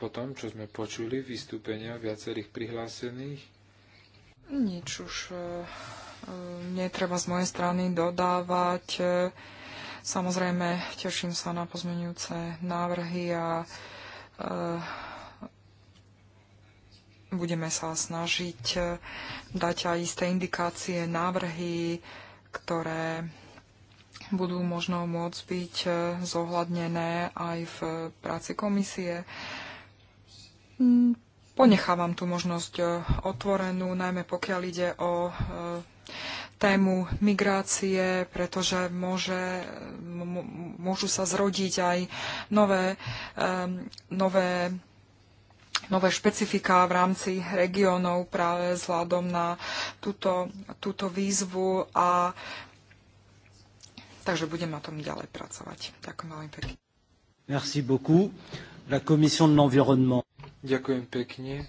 po tom, čo sme počuli vystúpenia viacerých prihlásených? Nič už e, e, netreba z mojej strany dodávať. E, samozrejme, teším sa na pozmenujúce návrhy a budeme sa snažiť eh, dať aj isté indikácie, návrhy, ktoré budú možno môcť byť eh, zohľadnené aj v práci komisie. Mm, ponechávam tu možnosť eh, otvorenú, najmä pokiaľ ide o tému migrácie, pretože môže, môžu sa zrodiť aj nové, nové nové špecifika v rámci regiónov práve vzhľadom na túto, túto výzvu a takže budem na tom ďalej pracovať. Ďakujem veľmi pekne. Merci beaucoup. La Commission de l'Environnement. Ďakujem pekne.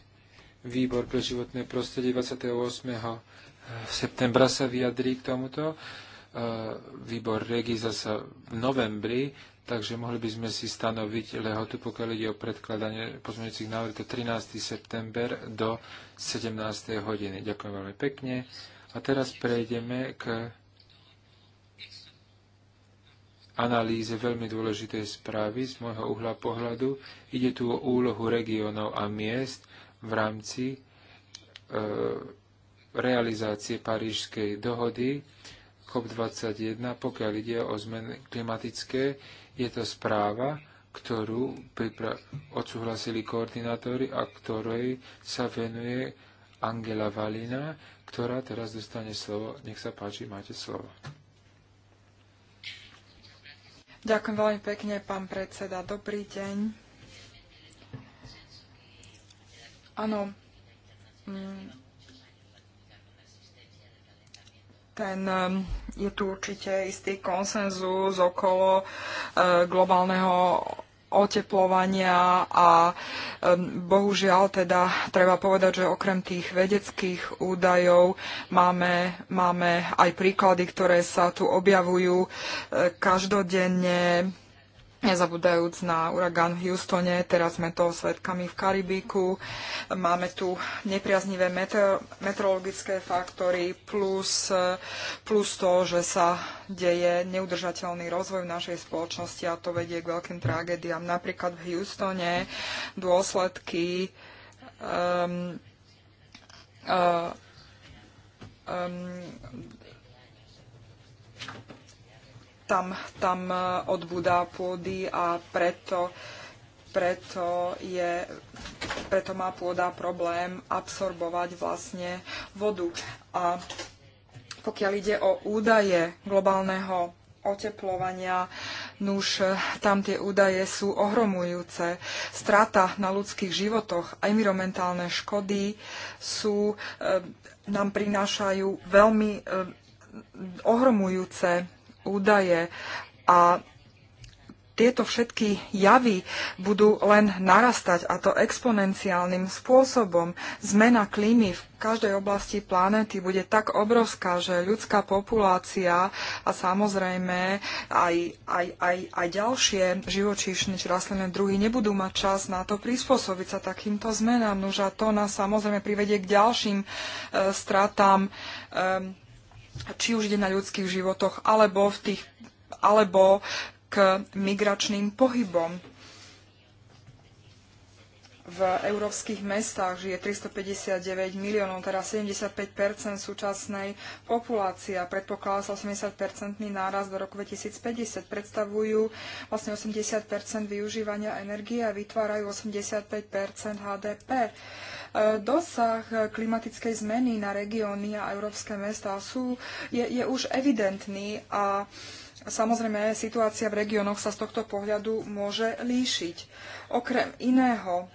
Výbor pre životné prostredie 28. septembra sa vyjadrí k tomuto. E, výbor Regi zase v novembri takže mohli by sme si stanoviť lehotu, pokiaľ ide o predkladanie pozmeňujúcich návrhov, to 13. september do 17. hodiny. Ďakujem veľmi pekne. A teraz prejdeme k analýze veľmi dôležitej správy z môjho uhla pohľadu. Ide tu o úlohu regiónov a miest v rámci e, realizácie Parížskej dohody COP21, pokiaľ ide o zmeny klimatické, je to správa, ktorú odsúhlasili koordinátori a ktorej sa venuje Angela Valina, ktorá teraz dostane slovo. Nech sa páči, máte slovo. Ďakujem veľmi pekne, pán predseda. Dobrý deň. Áno, mm, ten, um, je tu určite istý konsenzus okolo e, globálneho oteplovania a um, bohužiaľ teda treba povedať, že okrem tých vedeckých údajov máme, máme aj príklady, ktoré sa tu objavujú e, každodenne nezabúdajúc na uragán v Houstone, teraz sme to svetkami v Karibiku. Máme tu nepriaznivé meteorologické faktory plus, plus to, že sa deje neudržateľný rozvoj v našej spoločnosti a to vedie k veľkým tragédiám. Napríklad v Houstone dôsledky um, uh, um, tam, tam e, odbudá pôdy a preto, preto, je, preto má pôda problém absorbovať vlastne vodu. A pokiaľ ide o údaje globálneho oteplovania, nuž e, tam tie údaje sú ohromujúce. Strata na ľudských životoch a environmentálne škody sú, e, nám prinášajú veľmi e, ohromujúce údaje a tieto všetky javy budú len narastať a to exponenciálnym spôsobom. Zmena klímy v každej oblasti planéty bude tak obrovská, že ľudská populácia a samozrejme aj, aj, aj, aj ďalšie živočíšne či rastlinné druhy nebudú mať čas na to prispôsobiť sa takýmto zmenám. Nož a to nás samozrejme privedie k ďalším e, stratám. E, či už ide na ľudských životoch, alebo, v tých, alebo k migračným pohybom. V európskych mestách žije 359 miliónov, teda 75 súčasnej populácie a predpokladá sa 80-percentný náraz do roku 2050. Predstavujú vlastne 80 využívania energie a vytvárajú 85 HDP. E, dosah klimatickej zmeny na regióny a európske mesta sú, je, je už evidentný a Samozrejme, situácia v regiónoch sa z tohto pohľadu môže líšiť. Okrem iného,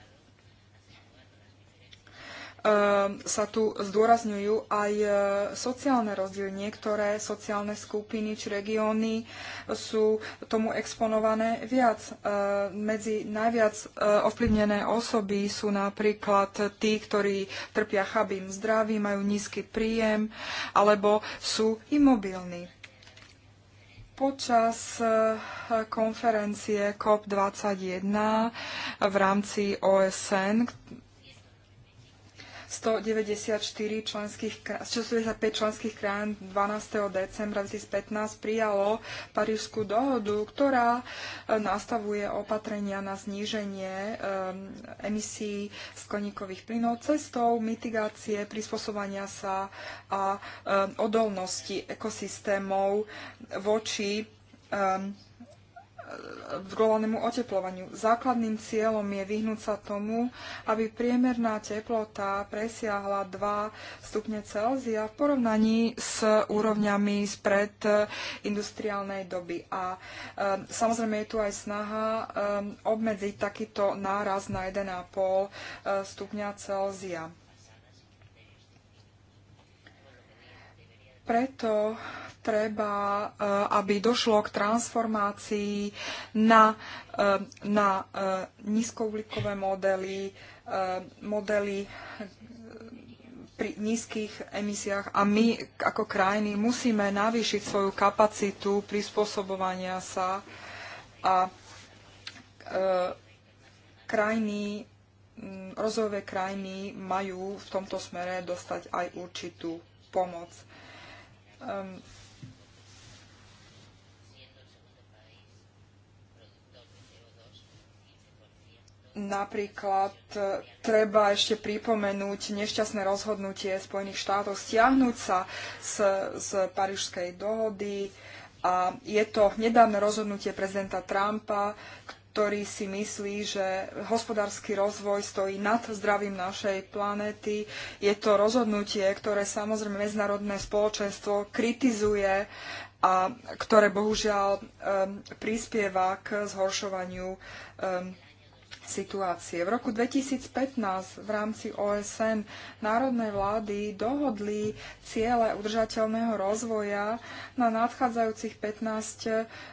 Eh, sa tu zdôrazňujú aj eh, sociálne rozdiely. Niektoré sociálne skupiny či regióny sú tomu exponované viac. Eh, medzi najviac ovplyvnené osoby sú napríklad tí, ktorí trpia chabým zdravím, majú nízky príjem alebo sú imobilní. Počas konferencie COP21 v rámci OSN, 194 členských, 195 členských krajín 12. decembra 2015 prijalo Parížskú dohodu, ktorá e, nastavuje opatrenia na zníženie e, emisí skleníkových plynov cestou mitigácie, prispôsobania sa a e, odolnosti ekosystémov voči um, k globálnemu oteplovaniu. Základným cieľom je vyhnúť sa tomu, aby priemerná teplota presiahla 2 stupne Celzia v porovnaní s úrovňami spred industriálnej doby. A e, samozrejme je tu aj snaha e, obmedziť takýto náraz na 1,5 eh, stupňa Celzia. Preto treba, eh, aby došlo k transformácii na, eh, na eh, nízkouhlíkové modely, modely pri nízkych emisiách a my ako krajiny musíme navýšiť svoju kapacitu prispôsobovania sa a krajiny, mm, rozvojové krajiny majú v tomto smere dostať aj určitú pomoc um, Napríklad e, treba ešte pripomenúť nešťastné rozhodnutie Spojených štátov stiahnuť sa z, z Parížskej dohody a je to nedávne rozhodnutie prezidenta Trumpa, ktorý si myslí, že hospodársky rozvoj stojí nad zdravím našej planéty. Je to rozhodnutie, ktoré samozrejme medzinárodné spoločenstvo kritizuje a ktoré bohužiaľ um, prispieva k zhoršovaniu um, situácie. V roku 2015 v rámci OSN národné vlády dohodli ciele udržateľného rozvoja na nadchádzajúcich 15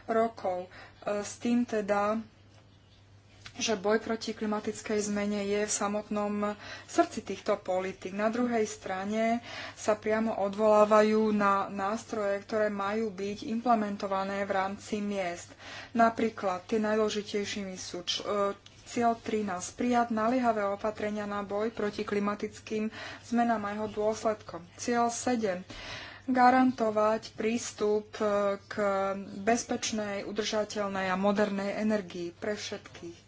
rokov. E, s tým teda že boj proti klimatickej zmene je v samotnom srdci týchto politik. Na druhej strane sa priamo odvolávajú na nástroje, ktoré majú byť implementované v rámci miest. Napríklad tie najdôležitejšími sú e, cieľ 13 prijať naliehavé opatrenia na boj proti klimatickým zmenám a jeho dôsledkom. Cieľ 7 garantovať prístup e, k bezpečnej, udržateľnej a modernej energii pre všetkých.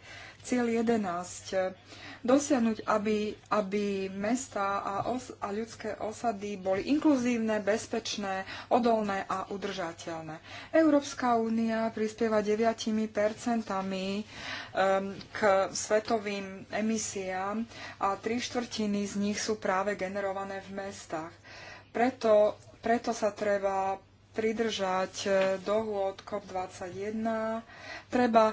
Cieľ 11. Dosiahnuť, aby, aby mesta a, os, a ľudské osady boli inkluzívne, bezpečné, odolné a udržateľné. Európska únia prispieva 9 percentami k svetovým emisiám a tri štvrtiny z nich sú práve generované v mestách. Preto, preto sa treba pridržať eh, dohôd COP21. Treba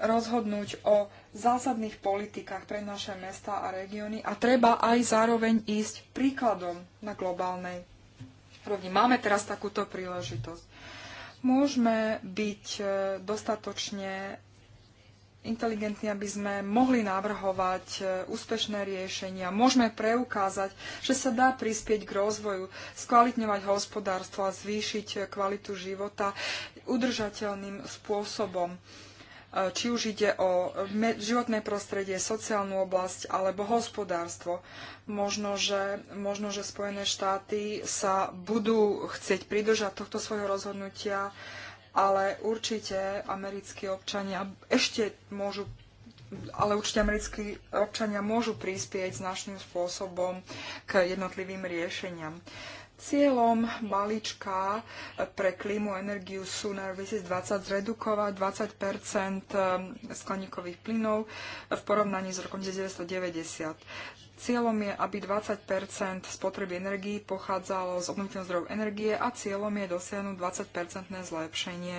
rozhodnúť o zásadných politikách pre naše mesta a regióny a treba aj zároveň ísť príkladom na globálnej rovni. Máme teraz takúto príležitosť. Môžeme byť e, dostatočne inteligentní, aby sme mohli navrhovať e, úspešné riešenia. Môžeme preukázať, že sa dá prispieť k rozvoju, skvalitňovať hospodárstvo a zvýšiť e, kvalitu života udržateľným spôsobom E, či už ide o životné prostredie, sociálnu oblasť alebo hospodárstvo. Možno že, možno, že Spojené štáty sa budú chcieť pridržať tohto svojho rozhodnutia, ale určite americkí občania ešte môžu ale určite americkí občania môžu prispieť značným spôsobom k jednotlivým riešeniam. Uh, Cieľom balíčka pre klímu a energiu sú na 2020 zredukovať 20 ehm, skleníkových plynov v porovnaní s rokom 1990. Cieľom je, aby 20 spotreby energii pochádzalo z obnoviteľných zdrojov energie a cieľom je dosiahnuť 20 zlepšenie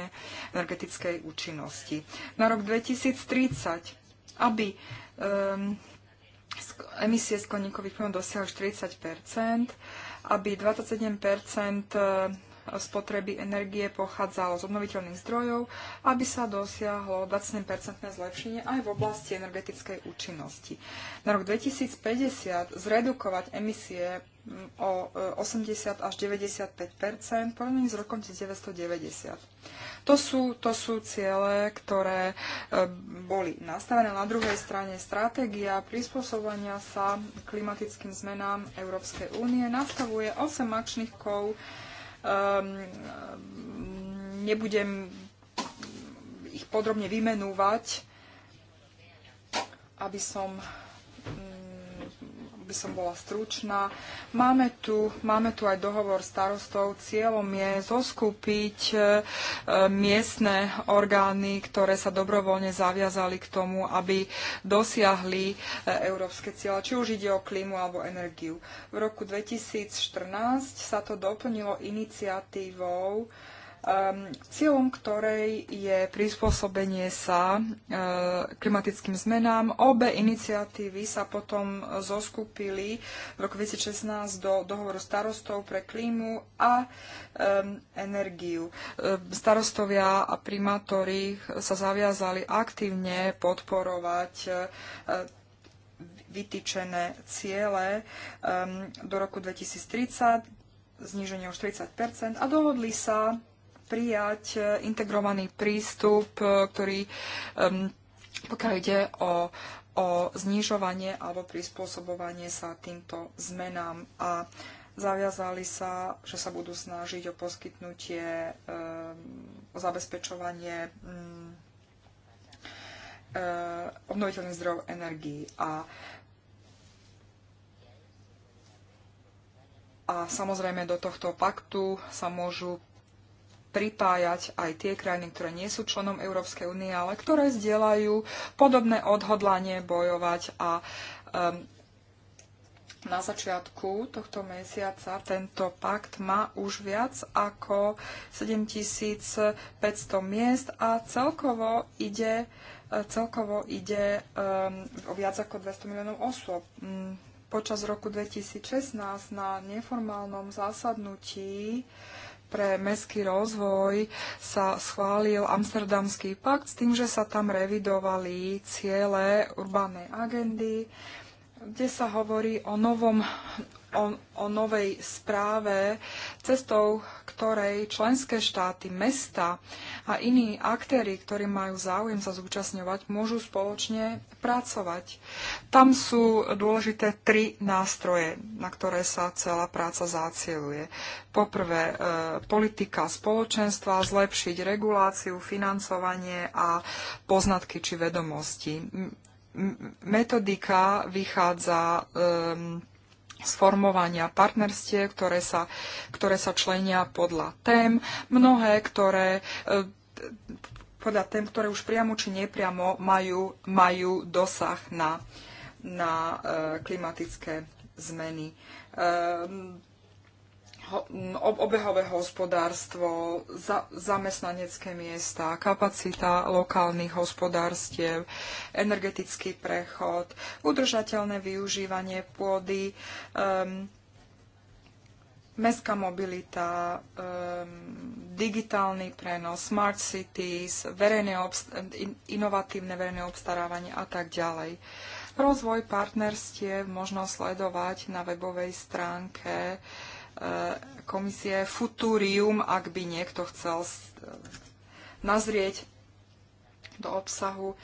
energetickej účinnosti. Na rok 2030, aby um, emisie skleníkových plynov dosiahli 40 aby 27 e, spotreby energie pochádzalo z obnoviteľných zdrojov, aby sa dosiahlo 20-percentné zlepšenie aj v oblasti energetickej účinnosti. Na rok 2050 zredukovať emisie o 80 e, až 95 porovnaní s rokom 1990. To sú, to sú ciele, ktoré e, boli nastavené na druhej strane stratégia prispôsobovania sa klimatickým zmenám Európskej únie nastavuje 8 akčných kov. Ehm, e, nebudem ich podrobne vymenúvať, aby som by som bola stručná. Máme tu, máme tu aj dohovor starostov. Cieľom je zoskúpiť e, miestne orgány, ktoré sa dobrovoľne zaviazali k tomu, aby dosiahli e, európske cieľa, či už ide o klímu alebo energiu. V roku 2014 sa to doplnilo iniciatívou Um, cieľom ktorej je prispôsobenie sa eh, klimatickým zmenám. Obe iniciatívy sa potom eh, zoskupili v roku 2016 do dohovoru starostov pre klímu a ehm, energiu. Ehm, starostovia a primátori sa zaviazali aktívne podporovať eh, vytýčené ciele do roku 2030 zníženie o 40 a dohodli sa prijať e, integrovaný prístup, e, ktorý pokiaľ ide o, o znižovanie alebo prispôsobovanie sa týmto zmenám a zaviazali sa, že sa budú snažiť o poskytnutie, o zabezpečovanie mm, e, obnoviteľných zdrojov energií. A, a samozrejme do tohto paktu sa môžu pripájať aj tie krajiny, ktoré nie sú členom Európskej únie, ale ktoré zdieľajú podobné odhodlanie bojovať a um, na začiatku tohto mesiaca tento pakt má už viac ako 7500 miest a celkovo ide, celkovo ide um, o viac ako 200 miliónov osôb. Mm, počas roku 2016 na neformálnom zásadnutí uh, pre mestský rozvoj sa schválil Amsterdamský pakt s tým, že sa tam revidovali ciele urbanej agendy, kde sa hovorí o, novom, o, o novej správe, cestou ktorej členské štáty, mesta a iní aktéry, ktorí majú záujem sa zúčastňovať, môžu spoločne pracovať. Tam sú dôležité tri nástroje, na ktoré sa celá práca zacieluje. Poprvé, e, politika spoločenstva, zlepšiť reguláciu, financovanie a poznatky či vedomosti. Metodika vychádza um, e, z formovania partnerstie, ktoré sa, ktoré sa členia podľa tém, mnohé, ktoré e, podľa tém, ktoré už priamo či nepriamo majú, majú dosah na, na e, klimatické zmeny. E, obehové hospodárstvo, za, zamestnanecké miesta, kapacita lokálnych hospodárstiev, energetický prechod, udržateľné využívanie pôdy, E, mestská mobilita, um, digitálny prenos, smart cities, verejné inovatívne verejné obstarávanie a tak ďalej. Rozvoj partnerstiev možno sledovať na webovej stránke eh, komisie Futurium, ak by niekto chcel eh, nazrieť do obsahu.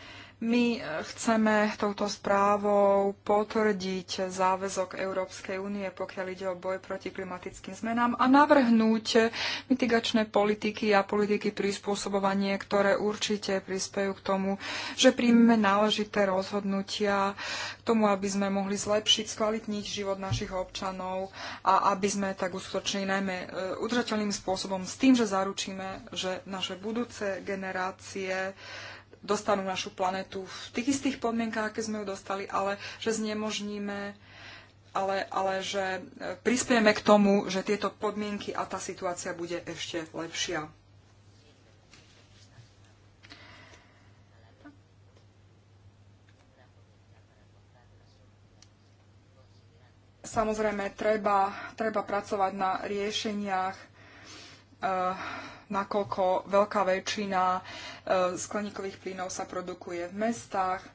My chceme touto správou potvrdiť záväzok Európskej únie, pokiaľ ide o boj proti klimatickým zmenám a navrhnúť mitigačné politiky a politiky prispôsobovanie, ktoré určite prispejú k tomu, že príjmeme náležité rozhodnutia k tomu, aby sme mohli zlepšiť, skvalitniť život našich občanov a aby sme tak uskutočnili najmä e, udržateľným spôsobom s tým, že zaručíme, že naše budúce generácie dostanú našu planetu v tých istých podmienkách, aké sme ju dostali, ale že znemožníme, ale, ale že e, prispieme k tomu, že tieto podmienky a tá situácia bude ešte lepšia. Samozrejme, treba, treba pracovať na riešeniach, Eh, nakoľko veľká väčšina eh, skleníkových plynov sa produkuje v mestách.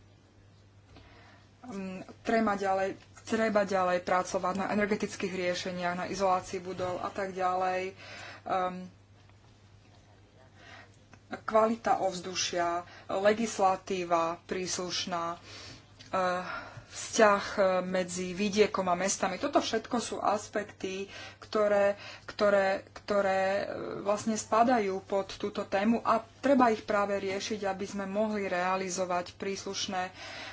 Mm, treba ďalej, treba ďalej pracovať na energetických riešeniach, na izolácii budov a tak ďalej. Ehm, kvalita ovzdušia, legislatíva príslušná, eh, vzťah e, medzi vidiekom a mestami. Toto všetko sú aspekty, ktoré, ktoré, ktoré e, vlastne spadajú pod túto tému a treba ich práve riešiť, aby sme mohli realizovať príslušné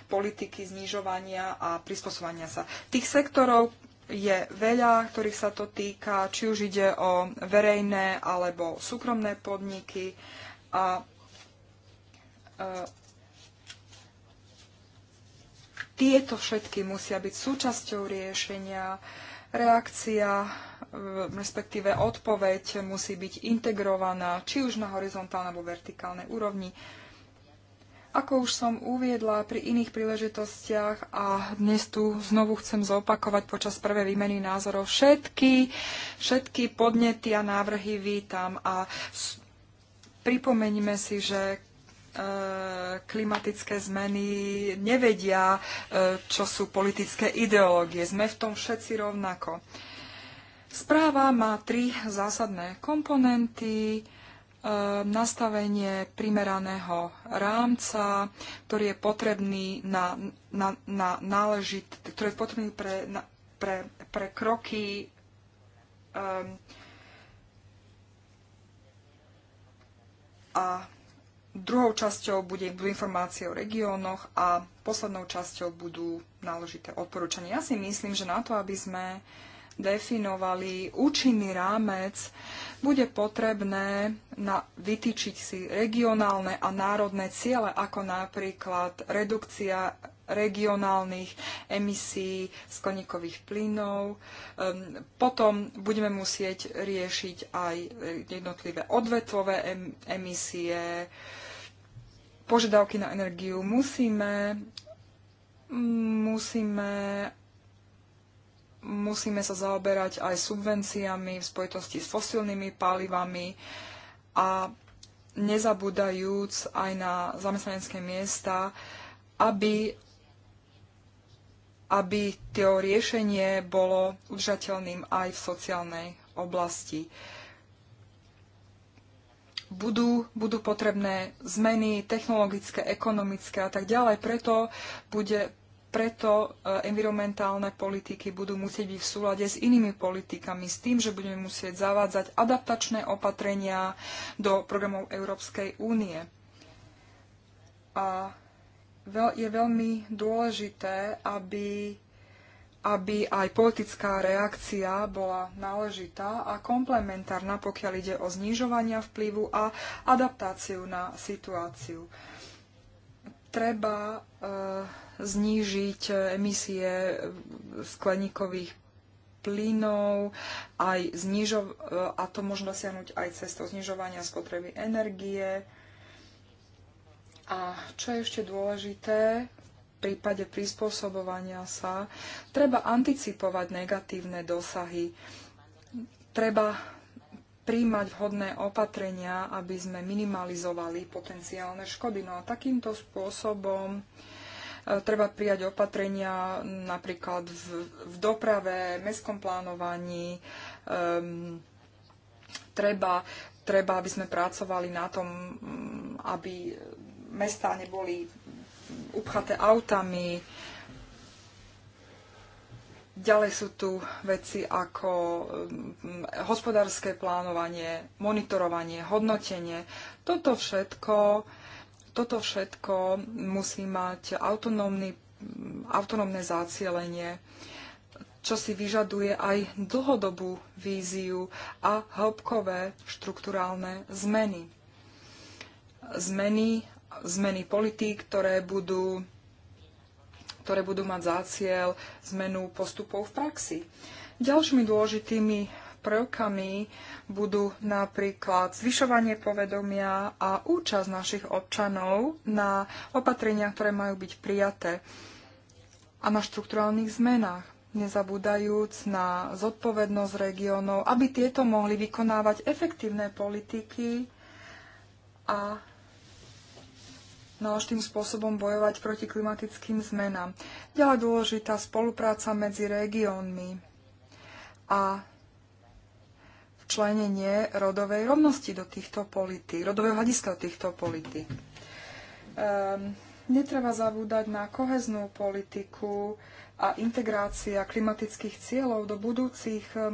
politiky znižovania a prispôsobania sa. Tých sektorov je veľa, ktorých sa to týka, či už ide o verejné alebo súkromné podniky a e, tieto všetky musia byť súčasťou riešenia. Reakcia, e, respektíve odpoveď musí byť integrovaná, či už na horizontálnej alebo vertikálnej úrovni. Ako už som uviedla pri iných príležitostiach a dnes tu znovu chcem zopakovať počas prvej výmeny názorov, všetky, všetky podnety a návrhy vítam a pripomeňme si, že E, klimatické zmeny, nevedia, e, čo sú politické ideológie. Sme v tom všetci rovnako. Správa má tri zásadné komponenty e, nastavenie primeraného rámca, ktorý je potrebný na, na, na náležit, ktorý je potrebný pre, na, pre, pre kroky um, a Druhou časťou bude, budú informácie o regiónoch a poslednou časťou budú náležité odporúčania. Ja si myslím, že na to, aby sme definovali účinný rámec, bude potrebné na, vytýčiť si regionálne a národné ciele, ako napríklad redukcia regionálnych emisí skleníkových plynov. Ehm, potom budeme musieť riešiť aj jednotlivé odvetvové emisie, požiadavky na energiu. Musíme, musíme musíme sa zaoberať aj subvenciami v spojitosti s fosilnými palivami a nezabúdajúc aj na zamestnanecké miesta, aby, aby to riešenie bolo udržateľným aj v sociálnej oblasti budú, budú potrebné zmeny technologické, ekonomické a tak ďalej. Preto, bude, preto e, environmentálne politiky budú musieť byť v súlade s inými politikami, s tým, že budeme musieť zavádzať adaptačné opatrenia do programov Európskej únie. A je veľmi dôležité, aby aby aj politická reakcia bola náležitá a komplementárna, pokiaľ ide o znižovania vplyvu a adaptáciu na situáciu. Treba e, znížiť emisie skleníkových plynov, aj znižo- e, a to možno dosiahnuť aj cestou znižovania spotreby energie. A čo je ešte dôležité, prípade prispôsobovania sa treba anticipovať negatívne dosahy. Treba príjmať vhodné opatrenia, aby sme minimalizovali potenciálne škody. No a takýmto spôsobom e, treba prijať opatrenia napríklad v, v doprave, mestskom plánovaní. Um, treba, treba, aby sme pracovali na tom, aby mestá neboli upchaté autami. Ďalej sú tu veci ako mm, hospodárske plánovanie, monitorovanie, hodnotenie. Toto všetko, toto všetko musí mať autonómny, mm, autonómne zácielenie čo si vyžaduje aj dlhodobú víziu a hĺbkové štruktúrálne zmeny. Zmeny zmeny politík, ktoré budú, ktoré budú mať za cieľ zmenu postupov v praxi. Ďalšími dôležitými prvkami budú napríklad zvyšovanie povedomia a účasť našich občanov na opatreniach, ktoré majú byť prijaté a na štruktúrálnych zmenách, nezabúdajúc na zodpovednosť regiónov, aby tieto mohli vykonávať efektívne politiky a No, tým spôsobom bojovať proti klimatickým zmenám. Ďalej dôležitá spolupráca medzi regiónmi a včlenenie rodovej rovnosti do týchto politík, rodového hľadiska do týchto politík. Um, netreba zabúdať na koheznú politiku a integrácia klimatických cieľov do budúcich eh,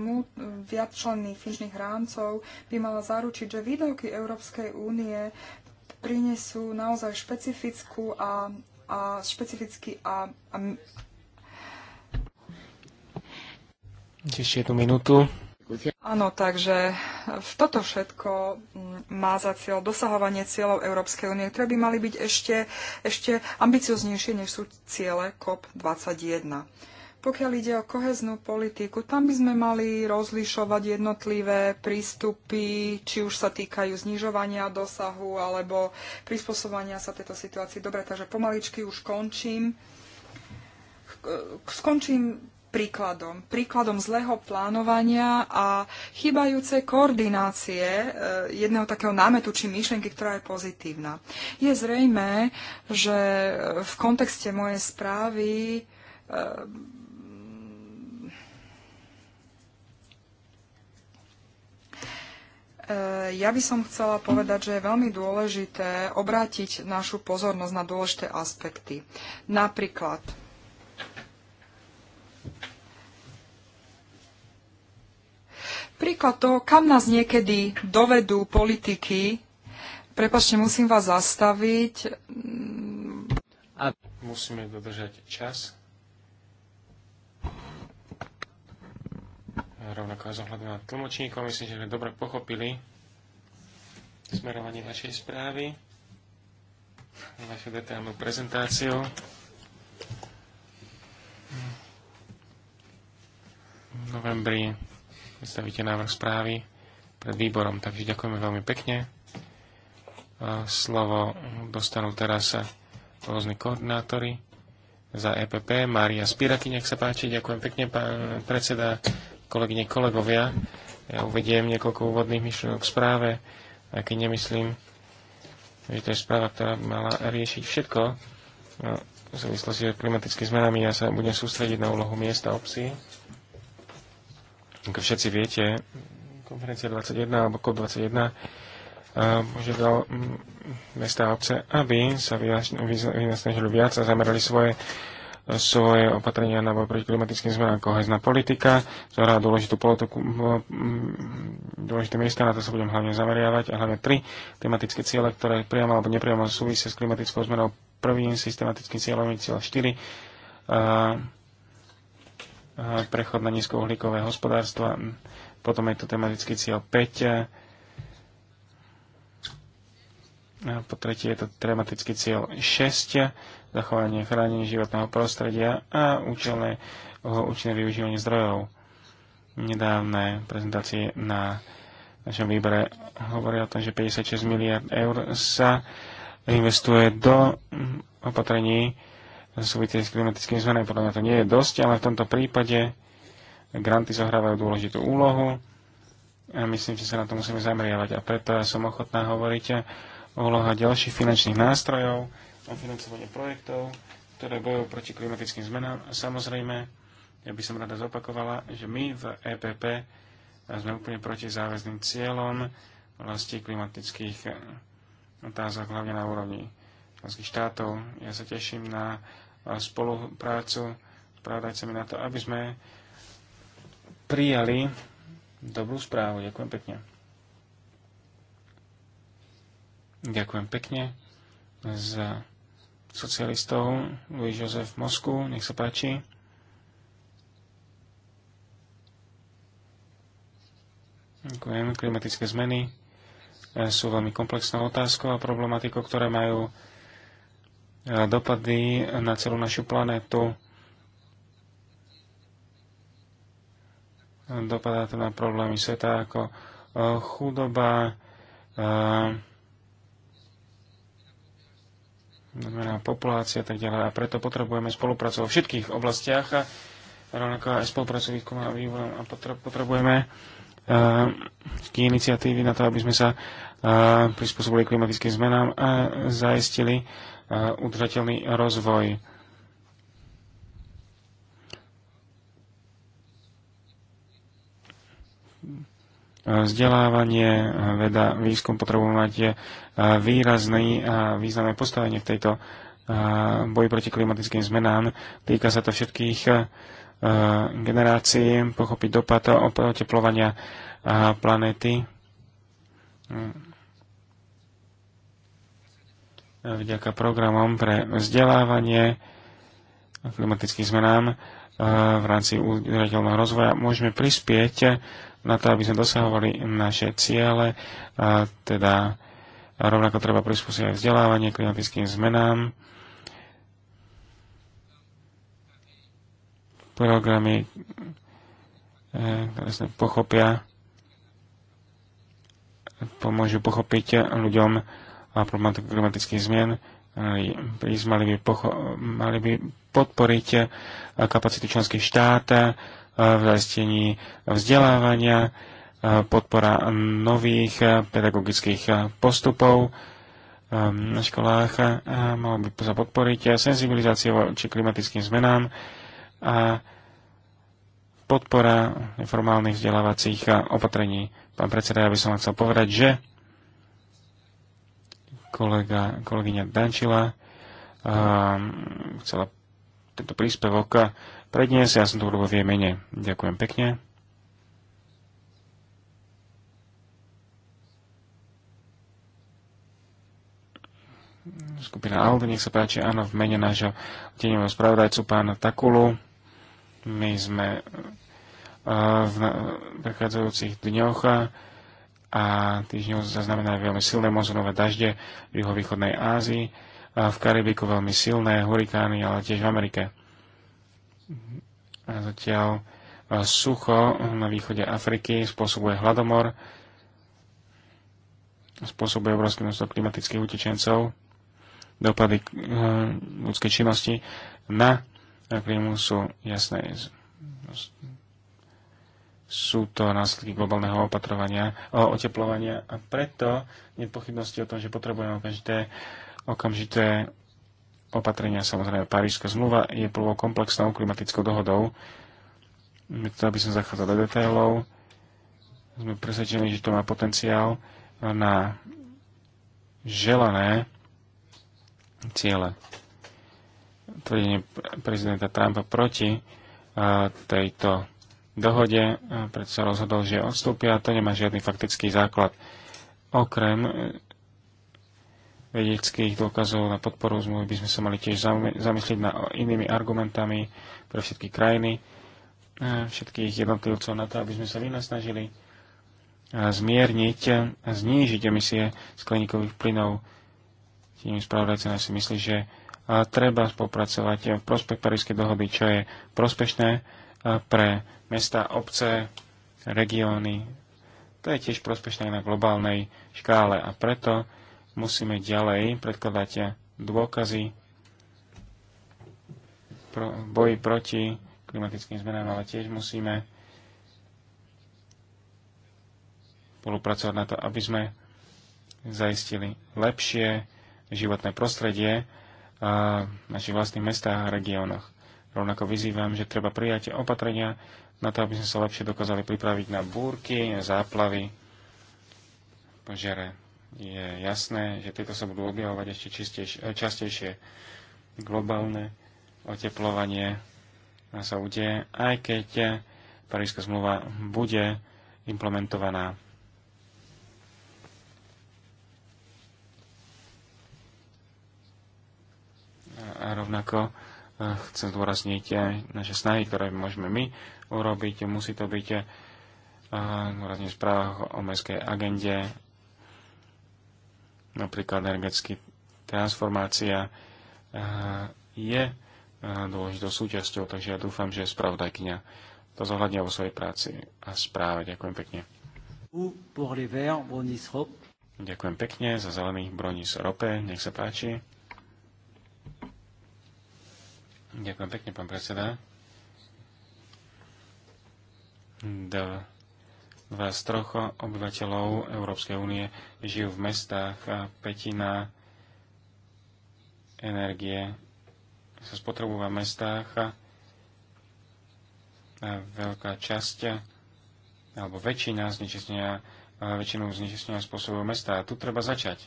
viacčlenných finančných rámcov by mala zaručiť, že výdavky Európskej únie prinesú naozaj špecifickú a, a špecificky a, a... Ešte jednu minútu. Áno, takže toto všetko má za cieľ dosahovanie cieľov Európskej únie, ktoré by mali byť ešte, ešte ambicioznejšie, než sú ciele COP21. Pokiaľ ide o koheznú politiku, tam by sme mali rozlišovať jednotlivé prístupy, či už sa týkajú znižovania dosahu alebo prispôsobovania sa tejto situácii. Dobre, takže pomaličky už končím. Skončím príkladom. Príkladom zlého plánovania a chýbajúcej koordinácie e, jedného takého námetu či myšlenky, ktorá je pozitívna. Je zrejme, že v kontexte mojej správy e, Eh, ja by som chcela povedať, že je veľmi dôležité obrátiť našu pozornosť na dôležité aspekty. Napríklad príklad toho, kam nás niekedy dovedú politiky. Prepačte, musím vás zastaviť. Mm, A musíme dodržať čas. rovnako aj zohľadu na tlmočníkov. Myslím, že sme dobre pochopili smerovanie vašej správy, vašu detailnú prezentáciu. V novembri predstavíte návrh správy pred výborom, takže ďakujeme veľmi pekne. A slovo dostanú teraz rôzni koordinátori za EPP. Mária Spiraky, nech sa páči. Ďakujem pekne, pán predseda kolegyne, kolegovia. Ja uvediem niekoľko úvodných myšlienok k správe, aj keď nemyslím, že to je správa, ktorá by mala riešiť všetko no, v súvislosti s klimatickými zmenami. Ja sa budem sústrediť na úlohu miesta obcí. Ako všetci viete, konferencia 21 alebo COP21 požiadal mm, mesta a obce, aby sa vynasnažili viac a zamerali svoje svoje opatrenia na boj proti klimatickým zmenám, kohezná politika, zohrá dôležitú politiku, dôležité miesta, na to sa budem hlavne zameriavať a hlavne tri tematické ciele, ktoré priamo alebo nepriamo súvisia s klimatickou zmenou. Prvým systematickým cieľom je cieľ 4, a, a prechod na nízkouhlíkové hospodárstva, potom je tu tematický cieľ 5, a po tretie je to tematický cieľ 6, zachovanie chránenie životného prostredia a účelné, účinné využívanie zdrojov. Nedávne prezentácie na našom výbere hovoria o tom, že 56 miliard eur sa investuje do opatrení súvisiacich s klimatickými zmenami. Podľa mňa to nie je dosť, ale v tomto prípade granty zohrávajú dôležitú úlohu a myslím, že sa na to musíme zameriavať. A preto ja som ochotná hovoriť úloha ďalších finančných nástrojov, o financovanie projektov, ktoré bojujú proti klimatickým zmenám. A samozrejme, ja by som rada zopakovala, že my v EPP sme úplne proti záväzným cieľom vlasti klimatických otázok, hlavne na úrovni členských štátov. Ja sa teším na spoluprácu s pravdajcami na to, aby sme prijali dobrú správu. Ďakujem pekne. Ďakujem pekne za socialistov Louis Joseph Mosku. Nech sa páči. Ďakujem. Klimatické zmeny eh, sú veľmi komplexnou otázkou a problematikou, ktoré majú eh, dopady na celú našu planetu. Dopadá to na problémy sveta ako eh, chudoba, znamená populácia a tak ďalej. A preto potrebujeme spolupracovať vo všetkých oblastiach a rovnako aj spolupracovať výskumom a vývojom a potrebujeme uh, iniciatívy na to, aby sme sa uh, prispôsobili klimatickým zmenám a zaistili uh, udržateľný rozvoj vzdelávanie, veda, výskum potrebujú mať eh, výrazný a eh, významné postavenie v tejto eh, boji proti klimatickým zmenám. Týka sa to všetkých generácií, pochopiť dopad oteplovania planéty. Vďaka programom pre vzdelávanie klimatických zmenám v rámci udržateľného rozvoja môžeme prispieť na to, aby sme dosahovali naše ciele, a teda rovnako treba prispôsobiť vzdelávanie klimatickým zmenám, programy, e, ktoré sa pochopia, pomôžu pochopiť ľuďom a problematiku klimatických zmien, mali by, pocho- mali by podporiť e, kapacity členských štát Eh, v zaistení vzdelávania, eh, podpora nových eh, pedagogických postupov na školách a malo by sa podporiť senzibilizácie voči klimatickým zmenám a podpora neformálnych vzdelávacích opatrení. Pán predseda, ja by som vám chcel povedať, že kolega, kolegyňa Dančila um, chcela tento príspevok pre dnes Ja som to urobil v jej mene. Ďakujem pekne. Skupina Aldo, nech sa páči, áno, v mene nášho tenového spravodajcu pána Takulu. My sme eh, v prechádzajúcich dňoch eh, a týždňov zaznamená veľmi silné mozonové dažde v juhovýchodnej Ázii, a eh, v Karibiku veľmi silné hurikány, ale tiež v Amerike. A zatiaľ e, sucho na východe Afriky spôsobuje hladomor, spôsobuje obrovské množstvo klimatických utečencov, dopady e, ľudskej činnosti na klímu sú jasné. Sú to následky globálneho opatrovania, e, oteplovania a preto nepochybnosti o tom, že potrebujeme okamžité, okamžité opatrenia. Samozrejme, Parížska zmluva je prvou komplexnou klimatickou dohodou. To, aby som zachádzal do detailov, sme presvedčení, že to má potenciál na želané ciele. Tvrdenie prezidenta Trumpa proti tejto dohode, preto sa rozhodol, že odstúpia, to nemá žiadny faktický základ. Okrem vedeckých dôkazov na podporu zmluvy by sme sa mali tiež zamyslieť na inými argumentami pre všetky krajiny, eh, všetkých jednotlivcov na to, aby sme sa vynasnažili eh, zmierniť a znížiť emisie skleníkových plynov. Tým spravodajca si myslí, že eh, treba spolupracovať v prospech Parískej dohody, čo je prospešné pre mesta, obce, regióny. To je tiež prospešné na globálnej škále a preto musíme ďalej predkladať dôkazy pro, boji proti klimatickým zmenám, ale tiež musíme spolupracovať na to, aby sme zaistili lepšie životné prostredie v našich vlastných mestách a regiónoch. Rovnako vyzývam, že treba prijať opatrenia na to, aby sme sa lepšie dokázali pripraviť na búrky, záplavy, požiare je jasné, že tieto sa budú objavovať ešte čistejšie, častejšie. Globálne oteplovanie sa udeje, aj keď Parížská zmluva bude implementovaná. A rovnako e, chcem zdôrazniť e, naše snahy, ktoré môžeme my urobiť. Musí to byť e, v správach o mestskej agende napríklad energetická transformácia eh, je eh, dôležitou súčasťou, takže ja dúfam, že spravodajkňa to zohľadnia vo svojej práci a správe. Ďakujem pekne. Ďakujem pekne za zelených Bronis Rope, nech sa páči. Ďakujem pekne, pán predseda. Dva Dva z troch obyvateľov Európskej únie žijú v mestách a petina energie sa spotrebuje v mestách a veľká časť alebo väčšina znečistenia väčšinu znečistenia spôsobujú mesta. A tu treba začať.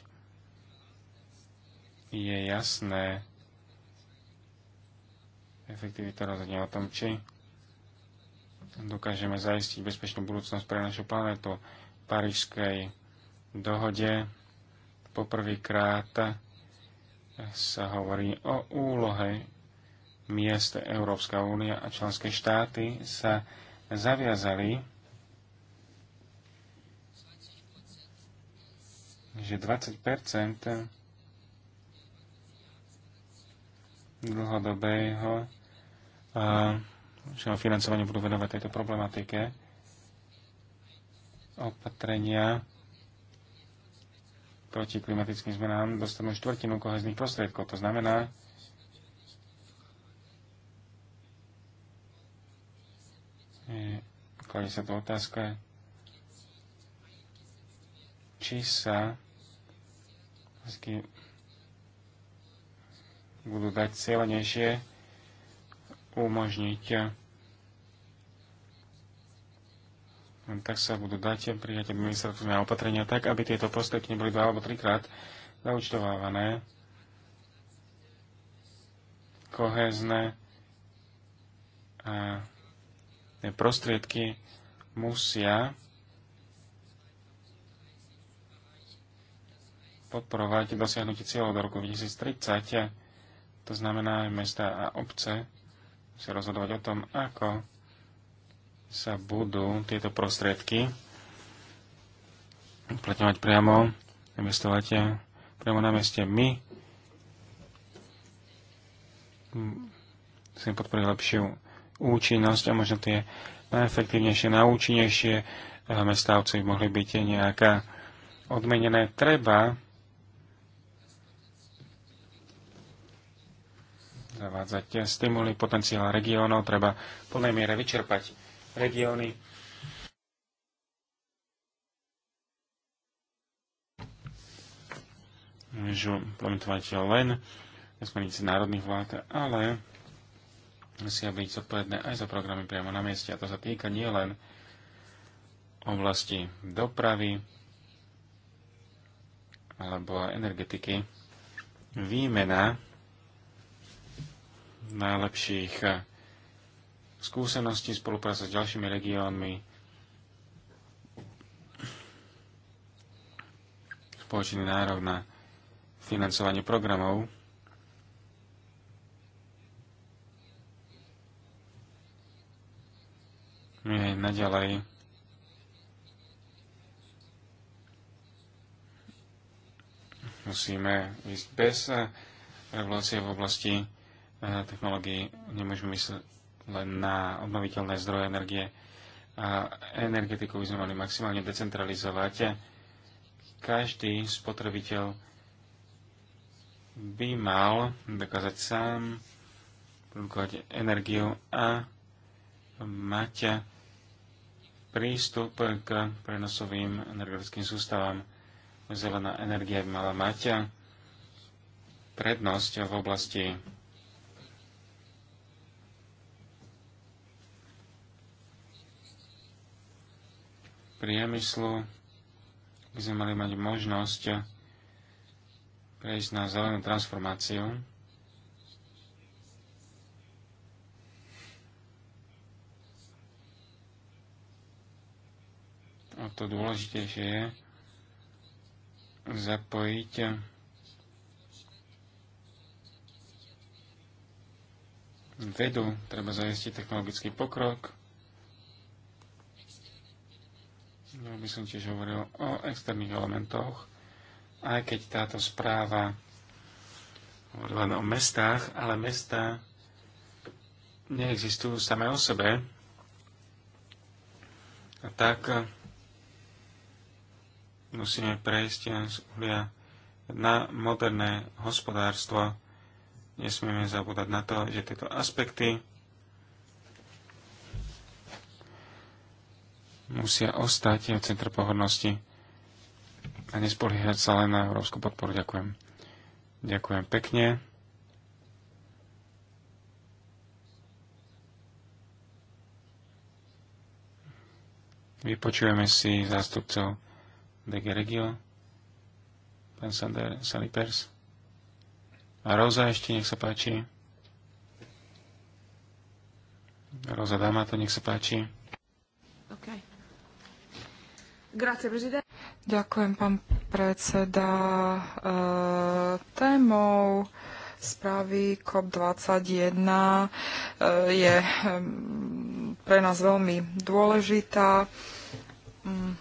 Je jasné, efektivita rozhodne o tom, či dokážeme zaistiť bezpečnú budúcnosť pre našu planetu. V Parížskej dohode poprvýkrát sa hovorí o úlohe miest Európska únia a členské štáty sa zaviazali, že 20 dlhodobého financovanie budú venovať tejto problematike. Opatrenia proti klimatickým zmenám dostanú štvrtinu kohezných prostriedkov. To znamená, kladie sa tu otázka, či sa budú dať celenejšie umožniť tak sa budú dať prijať administratívne opatrenia tak, aby tieto postupky boli dva alebo trikrát zaučtovávané. Kohezné a e, prostriedky musia podporovať dosiahnutie cieľov do roku 2030. To znamená aj mesta a obce sa rozhodovať o tom, ako sa budú tieto prostriedky uplatňovať priamo, mestovate, priamo na meste. My chcem podporiť lepšiu účinnosť a možno tie najefektívnejšie, najúčinnejšie eh, mestávci mohli byť nejaká odmenené. Treba zavádzať stimuly, potenciál regiónov, treba v plnej miere vyčerpať regióny. Môžu implementovať len smernice národných vlád, ale musia byť zodpovedné aj za programy priamo na mieste. A to sa týka nielen oblasti dopravy alebo energetiky. Výmena najlepších eh, skúseností, spolupráca s ďalšími regiónmi, spoločný nárok na financovanie programov. My naďalej musíme ísť bez eh, revolúcie v oblasti E, technológií nemôžeme mysleť len na obnoviteľné zdroje energie a energetiku by sme mali maximálne decentralizovať. Každý spotrebiteľ by mal dokázať sám produkovať energiu a mať prístup k prenosovým energetickým sústavám. Zelená energia by mala mať prednosť v oblasti priemyslu by sme mali mať možnosť prejsť na zelenú transformáciu. O to dôležitejšie je zapojiť vedu, treba zajistiť technologický pokrok, Ja by som tiež hovoril o externých elementoch, aj keď táto správa hovorí len o mestách, ale mesta neexistujú samé o sebe. A tak eh, musíme prejsť eh, z uhlia na moderné hospodárstvo. Nesmieme zabúdať na to, že tieto aspekty musia ostať v centre pohodnosti a nespolíhať sa len na európsku podporu. Ďakujem. Ďakujem pekne. Vypočujeme si zástupcov DG Regio, pán Sander Salipers. A Roza ešte, nech sa páči. Roza Dama, to nech sa páči. Ďakujem, pán predseda. E, témou správy COP21 e, je e, pre nás veľmi dôležitá. Mm.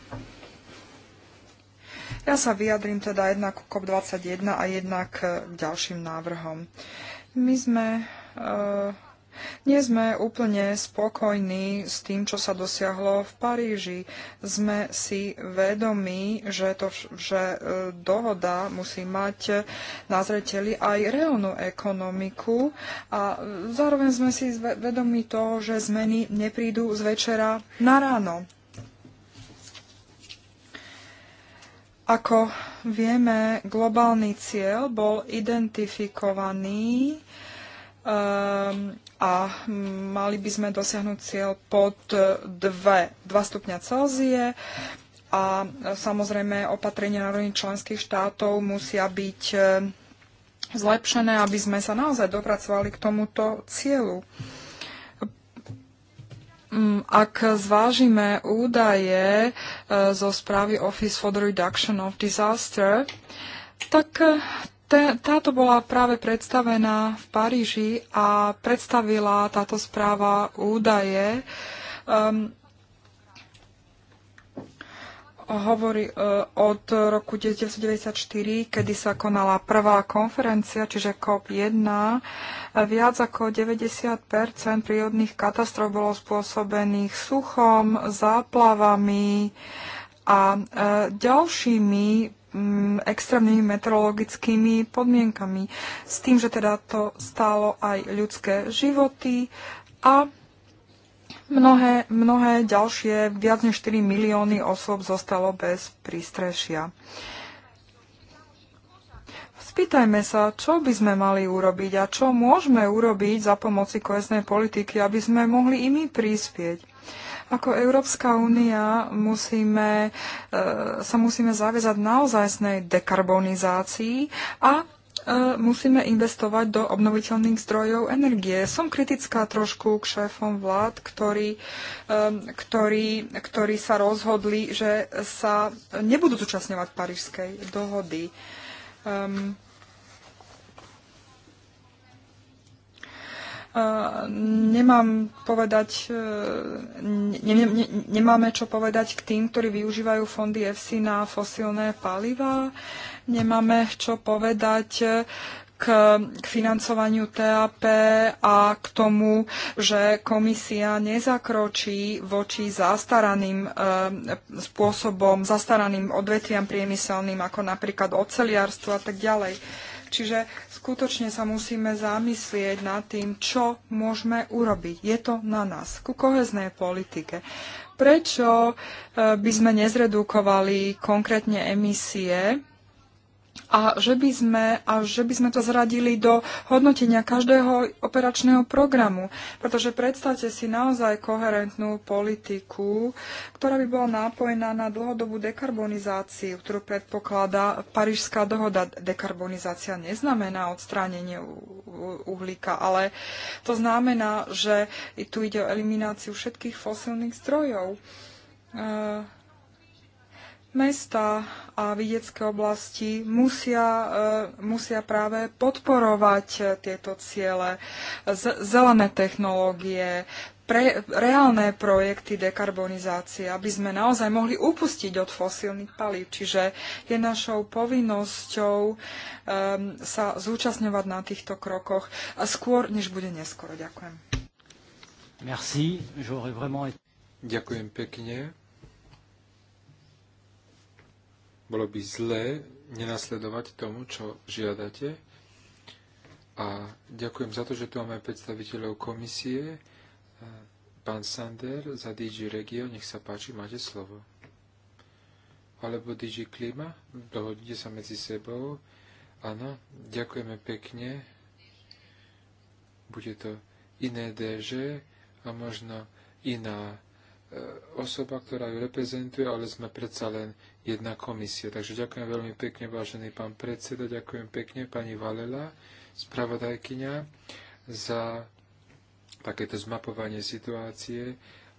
Ja sa vyjadrím teda jednak COP21 a jednak k ďalším návrhom. My sme nie sme úplne spokojní s tým, čo sa dosiahlo v Paríži. Sme si vedomí, že, to, že e, dohoda musí mať na zreteli aj reálnu ekonomiku a zároveň sme si vedomí toho, že zmeny neprídu z večera na ráno. Ako vieme, globálny cieľ bol identifikovaný um, a mali by sme dosiahnuť cieľ pod 2, 2 stupňa Celzie a samozrejme opatrenia národných členských štátov musia byť e, zlepšené, aby sme sa naozaj dopracovali k tomuto cieľu. Mm, ak zvážime údaje e, zo správy Office for the Reduction of Disaster, tak e, táto bola práve predstavená v Paríži a predstavila táto správa údaje. Um, hovorí uh, od roku 1994, kedy sa konala prvá konferencia, čiže COP1. E, viac ako 90 prírodných katastrof bolo spôsobených suchom, záplavami a uh, ďalšími Mm, extrémnymi meteorologickými podmienkami. S tým, že teda to stálo aj ľudské životy a mnohé, mnohé ďalšie, viac než 4 milióny osôb zostalo bez prístrešia. Spýtajme sa, čo by sme mali urobiť a čo môžeme urobiť za pomoci kohesnej politiky, aby sme mohli i my prispieť. Ako Európska únia musíme, e, sa musíme zaviazať naozajstnej dekarbonizácii a e, musíme investovať do obnoviteľných zdrojov energie. Som kritická trošku k šéfom vlád, ktorí, e, ktorí, ktorí sa rozhodli, že sa nebudú zúčastňovať Parížskej dohody. Ehm, nemám povedať, e, ne, ne, nemáme čo povedať k tým, ktorí využívajú fondy EFSI na fosílne paliva. Nemáme čo povedať k, e, k financovaniu TAP a k tomu, že komisia nezakročí voči zastaraným e, spôsobom, zastaraným odvetviam priemyselným, ako napríklad oceliarstvo a tak ďalej. E, Čiže skutočne sa musíme zamyslieť nad tým, čo môžeme urobiť. Je to na nás, ku koheznej politike. Prečo e, by sme nezredukovali konkrétne emisie a že by sme, a že by sme to zradili do hodnotenia každého operačného programu. Pretože predstavte si naozaj koherentnú politiku, ktorá by bola nápojená na dlhodobú dekarbonizáciu, ktorú predpokladá Parížská dohoda. Dekarbonizácia neznamená odstránenie uhlíka, ale to znamená, že tu ide o elimináciu všetkých fosilných zdrojov. E, Mesta a vidiecké oblasti musia, e, musia práve podporovať e, tieto ciele, zelené technológie, pre reálne projekty dekarbonizácie, aby sme naozaj mohli upustiť od fosílnych palív. Čiže je našou povinnosťou um, sa zúčastňovať na týchto krokoch skôr, než bude neskoro. Ďakujem. Merci. Vraiment... Ďakujem pekne. Bolo by zlé nenasledovať tomu, čo žiadate. A ďakujem za to, že tu máme predstaviteľov komisie. E, pán Sander za DG Regio, nech sa páči, máte slovo. Alebo DG Klima, dohodnite sa medzi sebou. Áno, ďakujeme pekne. Bude to iné DG a možno iná e, osoba, ktorá ju reprezentuje, ale sme predsa len jedna komisia. Takže ďakujem veľmi pekne, vážený pán predseda, ďakujem pekne pani Valela, spravodajkyňa, za takéto zmapovanie situácie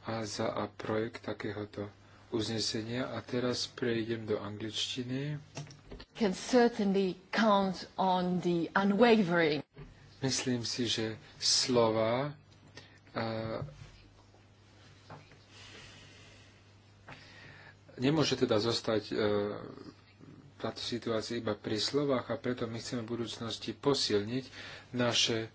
a za a projekt takéhoto uznesenia. A teraz prejdem do angličtiny. Can certainly count on the unwavering. Myslím si, že slova uh, nemôže teda zostať e, táto situácia iba pri slovách a preto my chceme v budúcnosti posilniť naše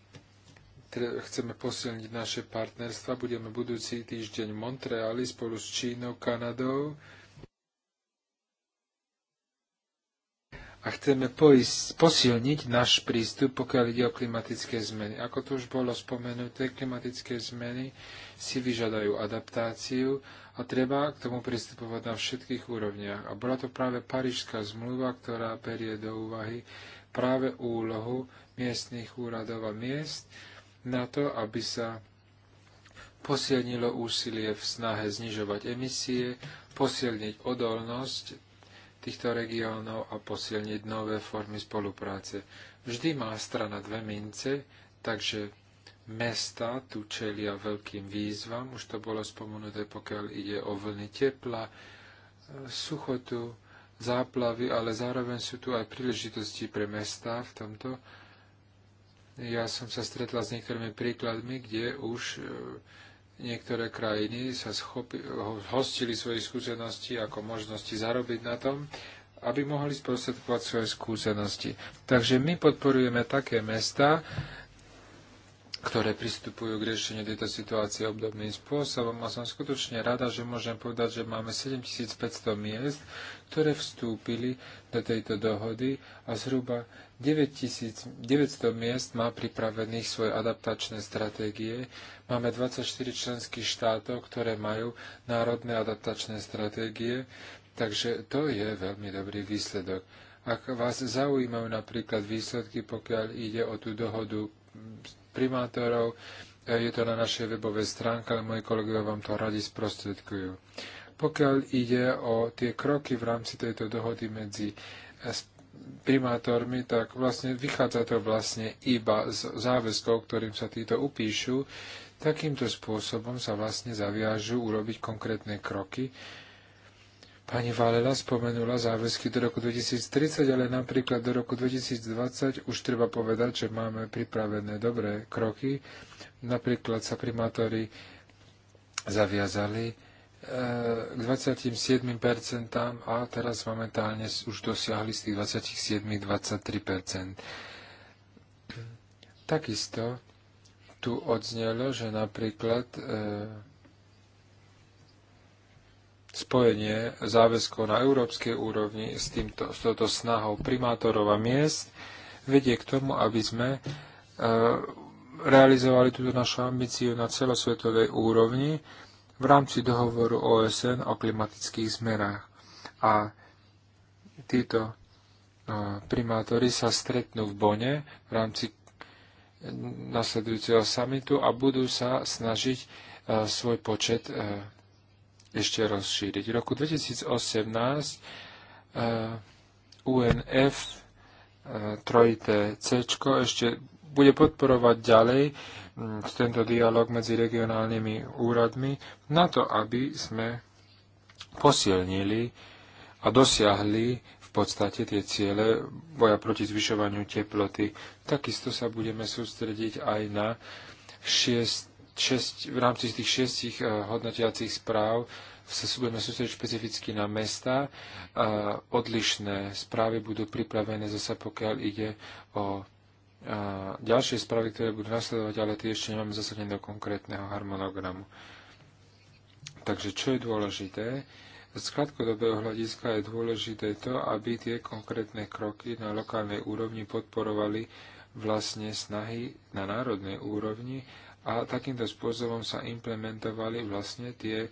chceme posilniť naše partnerstva. Budeme budúci týždeň v Montreali spolu s Čínou, Kanadou a chceme poísť, posilniť náš prístup, pokiaľ ide o klimatické zmeny. Ako to už bolo spomenuté, klimatické zmeny si vyžadajú adaptáciu a treba k tomu pristupovať na všetkých úrovniach. A bola to práve Parížská zmluva, ktorá berie do úvahy práve úlohu miestnych úradov a miest na to, aby sa posilnilo úsilie v snahe znižovať emisie, posilniť odolnosť týchto regiónov a posilniť nové formy spolupráce. Vždy má strana dve mince, takže mesta tu čelia veľkým výzvam, už to bolo spomenuté, pokiaľ ide o vlny tepla, e, suchotu, záplavy, ale zároveň sú tu aj príležitosti pre mesta v tomto. Ja som sa stretla s niektorými príkladmi, kde už e, niektoré krajiny sa schopi, hostili svoje skúsenosti ako možnosti zarobiť na tom, aby mohli sprostredkovať svoje skúsenosti. Takže my podporujeme také mesta, ktoré pristupujú k riešeniu tejto situácie obdobným spôsobom a som skutočne rada, že môžem povedať, že máme 7500 miest, ktoré vstúpili do tejto dohody a zhruba 9900 miest má pripravených svoje adaptačné stratégie. Máme 24 členských štátov, ktoré majú národné adaptačné stratégie, takže to je veľmi dobrý výsledok. Ak vás zaujímajú napríklad výsledky, pokiaľ ide o tú dohodu primátorov. E, je to na našej webovej stránke, ale moji kolegovia vám to radi sprostredkujú. Pokiaľ ide o tie kroky v rámci tejto dohody medzi e, primátormi, tak vlastne vychádza to vlastne iba z záväzkov, ktorým sa títo upíšu. Takýmto spôsobom sa vlastne zaviažu urobiť konkrétne kroky, Pani Valela spomenula záväzky do roku 2030, ale napríklad do roku 2020 už treba povedať, že máme pripravené dobré kroky. Napríklad sa primátori zaviazali eh, k 27% a teraz momentálne už dosiahli z tých 27 23%. Takisto tu odznelo, že napríklad eh, spojenie záväzkov na európskej úrovni s, týmto, s touto snahou primátorov a miest vedie k tomu, aby sme e, realizovali túto našu ambíciu na celosvetovej úrovni v rámci dohovoru OSN o klimatických zmerách. A títo e, primátori sa stretnú v Bone v rámci nasledujúceho samitu a budú sa snažiť e, svoj počet e, ešte rozšíriť. V roku 2018 eh, UNF eh, trojité C ešte bude podporovať ďalej mm, tento dialog medzi regionálnymi úradmi na to, aby sme posilnili a dosiahli v podstate tie ciele boja proti zvyšovaniu teploty. Takisto sa budeme sústrediť aj na 6 šesť, v rámci tých šiestich eh, hodnotiacich správ sa budeme sústrediť špecificky na mesta. odlišné správy budú pripravené zase, pokiaľ ide o eh, ďalšie správy, ktoré budú nasledovať, ale tie ešte nemáme zasadené do konkrétneho harmonogramu. Takže čo je dôležité? Z krátkodobého hľadiska je dôležité to, aby tie konkrétne kroky na lokálnej úrovni podporovali vlastne snahy na národnej úrovni a takýmto spôsobom sa implementovali vlastne tie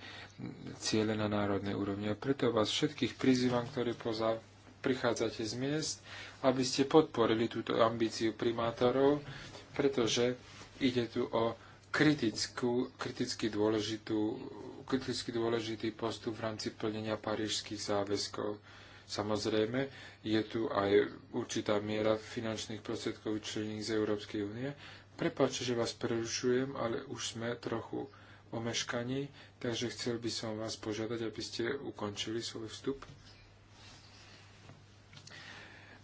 ciele na národnej úrovni. A preto vás všetkých prizývam, ktorí poza, prichádzate z miest, aby ste podporili túto ambíciu primátorov, pretože ide tu o kritickú, kriticky, dôležitú, kriticky dôležitý postup v rámci plnenia parížských záväzkov. Samozrejme, je tu aj určitá miera finančných prostriedkov vyčlenených z Európskej únie, Prepáčte, že vás prerušujem, ale už sme trochu omeškaní, takže chcel by som vás požiadať, aby ste ukončili svoj vstup.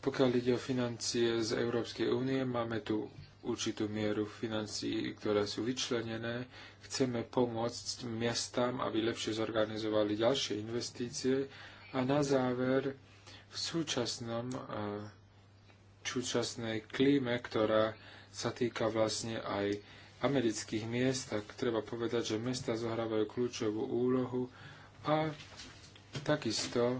Pokiaľ ide o financie z Európskej únie, máme tu určitú mieru financií, ktoré sú vyčlenené. Chceme pomôcť miestam, aby lepšie zorganizovali ďalšie investície. A na záver, v súčasnom, eh, súčasnej klíme, ktorá sa týka vlastne aj amerických miest, tak treba povedať, že mesta zohrávajú kľúčovú úlohu a takisto e,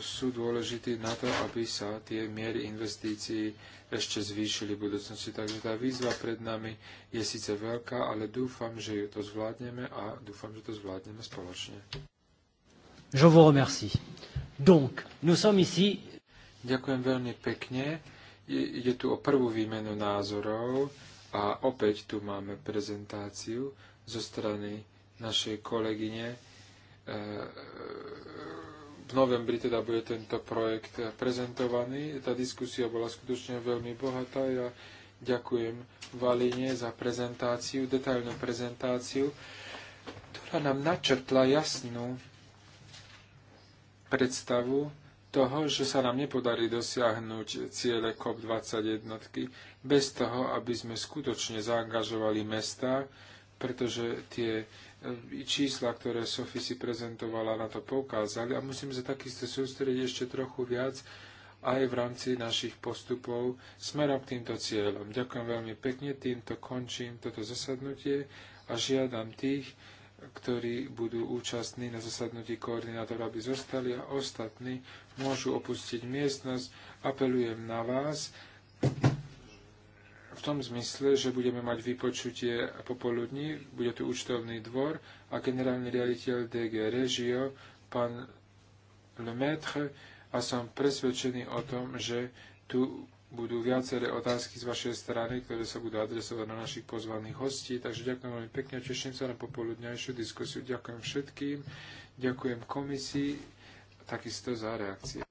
sú dôležití na to, aby sa tie miery investícií ešte zvýšili v budúcnosti. Takže tá výzva pred nami je síce veľká, ale dúfam, že ju to zvládneme a dúfam, že to zvládneme spoločne. Je vous remercie. Donc, nous sommes ici. Ďakujem veľmi pekne. Ide tu o prvú výmenu názorov a opäť tu máme prezentáciu zo strany našej kolegyne. E, v novembri teda bude tento projekt prezentovaný. Tá diskusia bola skutočne veľmi bohatá. Ja ďakujem Valine za prezentáciu, detailnú prezentáciu, ktorá nám načrtla jasnú predstavu toho, že sa nám nepodarí dosiahnuť ciele COP21 bez toho, aby sme skutočne zaangažovali mesta, pretože tie e, čísla, ktoré Sofi si prezentovala, na to poukázali a musíme sa takisto sústrediť ešte trochu viac aj v rámci našich postupov smerom k týmto cieľom. Ďakujem veľmi pekne, týmto končím toto zasadnutie a žiadam tých, ktorí budú účastní na zasadnutí koordinátora, aby zostali a ostatní môžu opustiť miestnosť. Apelujem na vás v tom zmysle, že budeme mať vypočutie popoludní, bude tu účtovný dvor a generálny riaditeľ DG Regio, pán Lemaitre, a som presvedčený o tom, že tu budú viaceré otázky z vašej strany, ktoré sa budú adresovať na našich pozvaných hostí. Takže ďakujem veľmi pekne a teším sa na popoludňajšiu diskusiu. Ďakujem všetkým, ďakujem komisii takisto za reakcie.